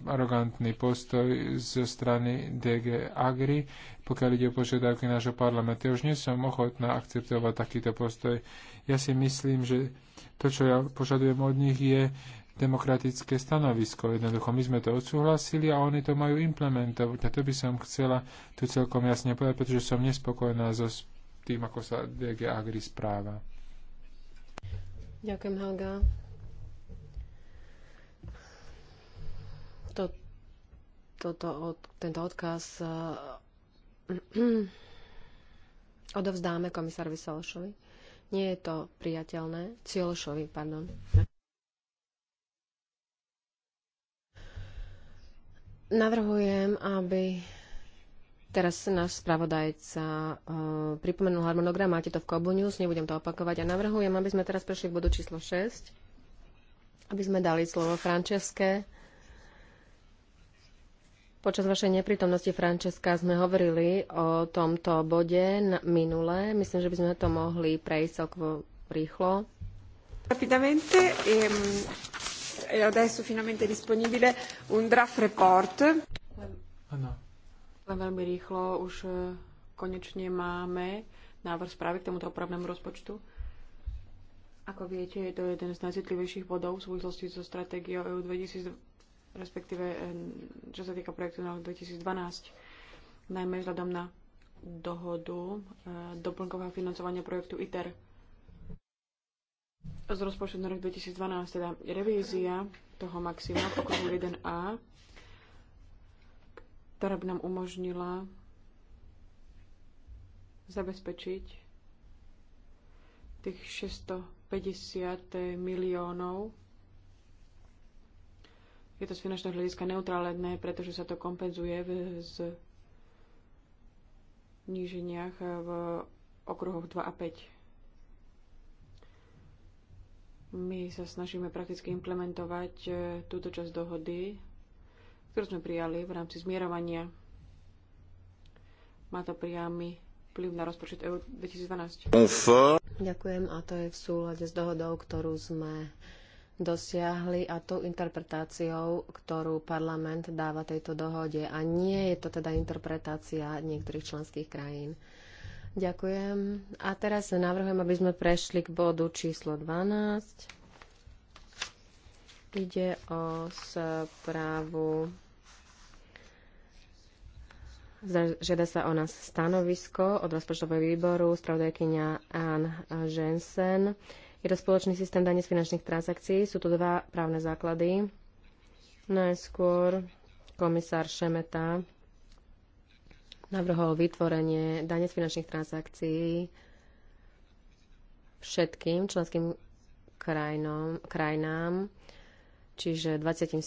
C: arogantný postoj zo strany DG Agri, pokiaľ ide o požiadavky nášho parlamentu. Ja už nie som ochotná akceptovať takýto postoj. Ja si myslím, že to, čo ja požadujem od nich, je demokratické stanovisko. Jednoducho my sme to odsúhlasili a oni to majú implementovať. A to by som chcela tu celkom jasne povedať, pretože som nespokojná so tým, ako sa DG Agri správa.
B: Ďakujem, Helga. To, toto, od, tento odkaz uh, odovzdáme komisárovi Solšovi. Nie je to priateľné. Cielšovi, pardon. Navrhujem, aby teraz náš spravodajca eh, pripomenul harmonogram, máte to v kobunius. News, nebudem to opakovať. A navrhujem, aby sme teraz prešli k bodu číslo 6, aby sme dali slovo Franceske. Počas vašej neprítomnosti, Franceska sme hovorili o tomto bode minule. Myslím, že by sme to mohli prejsť celkovo rýchlo.
A: Rapidamente, ehm è adesso finalmente disponibile un draft report. Len veľmi rýchlo už eh, konečne máme návrh správy k tomuto opravnému rozpočtu. Ako viete, je to jeden z najcitlivejších bodov v súvislosti so stratégiou EU 2000, respektíve eh, čo sa týka projektu na 2012, najmä vzhľadom na dohodu eh, doplnkového financovania projektu ITER z rozpočtu na rok 2012, teda revízia toho maxima v okruhu 1a, ktorá by nám umožnila zabezpečiť tých 650 miliónov. Je to z finančného hľadiska neutrálne, pretože sa to kompenzuje v, z níženiach v okruhoch 2 a 5. My sa snažíme prakticky implementovať e, túto časť dohody, ktorú sme prijali v rámci zmierovania. Má to priamy vplyv na rozpočet EU 2012.
B: Ďakujem a to je v súlade s dohodou, ktorú sme dosiahli a tou interpretáciou, ktorú parlament dáva tejto dohode. A nie je to teda interpretácia niektorých členských krajín. Ďakujem. A teraz navrhujem, aby sme prešli k bodu číslo 12. Ide o správu Žiada sa o nás stanovisko od rozpočtového výboru spravodajkynia Ann Jensen. Je to spoločný systém dane z finančných transakcií. Sú tu dva právne základy. Najskôr komisár Šemeta navrhol vytvorenie dane z finančných transakcií všetkým členským krajnom, krajinám, čiže 27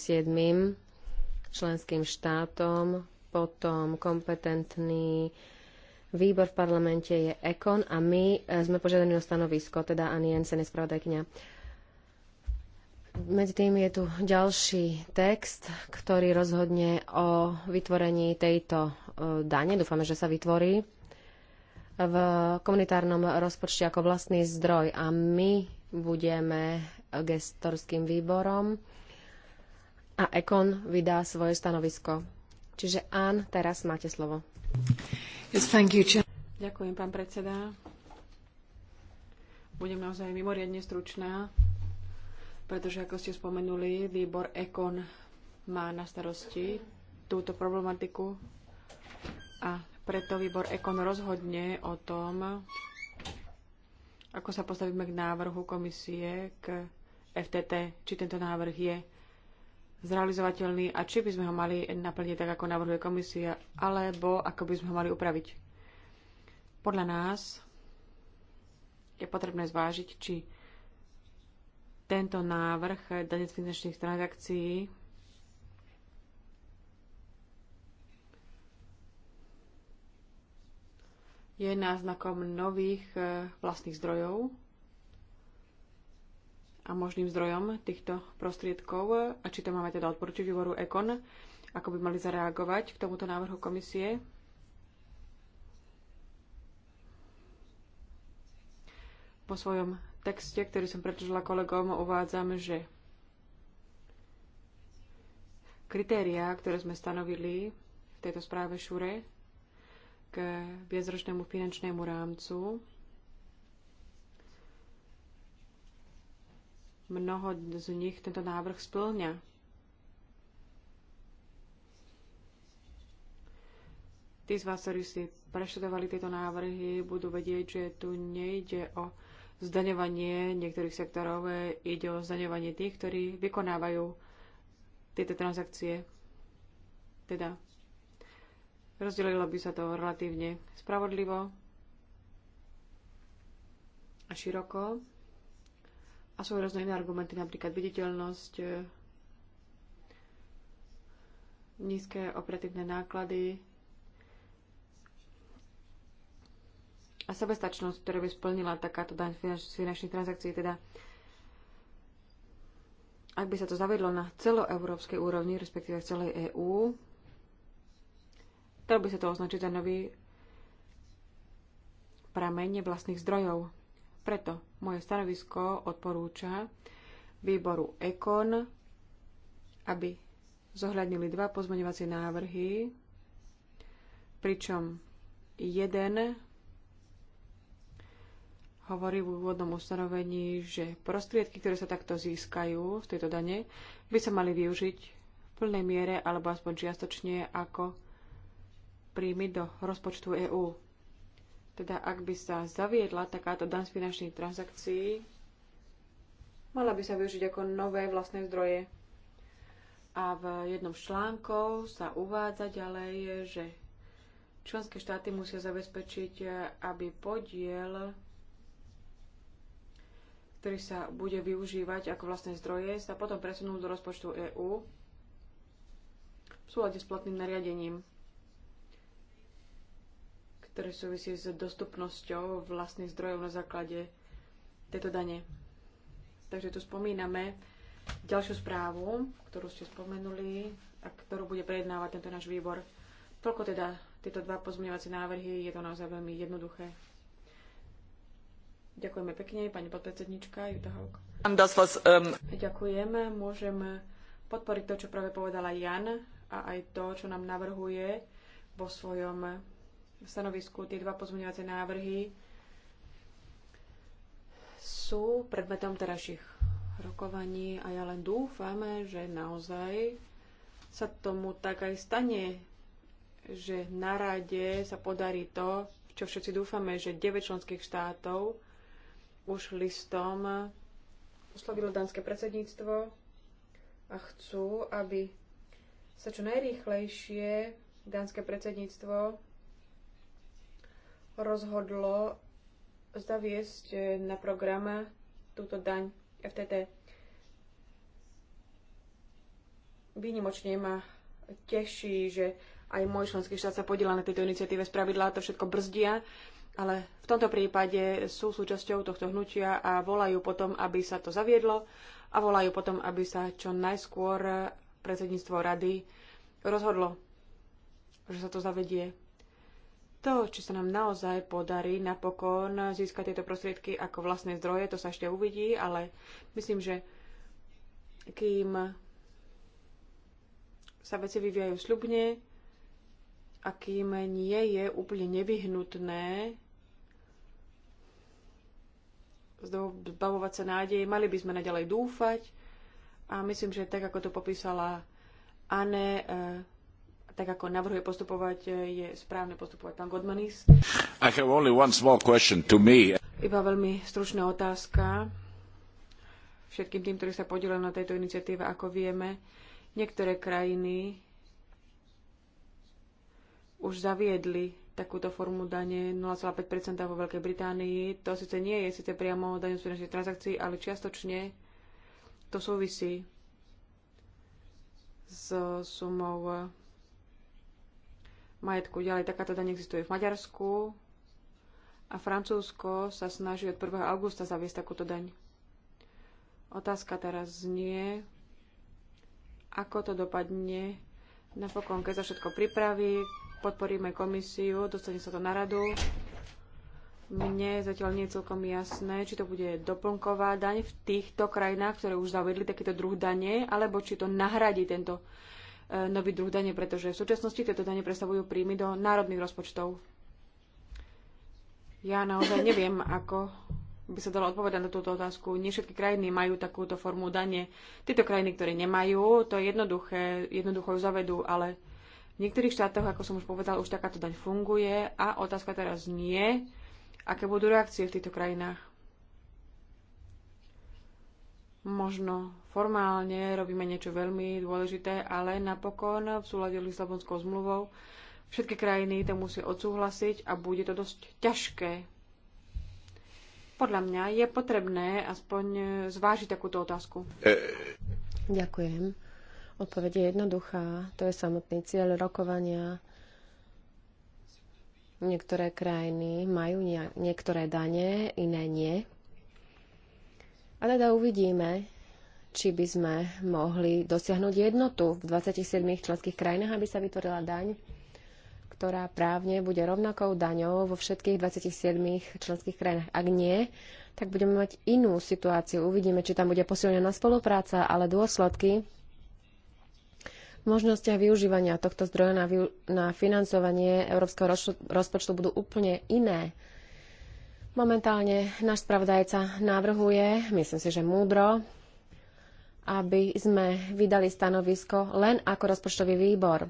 B: členským štátom, potom kompetentný výbor v parlamente je EKON a my eh, sme požiadani o stanovisko, teda Ani Jensen je Uh, medzi tým je tu ďalší text, ktorý rozhodne o vytvorení tejto e, dane. Dúfame, že sa vytvorí v komunitárnom rozpočte ako vlastný zdroj a my budeme gestorským výborom a Ekon vydá svoje stanovisko. Čiže Ann, teraz máte slovo. Yes, thank you.
A: Ďakujem, pán predseda. Budem naozaj mimoriadne stručná pretože, ako ste spomenuli, výbor EKON má na starosti túto problematiku a preto výbor EKON rozhodne o tom, ako sa postavíme k návrhu komisie k FTT, či tento návrh je zrealizovateľný a či by sme ho mali naplniť tak, ako navrhuje komisia, alebo ako by sme ho mali upraviť. Podľa nás je potrebné zvážiť, či tento návrh dane z finančných transakcií je náznakom nových eh, vlastných zdrojov a možným zdrojom týchto prostriedkov a či to máme teda odporučiť výboru EKON, ako by mali zareagovať k tomuto návrhu komisie. Po svojom texte, ktorý som predložila kolegom, uvádzam, že kritériá, ktoré sme stanovili v tejto správe Šure k viacročnému finančnému rámcu, mnoho z nich tento návrh splňa. Tí z vás, ktorí si preštudovali tieto návrhy, budú vedieť, že tu nejde o zdaňovanie niektorých sektorov, e, ide o zdaňovanie tých, ktorí vykonávajú tieto transakcie. Teda rozdelilo by sa to relatívne spravodlivo a široko. A sú rôzne iné argumenty, napríklad viditeľnosť, e, nízke operatívne náklady, a sebestačnosť, ktoré by splnila takáto daň z finančných transakcií. Teda ak by sa to zavedlo na celoeurópskej úrovni, respektíve v celej EÚ, dalo by sa to označiť za nový pramene vlastných zdrojov. Preto moje stanovisko odporúča výboru EKON, aby zohľadnili dva pozmeňovacie návrhy, pričom jeden hovorí v úvodnom ustanovení, že prostriedky, ktoré sa takto získajú v tejto dane, by sa mali využiť v plnej miere alebo aspoň čiastočne ako príjmy do rozpočtu EÚ. Teda ak by sa zaviedla takáto dan z finančných transakcií, mala by sa využiť ako nové vlastné zdroje. A v jednom z článkov sa uvádza ďalej, že členské štáty musia zabezpečiť, aby podiel ktorý sa bude využívať ako vlastné zdroje, sa potom presunú do rozpočtu EÚ v súlade s platným nariadením, ktoré súvisí s dostupnosťou vlastných zdrojov na základe tejto dane. Takže tu spomíname ďalšiu správu, ktorú ste spomenuli a ktorú bude prejednávať tento náš výbor. Toľko teda tieto dva pozmeňovacie návrhy, je to naozaj veľmi jednoduché. Ďakujeme pekne, pani podpredsednička Juta Halk. Ähm, Ďakujem, môžem podporiť to, čo práve povedala Jan a aj to, čo nám navrhuje vo svojom stanovisku. Tie dva pozmeňovacie návrhy sú predmetom terajších rokovaní a ja len dúfam, že naozaj sa tomu tak aj stane, že na rade sa podarí to, čo všetci dúfame, že 9 členských štátov už listom oslovilo dánske predsedníctvo a chcú, aby sa čo najrýchlejšie dánske predsedníctvo rozhodlo zaviesť na program túto daň FTT. Výnimočne ma teší, že aj môj členský štát sa podiela na tejto iniciatíve. Spravidla to všetko brzdia ale v tomto prípade sú súčasťou tohto hnutia a volajú potom, aby sa to zaviedlo a volajú potom, aby sa čo najskôr predsedníctvo rady rozhodlo, že sa to zavedie. To, či sa nám naozaj podarí napokon získať tieto prostriedky ako vlastné zdroje, to sa ešte uvidí, ale myslím, že kým sa veci vyvíjajú sľubne a kým nie je úplne nevyhnutné zbavovať sa nádeje, mali by sme naďalej dúfať a myslím, že tak, ako to popísala Anne, e, tak ako navrhuje postupovať, e, je správne postupovať pán Godmanis.
C: I have only one small question to me.
A: Iba veľmi stručná otázka všetkým tým, ktorí sa podielajú na tejto iniciatíve, ako vieme, niektoré krajiny už zaviedli takúto formu dane 0,5% vo Veľkej Británii. To síce nie je síce priamo daň z finančných transakcií, ale čiastočne to súvisí s sumou majetku. Ďalej takáto daň existuje v Maďarsku a Francúzsko sa snaží od 1. augusta zaviesť takúto daň. Otázka teraz znie, ako to dopadne napokon, keď sa všetko pripraví, podporíme komisiu, dostane sa to na radu. Mne zatiaľ nie je celkom jasné, či to bude doplnková daň v týchto krajinách, ktoré už zavedli takýto druh dane, alebo či to nahradí tento e, nový druh dane, pretože v súčasnosti tieto dane predstavujú príjmy do národných rozpočtov. Ja naozaj neviem, ako by sa dalo odpovedať na túto otázku. Nie všetky krajiny majú takúto formu dane. Tieto krajiny, ktoré nemajú, to je jednoduché, jednoducho ju zavedú, ale v niektorých štátoch, ako som už povedal, už takáto daň funguje a otázka teraz nie, aké budú reakcie v týchto krajinách. Možno formálne robíme niečo veľmi dôležité, ale napokon v súlade s Lisabonskou zmluvou všetky krajiny to musí odsúhlasiť a bude to dosť ťažké. Podľa mňa je potrebné aspoň zvážiť takúto otázku.
C: E-
B: Ďakujem. Odpoveď je jednoduchá. To je samotný cieľ rokovania. Niektoré krajiny majú niektoré dane, iné nie. A teda uvidíme, či by sme mohli dosiahnuť jednotu v 27 členských krajinách, aby sa vytvorila daň, ktorá právne bude rovnakou daňou vo všetkých 27 členských krajinách. Ak nie, tak budeme mať inú situáciu. Uvidíme, či tam bude posilnená spolupráca, ale dôsledky možnostiach využívania tohto zdroja na, na financovanie európskeho rozpočtu budú úplne iné. Momentálne náš spravodajca navrhuje, myslím si, že múdro, aby sme vydali stanovisko len ako rozpočtový výbor.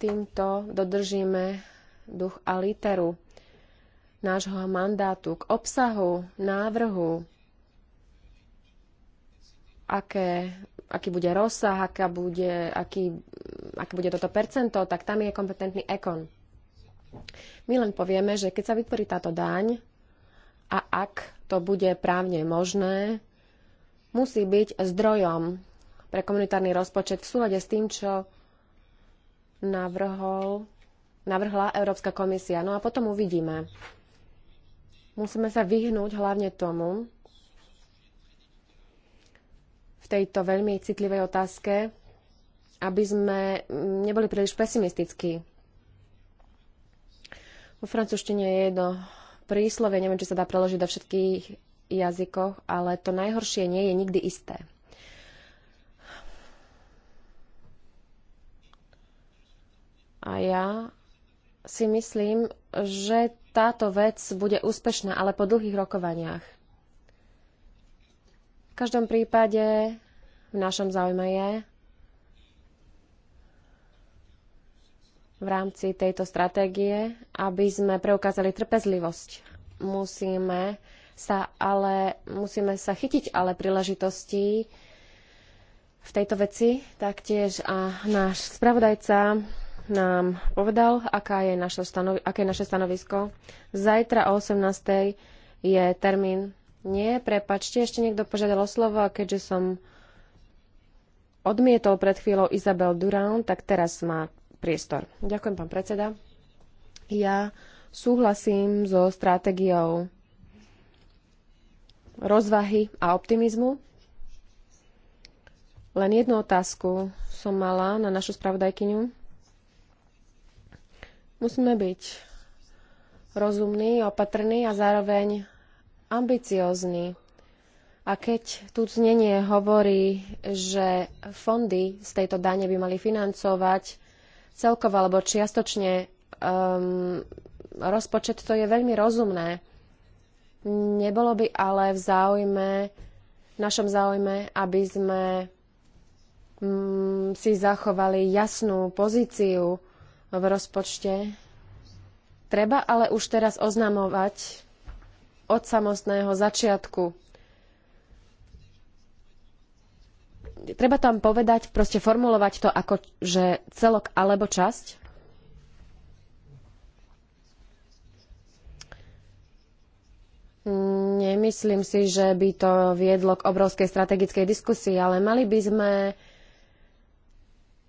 B: Týmto dodržíme duch a literu nášho mandátu k obsahu návrhu aké, aký bude rozsah, aká bude, aký, aké bude toto percento, tak tam je kompetentný ekon. My len povieme, že keď sa vytvorí táto daň a ak to bude právne možné, musí byť zdrojom pre komunitárny rozpočet v súlade s tým, čo navrhol, navrhla Európska komisia. No a potom uvidíme. Musíme sa vyhnúť hlavne tomu, tejto veľmi citlivej otázke, aby sme neboli príliš pesimistickí. Vo francúzštine je jedno príslovie, neviem, či sa dá preložiť do všetkých jazykoch, ale to najhoršie nie je nikdy isté. A ja si myslím, že táto vec bude úspešná, ale po dlhých rokovaniach každom prípade v našom záujme je v rámci tejto stratégie, aby sme preukázali trpezlivosť. Musíme sa ale musíme sa chytiť ale príležitosti v tejto veci taktiež a náš spravodajca nám povedal, aká je naše aké je naše stanovisko. Zajtra o 18.00 je termín nie, prepačte, ešte niekto požiadal slovo a keďže som odmietol pred chvíľou Isabel Durán, tak teraz má priestor. Ďakujem, pán predseda. Ja súhlasím so stratégiou rozvahy a optimizmu. Len jednu otázku som mala na našu spravodajkyňu. Musíme byť rozumní, opatrní a zároveň ambiciózny. A keď tu znenie hovorí, že fondy z tejto dane by mali financovať celkovo alebo čiastočne um, rozpočet, to je veľmi rozumné. Nebolo by ale v záujme, v našom záujme, aby sme um, si zachovali jasnú pozíciu v rozpočte. Treba ale už teraz oznamovať od samostného začiatku. Treba tam povedať, proste formulovať to ako, že celok alebo časť. Nemyslím si, že by to viedlo k obrovskej strategickej diskusii, ale mali by sme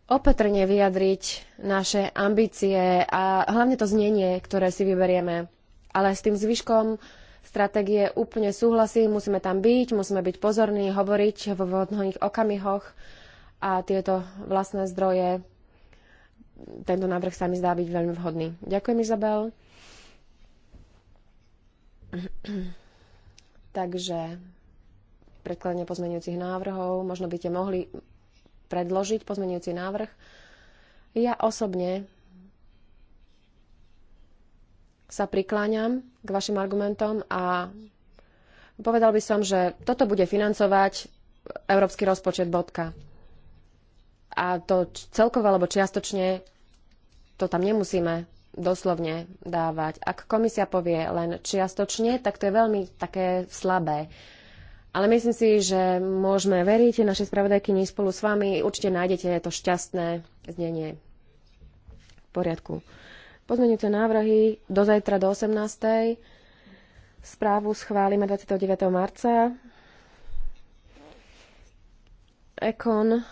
B: opatrne vyjadriť naše ambície a hlavne to znenie, ktoré si vyberieme. Ale s tým zvyškom stratégie. Úplne súhlasím, musíme tam byť, musíme byť pozorní, hovoriť vo vhodných okamihoch a tieto vlastné zdroje. Tento návrh sa mi zdá byť veľmi vhodný. Ďakujem, Izabel. Takže predkladanie pozmenujúcich návrhov, možno by ste mohli predložiť pozmenujúci návrh. Ja osobne sa prikláňam k vašim argumentom a povedal by som, že toto bude financovať európsky rozpočet bodka. A to celkovo alebo čiastočne to tam nemusíme doslovne dávať. Ak komisia povie len čiastočne, tak to je veľmi také slabé. Ale myslím si, že môžeme veriť našej spravodajkyni spolu s vami. Určite nájdete to šťastné znenie. V poriadku. Pozmeňujúce návrhy do zajtra do 18. Správu schválime 29. marca. Ekon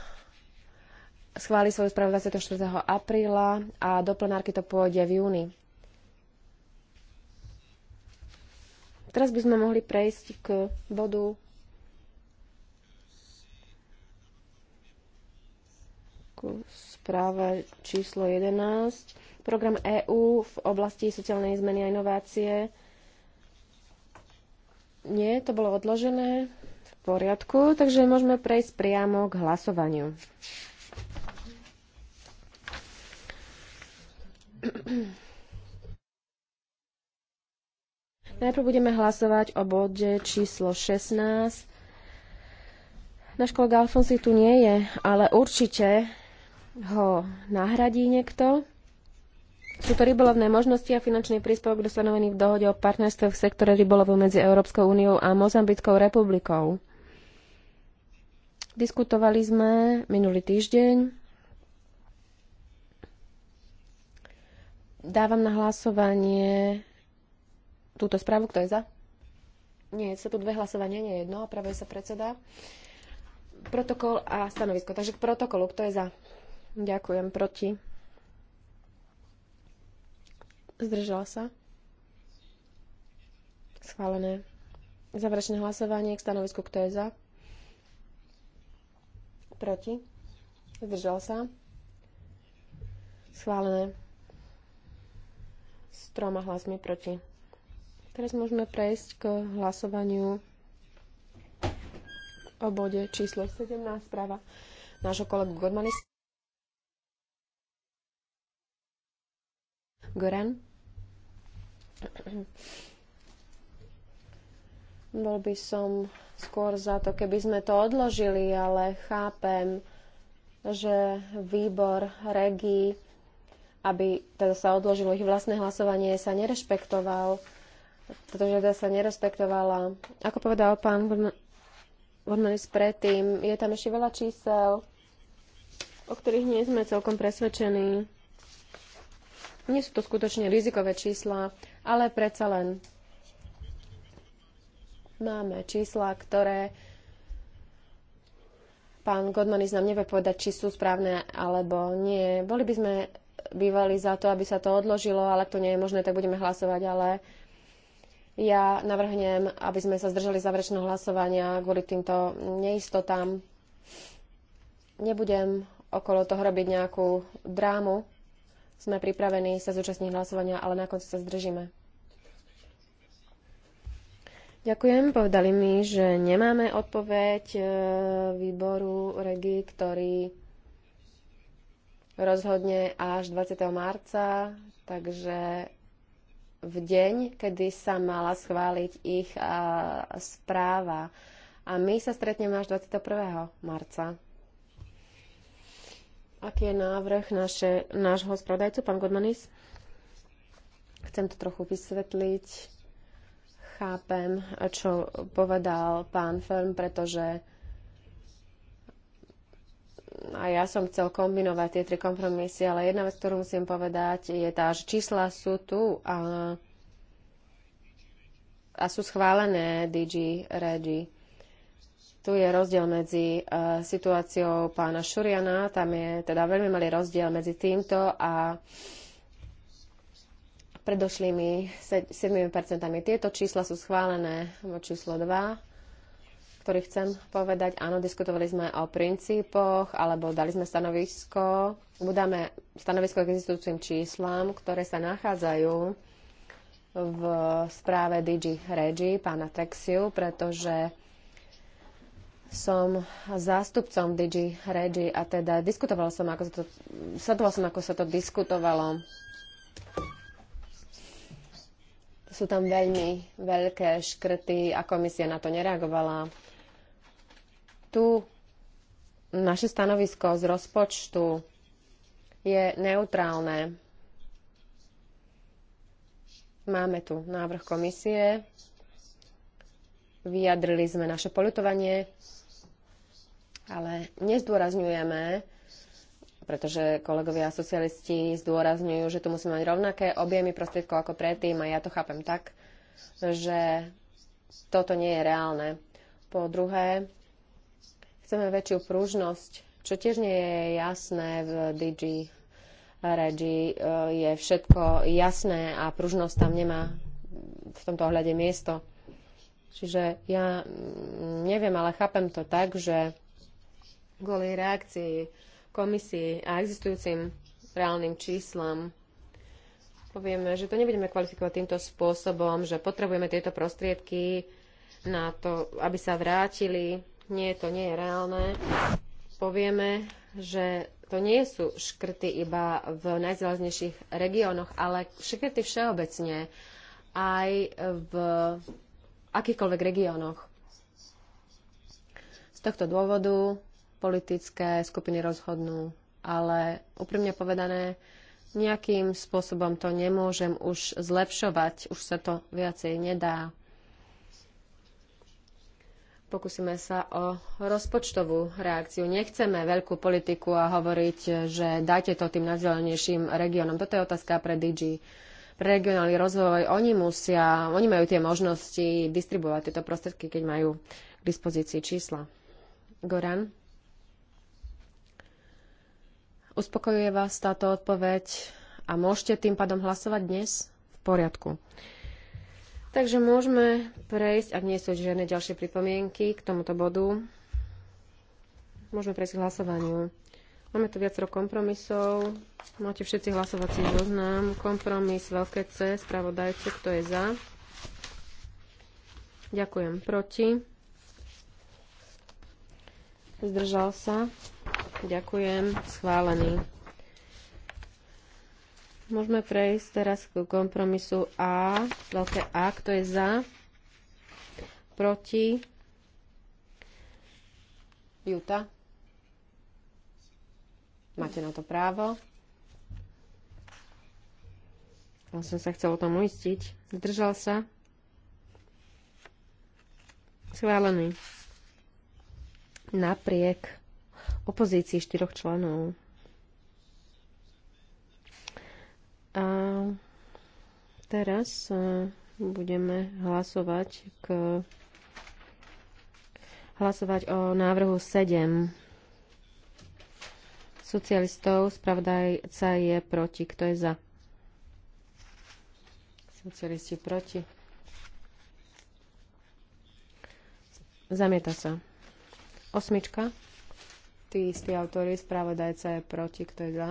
B: schváli svoju správu 24. apríla a do plenárky to pôjde v júni. Teraz by sme mohli prejsť k bodu k správe číslo 11 program EÚ v oblasti sociálnej zmeny a inovácie. Nie, to bolo odložené. V poriadku, takže môžeme prejsť priamo k hlasovaniu. Najprv budeme hlasovať o bode číslo 16. Náš kolega Alfonsi tu nie je, ale určite ho nahradí niekto. Sú to rybolovné možnosti a finančný príspevok dosanovený v dohode o partnerstve v sektore rybolovu medzi Európskou úniou a Mozambickou republikou. Diskutovali sme minulý týždeň. Dávam na hlasovanie túto správu. Kto je za? Nie, sa tu dve hlasovania, nie jedno. Opravuje sa predseda. Protokol a stanovisko. Takže k protokolu. Kto je za? Ďakujem. Proti? Zdržala sa? Schválené. Záverečné hlasovanie k stanovisku, kto je za? Proti? Zdržal sa? Schválené. S troma hlasmi proti. Teraz môžeme prejsť k hlasovaniu o bode číslo 17 správa nášho kolegu Godmanisa. Goran? Bol by som skôr za to, keby sme to odložili, ale chápem, že výbor regí, aby teda sa odložilo ich vlastné hlasovanie, sa nerešpektoval, pretože teda sa nerespektovala. Ako povedal pán Vodmanis predtým, je tam ešte veľa čísel, o ktorých nie sme celkom presvedčení. Nie sú to skutočne rizikové čísla, ale predsa len máme čísla, ktoré pán Godmanis nám nevie povedať, či sú správne alebo nie. Boli by sme bývali za to, aby sa to odložilo, ale ak to nie je možné, tak budeme hlasovať, ale ja navrhnem, aby sme sa zdržali záverečného hlasovania kvôli týmto neistotám. Nebudem okolo toho robiť nejakú drámu. Sme pripravení sa zúčastniť hlasovania, ale na konci sa zdržíme. Ďakujem. Povedali mi, že nemáme odpoveď e, výboru REGI, ktorý rozhodne až 20. marca, takže v deň, kedy sa mala schváliť ich e, správa. A my sa stretneme až 21. marca. Aký je návrh naše, nášho spravodajcu, pán Godmanis? Chcem to trochu vysvetliť chápem, čo povedal pán Firm, pretože a ja som chcel kombinovať tie tri kompromisy, ale jedna vec, ktorú musím povedať, je tá, že čísla sú tu a, a sú schválené DG Regi. Tu je rozdiel medzi uh, situáciou pána Šuriana, tam je teda veľmi malý rozdiel medzi týmto a uh, predošlými 7%. Tieto čísla sú schválené číslo 2, ktorý chcem povedať. Áno, diskutovali sme o princípoch, alebo dali sme stanovisko. Budáme stanovisko k existujúcim číslam, ktoré sa nachádzajú v správe DG Regi pána Texiu, pretože som zástupcom DG Regi a teda diskutovala som, ako sa to, som, ako sa to diskutovalo sú tam veľmi veľké škrty a komisia na to nereagovala. Tu naše stanovisko z rozpočtu je neutrálne. Máme tu návrh komisie, vyjadrili sme naše polutovanie, ale nezdôrazňujeme, pretože kolegovia socialisti zdôrazňujú, že tu musíme mať rovnaké objemy prostriedkov ako predtým a ja to chápem tak, že toto nie je reálne. Po druhé, chceme väčšiu pružnosť, čo tiež nie je jasné v DG Regi. E, je všetko jasné a pružnosť tam nemá v tomto ohľade miesto. Čiže ja mm, neviem, ale chápem to tak, že kvôli reakcii komisii a existujúcim reálnym číslam povieme, že to nebudeme kvalifikovať týmto spôsobom, že potrebujeme tieto prostriedky na to, aby sa vrátili. Nie, to nie je reálne. Povieme, že to nie sú škrty iba v najzeleznejších regiónoch, ale škrty všeobecne aj v akýchkoľvek regiónoch. Z tohto dôvodu politické skupiny rozhodnú. Ale úprimne povedané, nejakým spôsobom to nemôžem už zlepšovať, už sa to viacej nedá. Pokúsime sa o rozpočtovú reakciu. Nechceme veľkú politiku a hovoriť, že dajte to tým najzelenejším regiónom. Toto je otázka pre DG. Pre regionálny rozvoj oni musia, oni majú tie možnosti distribuovať tieto prostriedky, keď majú k dispozícii čísla. Goran? Uspokojuje vás táto odpoveď a môžete tým pádom hlasovať dnes
A: v poriadku.
B: Takže môžeme prejsť, ak nie sú žiadne ďalšie pripomienky k tomuto bodu, môžeme prejsť k hlasovaniu. Máme tu viacero kompromisov. Máte všetci hlasovací zoznam. Kompromis veľké C, spravodajcu, kto je za. Ďakujem. Proti. Zdržal sa. Ďakujem. Schválený. Môžeme prejsť teraz k kompromisu A, veľké A, kto je za, proti, Juta. Máte na to právo. Ja vlastne som sa chcel o tom uistiť. Zdržal sa. Schválený. Napriek opozícii štyroch členov. A teraz e, budeme hlasovať k hlasovať o návrhu 7 socialistov. Spravodajca je proti. Kto je za? Socialisti proti. Zamieta sa. Osmička tí istí autory, spravodajca je proti, kto je za.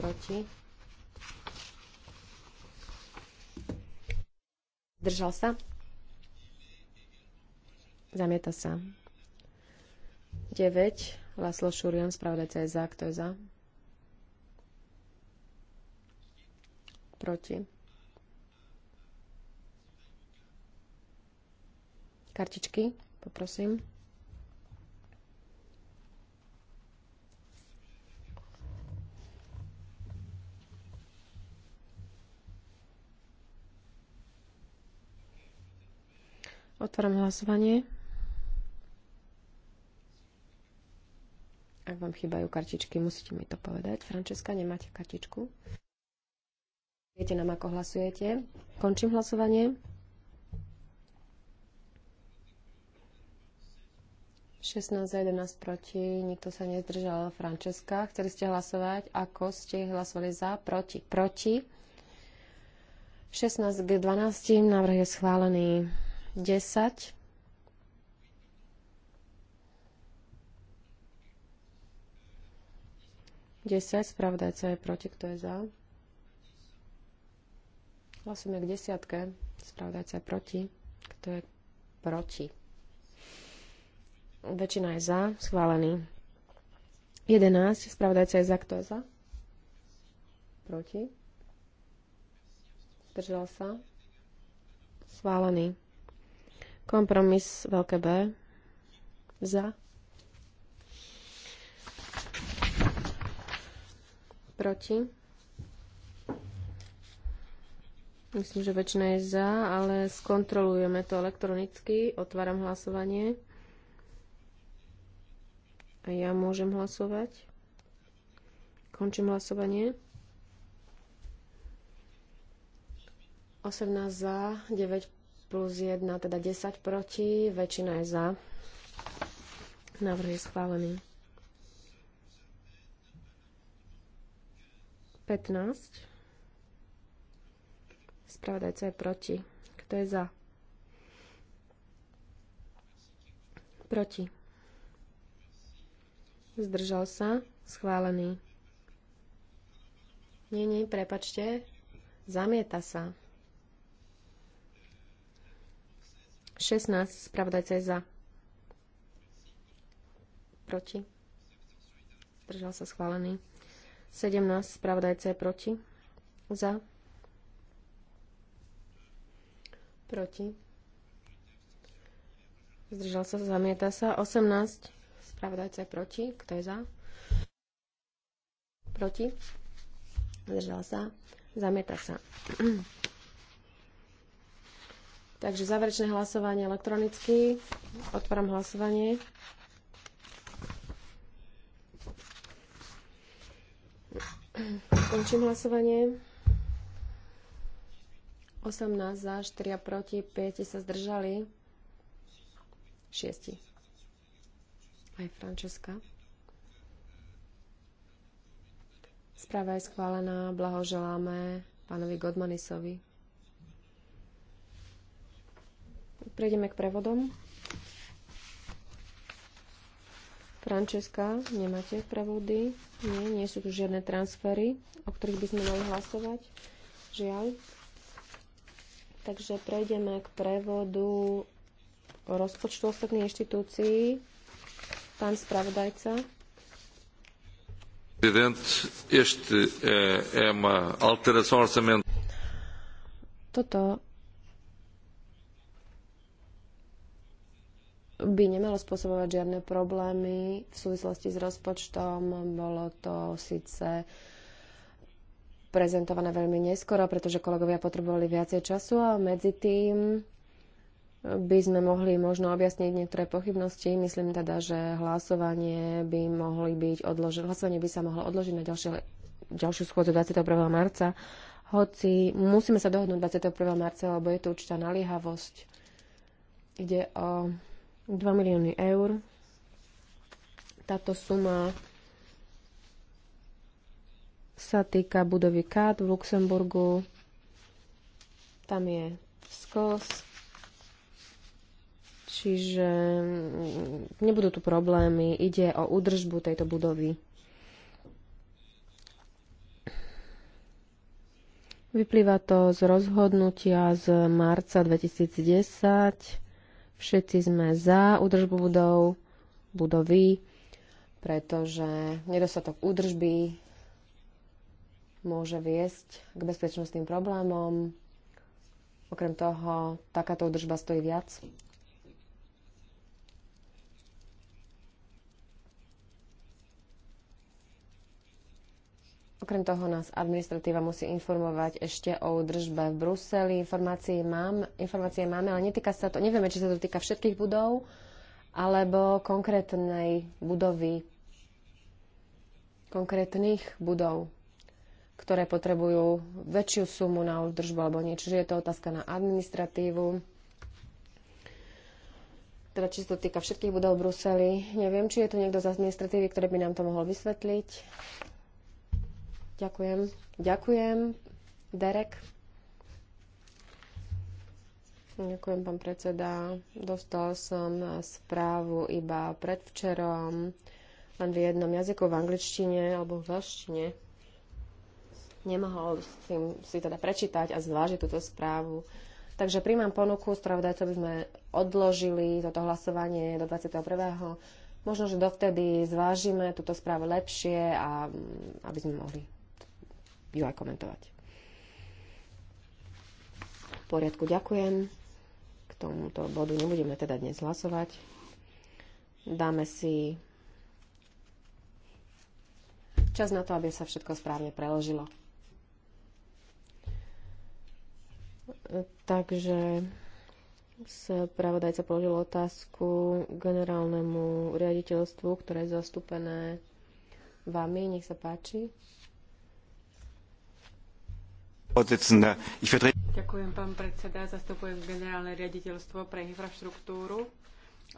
B: proti. Držal sa. Zamieta sa. 9. Laslo Šurian, spravodajca je za, kto je za. Proti. kartičky, poprosím. Otváram hlasovanie. Ak vám chýbajú kartičky, musíte mi to povedať. Frančeska, nemáte kartičku? Viete nám, ako hlasujete? Končím hlasovanie. 16 11 proti, nikto sa nezdržal. Frančeska, chceli ste hlasovať, ako ste hlasovali za, proti, proti. 16 k 12, návrh je schválený 10. Desať, spravodajca je proti, kto je za? Hlasujeme k desiatke, spravodajca je proti, kto je proti. Väčšina je za. Schválený. 11. Spravodajca je za. Kto je za? Proti. Zdržal sa. Schválený. Kompromis veľké B. Za. Proti. Myslím, že väčšina je za, ale skontrolujeme to elektronicky. Otváram hlasovanie. A Ja môžem hlasovať. Končím hlasovanie. 18 za, 9 plus 1, teda 10 proti, väčšina je za. Návrh je schválený. 15. Spravodajca je proti. Kto je za? Proti. Zdržal sa? Schválený. Nie, nie, prepačte. Zamieta sa. 16. Spravodajca je za. Proti. Zdržal sa schválený. 17. Spravodajca je proti. Za. Proti. Zdržal sa, zamieta sa. 18. Spravodajca je proti. Kto je za? Proti. Zdržal sa. Zamieta sa. Takže záverečné hlasovanie elektronicky. Otváram hlasovanie. Končím hlasovanie. 18 za, 4 proti, 5 sa zdržali. 6 aj Frančeska. Správa je schválená, blahoželáme pánovi Godmanisovi. Prejdeme k prevodom. Frančeska, nemáte prevody? Nie, nie sú tu žiadne transfery, o ktorých by sme mali hlasovať. Žiaľ. Takže prejdeme k prevodu rozpočtu ostatných inštitúcií. Pán spravodajca. Eh, Toto by nemalo spôsobovať žiadne problémy v súvislosti s rozpočtom. Bolo to síce prezentované veľmi neskoro, pretože kolegovia potrebovali viacej času a medzi tým by sme mohli možno objasniť niektoré pochybnosti. Myslím teda, že hlasovanie by mohli byť odložené, hlasovanie by sa mohlo odložiť na ďalšie, ďalšiu schôdzu 21. marca, hoci musíme sa dohodnúť 21. marca, lebo je to určitá naliehavosť. Ide o 2 milióny eur. Táto suma sa týka budovy KAT v Luxemburgu. Tam je skos Čiže mm, nebudú tu problémy, ide o údržbu tejto budovy. Vyplýva to z rozhodnutia z marca 2010. Všetci sme za údržbu budov, budovy, pretože nedostatok údržby môže viesť k bezpečnostným problémom. Okrem toho, takáto údržba stojí viac Okrem toho nás administratíva musí informovať ešte o držbe v Bruseli. Informácie, mám, informácie máme, ale netýka sa to, nevieme, či sa to týka všetkých budov alebo konkrétnej budovy, konkrétnych budov, ktoré potrebujú väčšiu sumu na údržbu alebo nie. Čiže je to otázka na administratívu. Teda či sa to týka všetkých budov v Bruseli. Neviem, či je tu niekto z administratívy, ktorý by nám to mohol vysvetliť. Ďakujem. Ďakujem. Derek. Ďakujem, pán predseda. Dostal som správu iba predvčerom, len v jednom jazyku, v angličtine alebo v veľštine. Nemohol si, si teda prečítať a zvážiť túto správu. Takže príjmam ponuku, spravodajco by sme odložili toto hlasovanie do 21. Možno, že dovtedy zvážime túto správu lepšie a mm, aby sme mohli ju aj komentovať. V poriadku, ďakujem. K tomuto bodu nebudeme teda dnes hlasovať. Dáme si čas na to, aby sa všetko správne preložilo. Takže sa pravodajca položil otázku generálnemu riaditeľstvu, ktoré je zastúpené vami. Nech sa páči.
A: Ďakujem, pán predseda. Zastupujem generálne riaditeľstvo pre infraštruktúru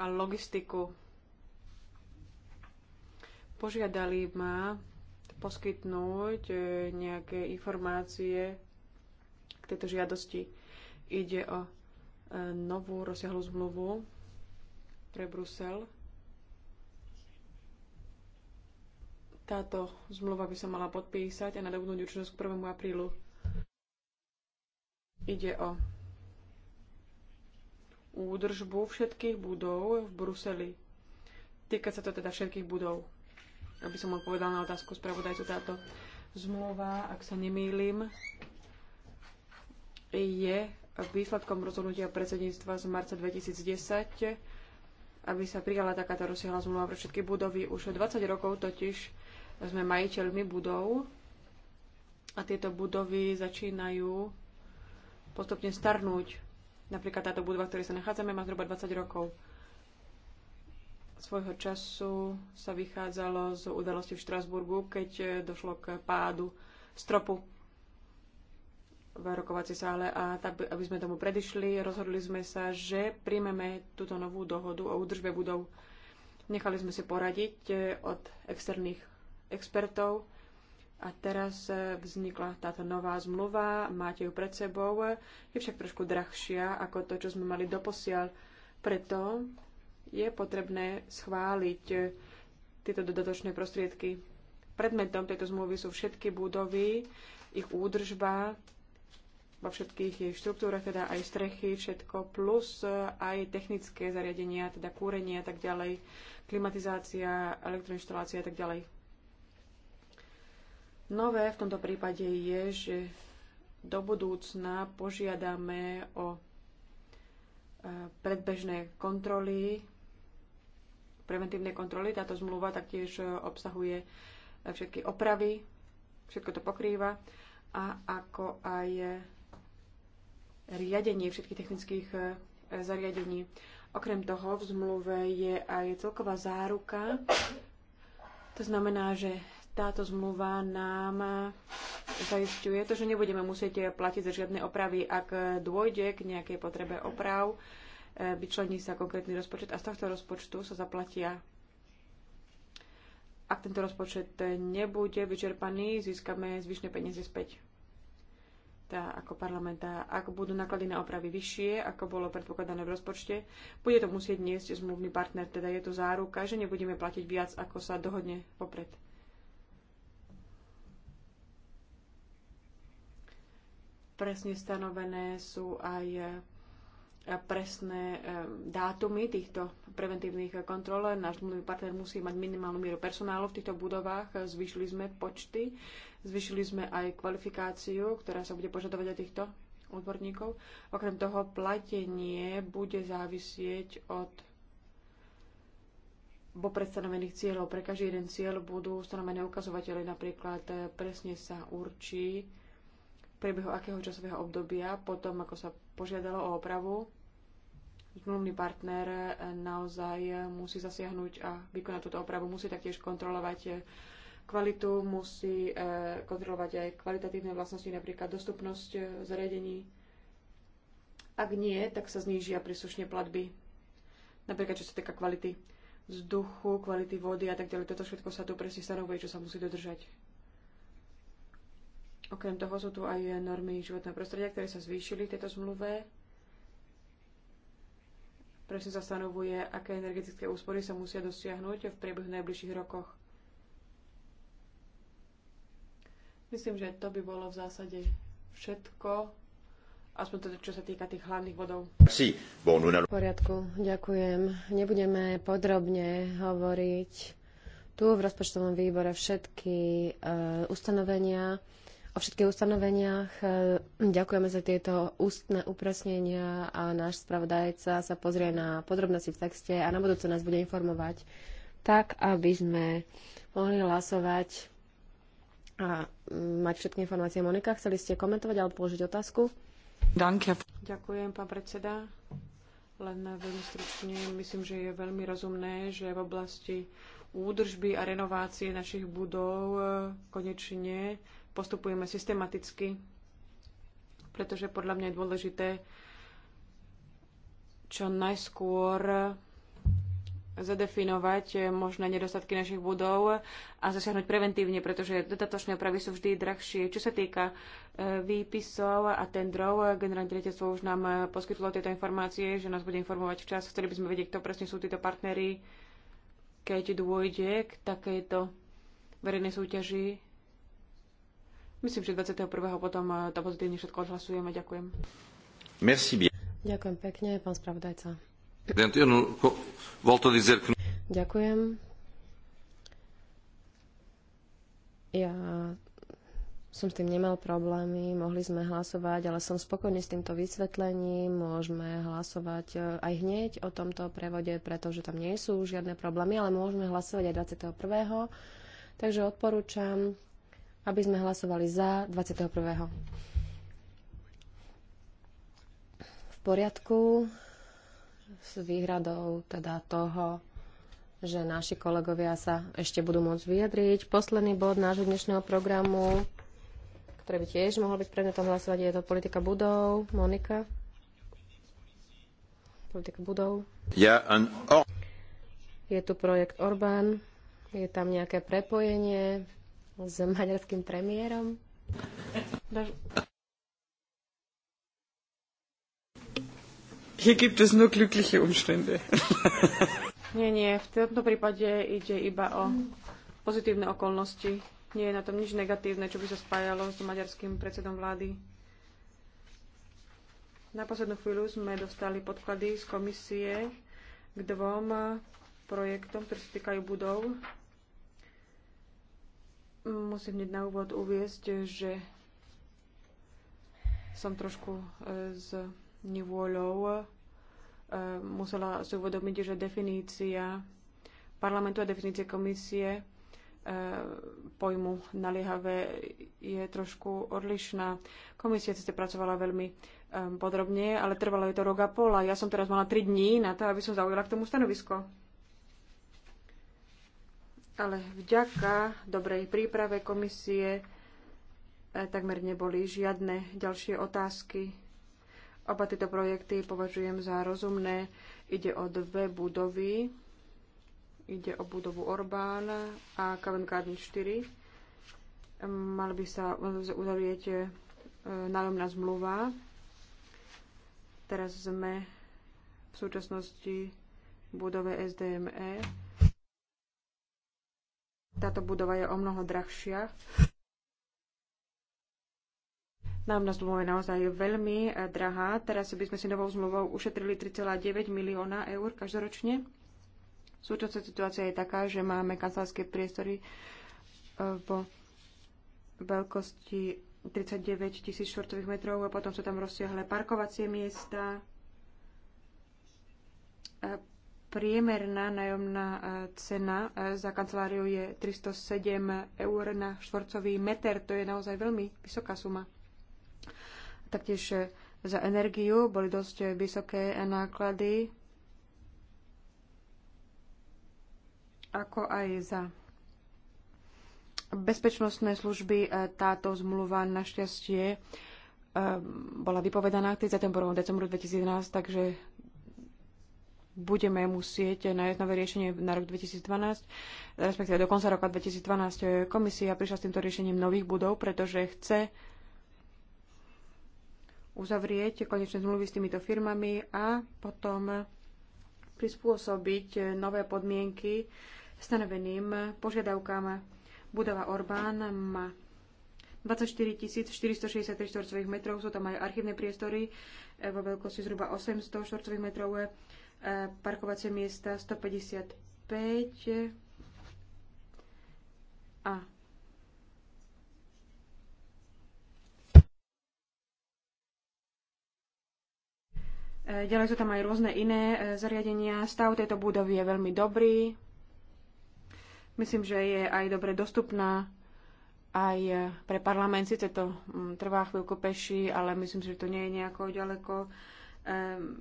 A: a logistiku. Požiadali ma poskytnúť e, nejaké informácie k tejto žiadosti. Ide o e, novú rozsiahlu zmluvu pre Brusel. Táto zmluva by sa mala podpísať a nadobudnúť účinnosť k 1. aprílu Ide o údržbu všetkých budov v Bruseli. Týka sa to teda všetkých budov. Aby som odpovedala na otázku spravodajcu, táto zmluva, ak sa nemýlim, je výsledkom rozhodnutia predsedníctva z marca 2010, aby sa prijala takáto rozsiahla zmluva pre všetky budovy. Už 20 rokov totiž sme majiteľmi budov a tieto budovy začínajú postupne starnúť. Napríklad táto budova, v ktorej sa nachádzame, má zhruba 20 rokov. Svojho času sa vychádzalo z udalosti v Štrasburgu, keď eh, došlo k pádu stropu v rokovacej sále a tak, aby sme tomu predišli, rozhodli sme sa, že príjmeme túto novú dohodu o údržbe budov. Nechali sme si poradiť eh, od externých expertov, a teraz e, vznikla táto nová zmluva, máte ju pred sebou, je však trošku drahšia ako to, čo sme mali doposiaľ. Preto je potrebné schváliť e, tieto dodatočné prostriedky. Predmetom tejto zmluvy sú všetky budovy, ich údržba, vo všetkých jej štruktúrach, teda aj strechy, všetko, plus e, aj technické zariadenia, teda kúrenie a tak ďalej, klimatizácia, elektroinštalácia a tak ďalej. Nové v tomto prípade je, že do budúcna požiadame o e, predbežné kontroly, preventívne kontroly. Táto zmluva taktiež e, obsahuje e, všetky opravy, všetko to pokrýva a ako aj riadenie všetkých technických zariadení. Okrem toho v zmluve je aj celková záruka. To znamená, že táto zmluva nám zaistuje to, že nebudeme musieť platiť za žiadne opravy, ak dôjde k nejakej potrebe oprav e, vyčlení sa konkrétny rozpočet a z tohto rozpočtu sa zaplatia. Ak tento rozpočet nebude vyčerpaný, získame zvyšné peniaze späť. Tá ako parlamenta, ak budú náklady na opravy vyššie, ako bolo predpokladané v rozpočte, bude to musieť niesť zmluvný partner, teda je to záruka, že nebudeme platiť viac, ako sa dohodne popred. presne stanovené sú aj eh, presné eh, dátumy týchto preventívnych kontrol. Náš zmluvný partner musí mať minimálnu mieru personálu v týchto budovách. Zvyšili sme počty, zvyšili sme aj kvalifikáciu, ktorá sa bude požadovať od týchto odborníkov. Okrem toho platenie bude závisieť od bo predstanovených cieľov. Pre každý jeden cieľ budú stanovené ukazovatele, napríklad eh, presne sa určí, priebehu akého časového obdobia, potom ako sa požiadalo o opravu, zmluvný partner eh, naozaj eh, musí zasiahnuť a vykonať túto opravu, musí taktiež kontrolovať eh, kvalitu, musí kontrolovať aj kvalitatívne vlastnosti, napríklad dostupnosť zariadení. Ak nie, tak sa znížia príslušne platby, napríklad čo sa týka kvality vzduchu, kvality vody a tak ďalej. Toto všetko sa tu presne stanovuje, čo sa musí dodržať. Okrem toho sú tu aj normy životného prostredia, ktoré sa zvýšili v tejto zmluve. Presne sa stanovuje, aké energetické úspory sa musia dosiahnuť v priebehu najbližších rokoch. Myslím, že to by bolo v zásade všetko. Aspoň to, teda, čo sa týka tých hlavných bodov. No
B: v poriadku, ďakujem. Nebudeme podrobne hovoriť tu v rozpočtovom výbore všetky uh, ustanovenia o všetkých ustanoveniach. E, ďakujeme za tieto ústne upresnenia a náš spravodajca sa pozrie na podrobnosti v texte a na budúce nás bude informovať tak, aby sme mohli hlasovať a mať všetky informácie. Monika, chceli ste komentovať alebo položiť otázku? Danke.
A: Ďakujem, pán predseda. Len veľmi stručne, myslím, že je veľmi rozumné, že v oblasti údržby a renovácie našich budov e, konečne postupujeme systematicky, pretože podľa mňa je dôležité čo najskôr zadefinovať možné nedostatky našich budov a zasiahnuť preventívne, pretože dodatočné opravy sú vždy drahšie. Čo sa týka e, výpisov a tendrov, generálne riaditeľstvo už nám e, poskytlo tieto informácie, že nás bude informovať včas, vtedy by sme vedeli, kto presne sú títo partnery, keď dôjde k takejto verejnej súťaži Myslím, že 21. potom eh, to pozitívne všetko odhlasujeme. Ďakujem. Merci bien. Ďakujem pekne, pán spravodajca.
B: Ďakujem. Ja som s tým nemal problémy, mohli sme hlasovať, ale som spokojný s týmto vysvetlením, môžeme hlasovať eh, aj hneď o tomto prevode, pretože tam nie sú žiadne problémy, ale môžeme hlasovať aj 21. Takže odporúčam aby sme hlasovali za 21. V poriadku s výhradou teda toho, že naši kolegovia sa ešte budú môcť vyjadriť. Posledný bod nášho dnešného programu, ktorý by tiež mohol byť predmetom hlasovať, je to politika budov. Monika? Politika budov. Ja an... Je tu projekt Orbán, je tam nejaké prepojenie s maďarským premiérom.
A: Hier gibt es nur glückliche Umstände. nie, nie, v tomto prípade ide iba o pozitívne okolnosti. Nie je na tom nič negatívne, čo by sa spájalo s maďarským predsedom vlády. Na poslednú chvíľu sme dostali podklady z komisie k dvom projektom, ktoré sa týkajú budov Musím hneď na úvod uviesť, že som trošku e, s nevôľou e, musela si uvedomiť, že definícia parlamentu a definície komisie e, pojmu naliehavé je trošku odlišná. Komisia ste pracovala veľmi podrobne, ale trvalo je to rok a pol a ja som teraz mala tri dní na to, aby som zaujala k tomu stanovisko ale vďaka dobrej príprave komisie eh, takmer neboli žiadne ďalšie otázky. Oba tieto projekty považujem za rozumné. Ide o dve budovy. Ide o budovu Orbána a Covent Garden 4. Mal by sa uzavrieť eh, nájomná zmluva. Teraz sme v súčasnosti budove SDME táto budova je o mnoho drahšia. Námnosť domov je naozaj veľmi e, drahá. Teraz by sme si novou zmluvou ušetrili 3,9 milióna eur každoročne. Súčasná situácia je taká, že máme kancelárske priestory e, vo veľkosti 39 tisíc štvrtových metrov a potom sú tam rozsiahle parkovacie miesta, e, Priemerná nájomná e, cena e, za kanceláriu je 307 eur na štvorcový meter. To je naozaj veľmi vysoká suma. Taktiež e, za energiu boli dosť vysoké náklady, ako aj za bezpečnostné služby. Táto zmluva našťastie bola vypovedaná k 31. decembru 2011, takže budeme musieť nájsť nové riešenie na rok 2012, respektíve do konca roka 2012 komisia prišla s týmto riešením nových budov, pretože chce uzavrieť konečné zmluvy s týmito firmami a potom prispôsobiť nové podmienky stanoveným požiadavkám. Budova Orbán má 24 463 štvorcových metrov, sú tam aj archívne priestory vo veľkosti zhruba 800 štvorcových metrov E, parkovacie miesta 155 a e, Ďalej sú tam aj rôzne iné e, zariadenia. Stav tejto budovy je veľmi dobrý. Myslím, že je aj dobre dostupná aj pre parlament. Sice to mm, trvá chvíľku peši, ale myslím, že to nie je nejako ďaleko. Ehm,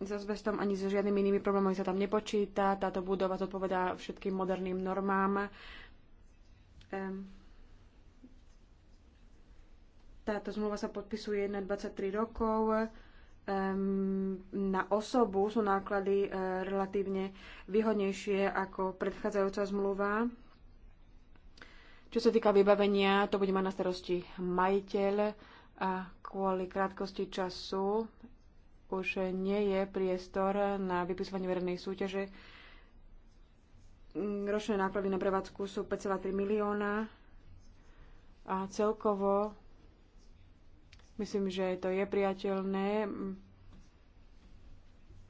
A: s azbestom ani so žiadnymi inými problémami sa tam nepočíta. Táto budova zodpovedá všetkým moderným normám. Táto zmluva sa podpisuje na 23 rokov. Na osobu sú náklady eh, relatívne výhodnejšie ako predchádzajúca zmluva. Čo sa týka vybavenia, to bude mať na starosti majiteľ a kvôli krátkosti času už nie je priestor na vypisovanie verejnej súťaže. Ročné náklady na prevádzku sú 5,3 milióna a celkovo myslím, že to je priateľné.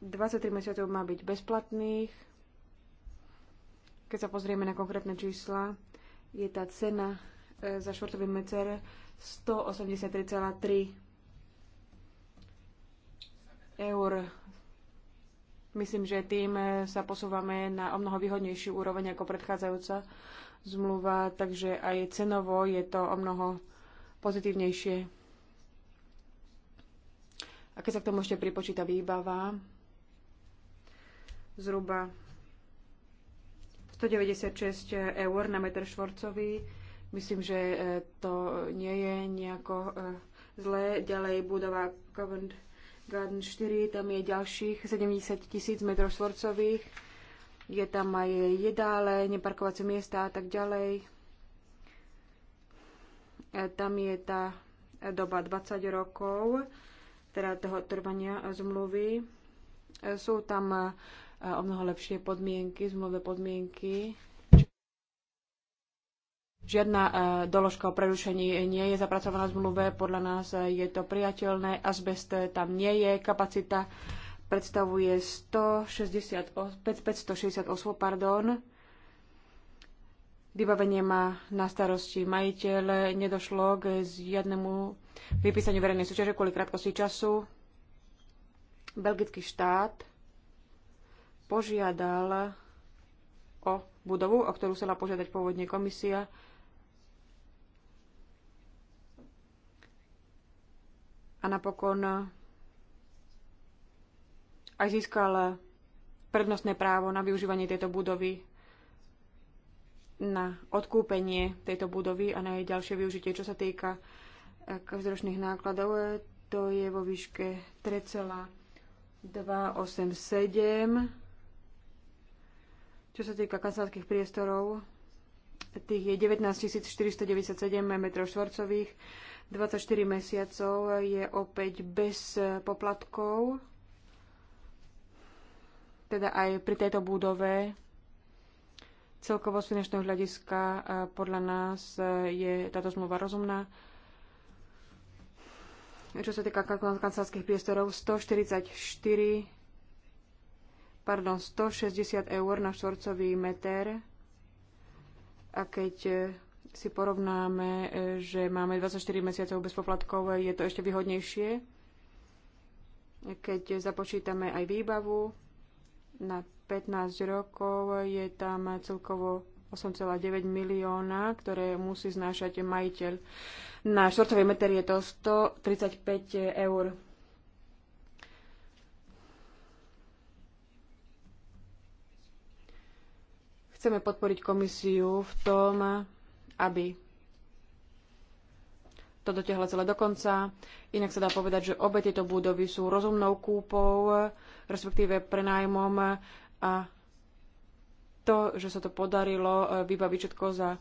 A: 23 mesiacov má byť bezplatných. Keď sa pozrieme na konkrétne čísla, je tá cena e, za švrtový mecer 183,3 eur. Myslím, že tým eh, sa posúvame na o mnoho výhodnejší úroveň ako predchádzajúca zmluva, takže aj cenovo je to o mnoho pozitívnejšie. A keď sa k tomu ešte pripočíta výbava, zhruba 196 eur na meter štvorcový, myslím, že eh, to nie je nejako eh, zlé. Ďalej budova Covent Garden 4, tam je ďalších 70 tisíc metrov štvorcových. Je tam aj jedále, neparkovacie miesta a tak ďalej. E, tam je tá doba 20 rokov, teda toho trvania zmluvy. E, sú tam e, o mnoho lepšie podmienky, zmluvé podmienky Žiadna e, doložka o prerušení nie je zapracovaná v zmluve, podľa nás je to priateľné, azbest tam nie je, kapacita predstavuje 160, 568 osôb, pardon. Vybavenie má na starosti majiteľ, nedošlo k žiadnemu vypísaniu verejnej súťaže kvôli krátkosti času. Belgický štát požiadal o budovu, o ktorú chcela požiadať pôvodne komisia, a napokon aj získal prednostné právo na využívanie tejto budovy, na odkúpenie tejto budovy a na jej ďalšie využitie. Čo sa týka eh, každoročných nákladov, eh, to je vo výške 3,287. Čo sa týka kancelárských priestorov, tých je 19 497 m2 24 mesiacov je opäť bez poplatkov. Teda aj pri tejto budove celkovo z finančného hľadiska podľa nás je táto zmluva rozumná. Čo sa týka kancelárskych priestorov, 144 pardon, 160 eur na štvorcový meter a keď si porovnáme, e, že máme 24 mesiacov bez poplatkov, e, je to ešte výhodnejšie, keď započítame aj výbavu na 15 rokov je tam celkovo 8,9 milióna, ktoré musí znášať majiteľ. Na štvrtovej meter je to 135 eur. Chceme podporiť komisiu v tom, aby to dotiahla celé do konca. Inak sa dá povedať, že obe tieto budovy sú rozumnou kúpou, respektíve prenájmom a to, že sa to podarilo e, vybaviť všetko za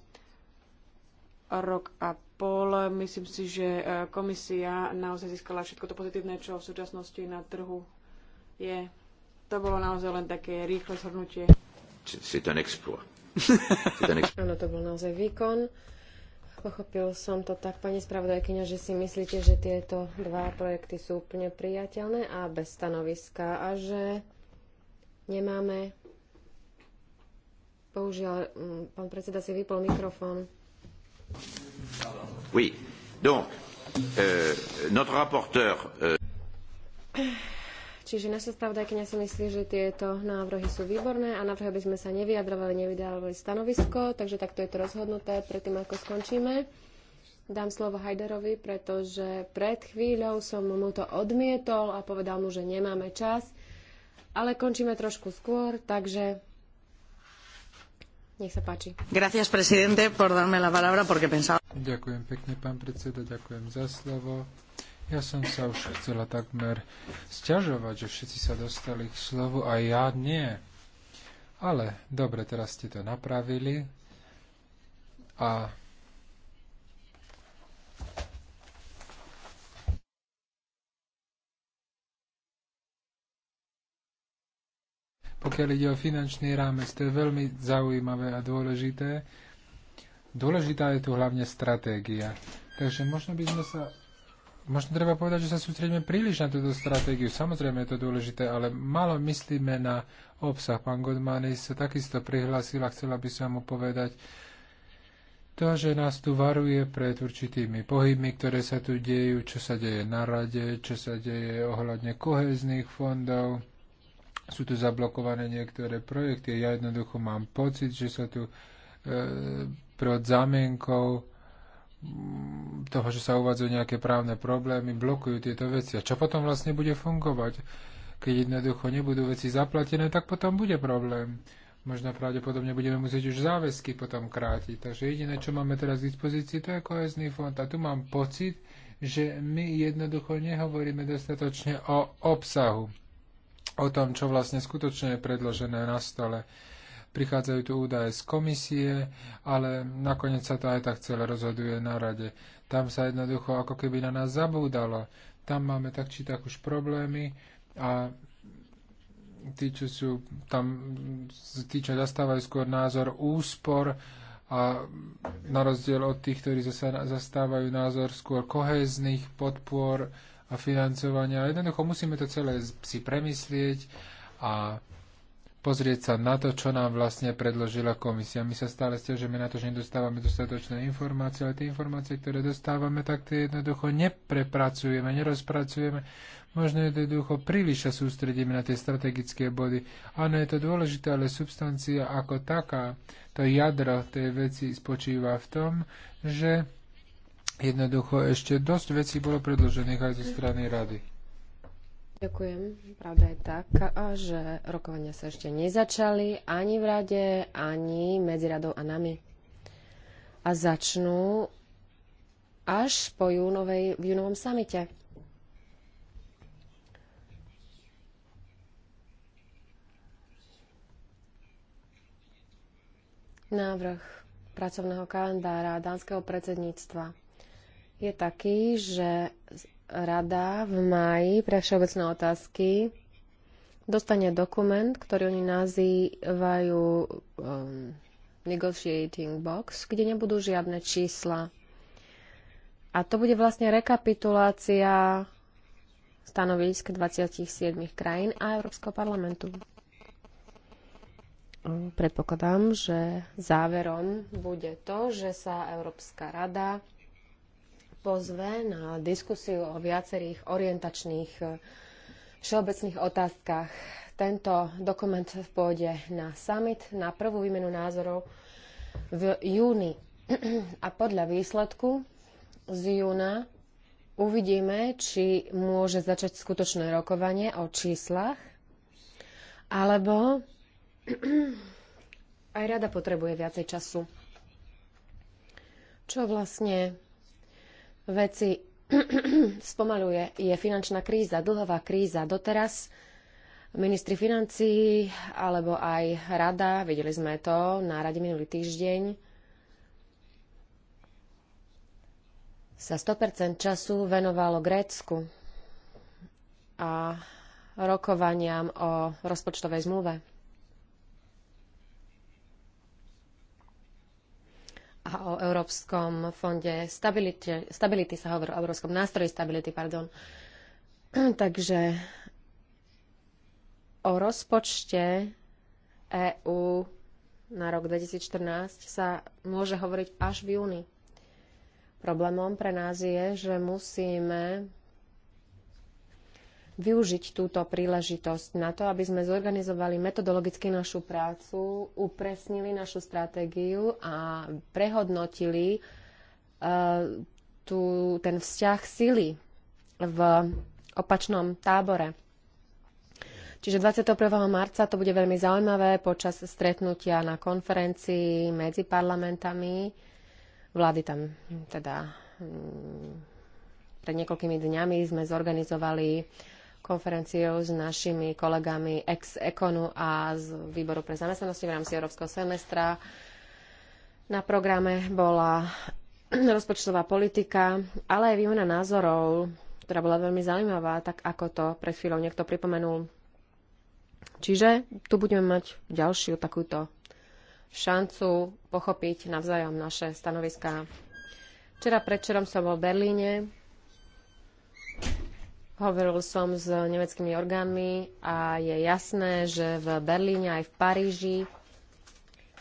A: rok a pol, myslím si, že e, komisia naozaj získala všetko to pozitívne, čo v súčasnosti na trhu je. To bolo naozaj len také rýchle zhrnutie. C'est un exploit. Áno, to bol naozaj výkon.
B: Pochopil som to tak, pani spravodajkyňa, že si myslíte, že tieto dva projekty sú úplne priateľné a bez stanoviska a že nemáme... Bohužiaľ, mm, pán predseda si vypol mikrofón.
A: Oui. Donc, euh, notre rapporteur... Euh...
B: Čiže naša spravodajkynia si myslí, že tieto návrhy sú výborné a navrhuje, aby sme sa nevyjadrovali, nevydávali stanovisko, takže takto je to rozhodnuté predtým, ako skončíme. Dám slovo Hajderovi, pretože pred chvíľou som mu to odmietol a povedal mu, že nemáme čas, ale končíme trošku skôr, takže nech sa páči.
A: Gracias, presidente, por darme la
C: palabra, porque pensaba... Ďakujem pekne, pán predseda, ďakujem za slovo. Ja som sa už chcela takmer sťažovať, že všetci sa dostali k slovu a ja nie. Ale dobre, teraz ste to napravili a pokiaľ ide o finančný rámec, to je veľmi zaujímavé a dôležité. Dôležitá je tu hlavne stratégia. Takže možno by sme sa možno treba povedať, že sa sústredíme príliš na túto stratégiu. Samozrejme je to dôležité, ale malo myslíme na obsah. Pán Godmany sa takisto prihlásil a chcela by sa mu povedať to, že nás tu varuje pred určitými pohybmi, ktoré sa tu dejú, čo sa deje na rade, čo sa deje ohľadne kohezných fondov. Sú tu zablokované niektoré projekty. Ja jednoducho mám pocit, že sa tu e, pred zamienkou Mm, toho, že sa uvádzajú nejaké právne problémy, blokujú tieto veci. A čo potom vlastne bude fungovať? Keď jednoducho nebudú veci zaplatené, tak potom bude problém. Možno pravdepodobne budeme musieť už záväzky potom krátiť. Takže jediné, čo máme teraz k dispozícii, to je kohezný fond. A tu mám pocit, že my jednoducho nehovoríme dostatočne o obsahu, o tom, čo vlastne skutočne je predložené na stole prichádzajú tu údaje z komisie, ale nakoniec sa to aj tak celé rozhoduje na rade. Tam sa jednoducho ako keby na nás zabúdalo. Tam máme tak či tak už problémy a tí, čo sú tam, tí, čo zastávajú skôr názor úspor a na rozdiel od tých, ktorí zasa, zastávajú názor skôr kohéznych podpor a financovania. Jednoducho musíme to celé si premyslieť a pozrieť sa na to, čo nám vlastne predložila komisia. My sa stále stiažeme na to, že nedostávame dostatočné informácie, ale tie informácie, ktoré dostávame, tak tie jednoducho neprepracujeme, nerozpracujeme. Možno jednoducho príliš sa sústredíme na tie strategické body. Áno, je to dôležité, ale substancia ako taká, to jadro tej veci spočíva v tom, že jednoducho ešte dosť vecí bolo predložených aj zo strany rady.
B: Ďakujem. Pravda je taká, že rokovania sa ešte nezačali ani v rade, ani medzi radou a nami. A začnú až po júnovej, v júnovom samite. Návrh pracovného kalendára dánskeho predsedníctva je taký, že rada v máji pre všeobecné otázky dostane dokument, ktorý oni nazývajú um, negotiating box, kde nebudú žiadne čísla. A to bude vlastne rekapitulácia stanovisk 27 krajín a Európskeho parlamentu. Predpokladám, že záverom bude to, že sa Európska rada pozve na diskusiu o viacerých orientačných eh, všeobecných otázkach. Tento dokument pôjde na summit, na prvú výmenu názorov v júni. A podľa výsledku z júna uvidíme, či môže začať skutočné rokovanie o číslach, alebo aj rada potrebuje viacej času. Čo vlastne veci spomaluje, je finančná kríza, dlhová kríza. Doteraz ministri financií alebo aj rada, videli sme to na rade minulý týždeň, sa 100% času venovalo Grécku a rokovaniam o rozpočtovej zmluve. a o Európskom fonde stability, stability sa hovorí o Európskom nástroji stability, pardon. Takže o rozpočte EÚ na rok 2014 sa môže hovoriť až v júni. Problémom pre nás je, že musíme využiť túto príležitosť na to, aby sme zorganizovali metodologicky našu prácu, upresnili našu stratégiu a prehodnotili e, tú, ten vzťah sily v opačnom tábore. Čiže 21. marca to bude veľmi zaujímavé počas stretnutia na konferencii medzi parlamentami. Vlády tam teda mm, pred niekoľkými dňami sme zorganizovali konferenciou s našimi kolegami ex Econu a z Výboru pre zamestnanosti v rámci Európskeho semestra. Na programe bola rozpočtová politika, ale aj výmena názorov, ktorá bola veľmi zaujímavá, tak ako to pred chvíľou niekto pripomenul. Čiže tu budeme mať ďalšiu takúto šancu pochopiť navzájom naše stanoviská. Včera predčerom som bol v Berlíne Hovoril som s nemeckými orgánmi a je jasné, že v Berlíne aj v Paríži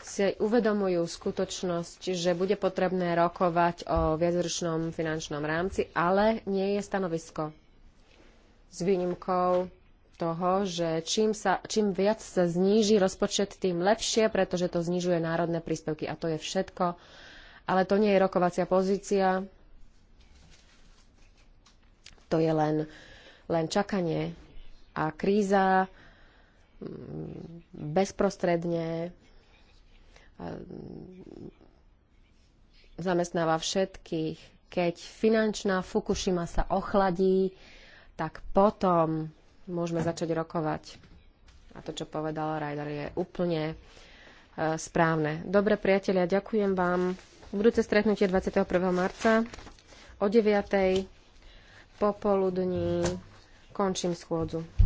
B: si uvedomujú skutočnosť, že bude potrebné rokovať o viacročnom finančnom rámci, ale nie je stanovisko. S výnimkou toho, že čím, sa, čím viac sa zníži rozpočet, tým lepšie, pretože to znižuje národné príspevky a to je všetko. Ale to nie je rokovacia pozícia, to je len, len čakanie. A kríza mm, bezprostredne mm, zamestnáva všetkých. Keď finančná Fukushima sa ochladí, tak potom môžeme začať rokovať. A to, čo povedal Ryder, je úplne e, správne. Dobre, priatelia, ďakujem vám. Budúce stretnutie 21. marca o 9 popoludní. Končím schôdzu.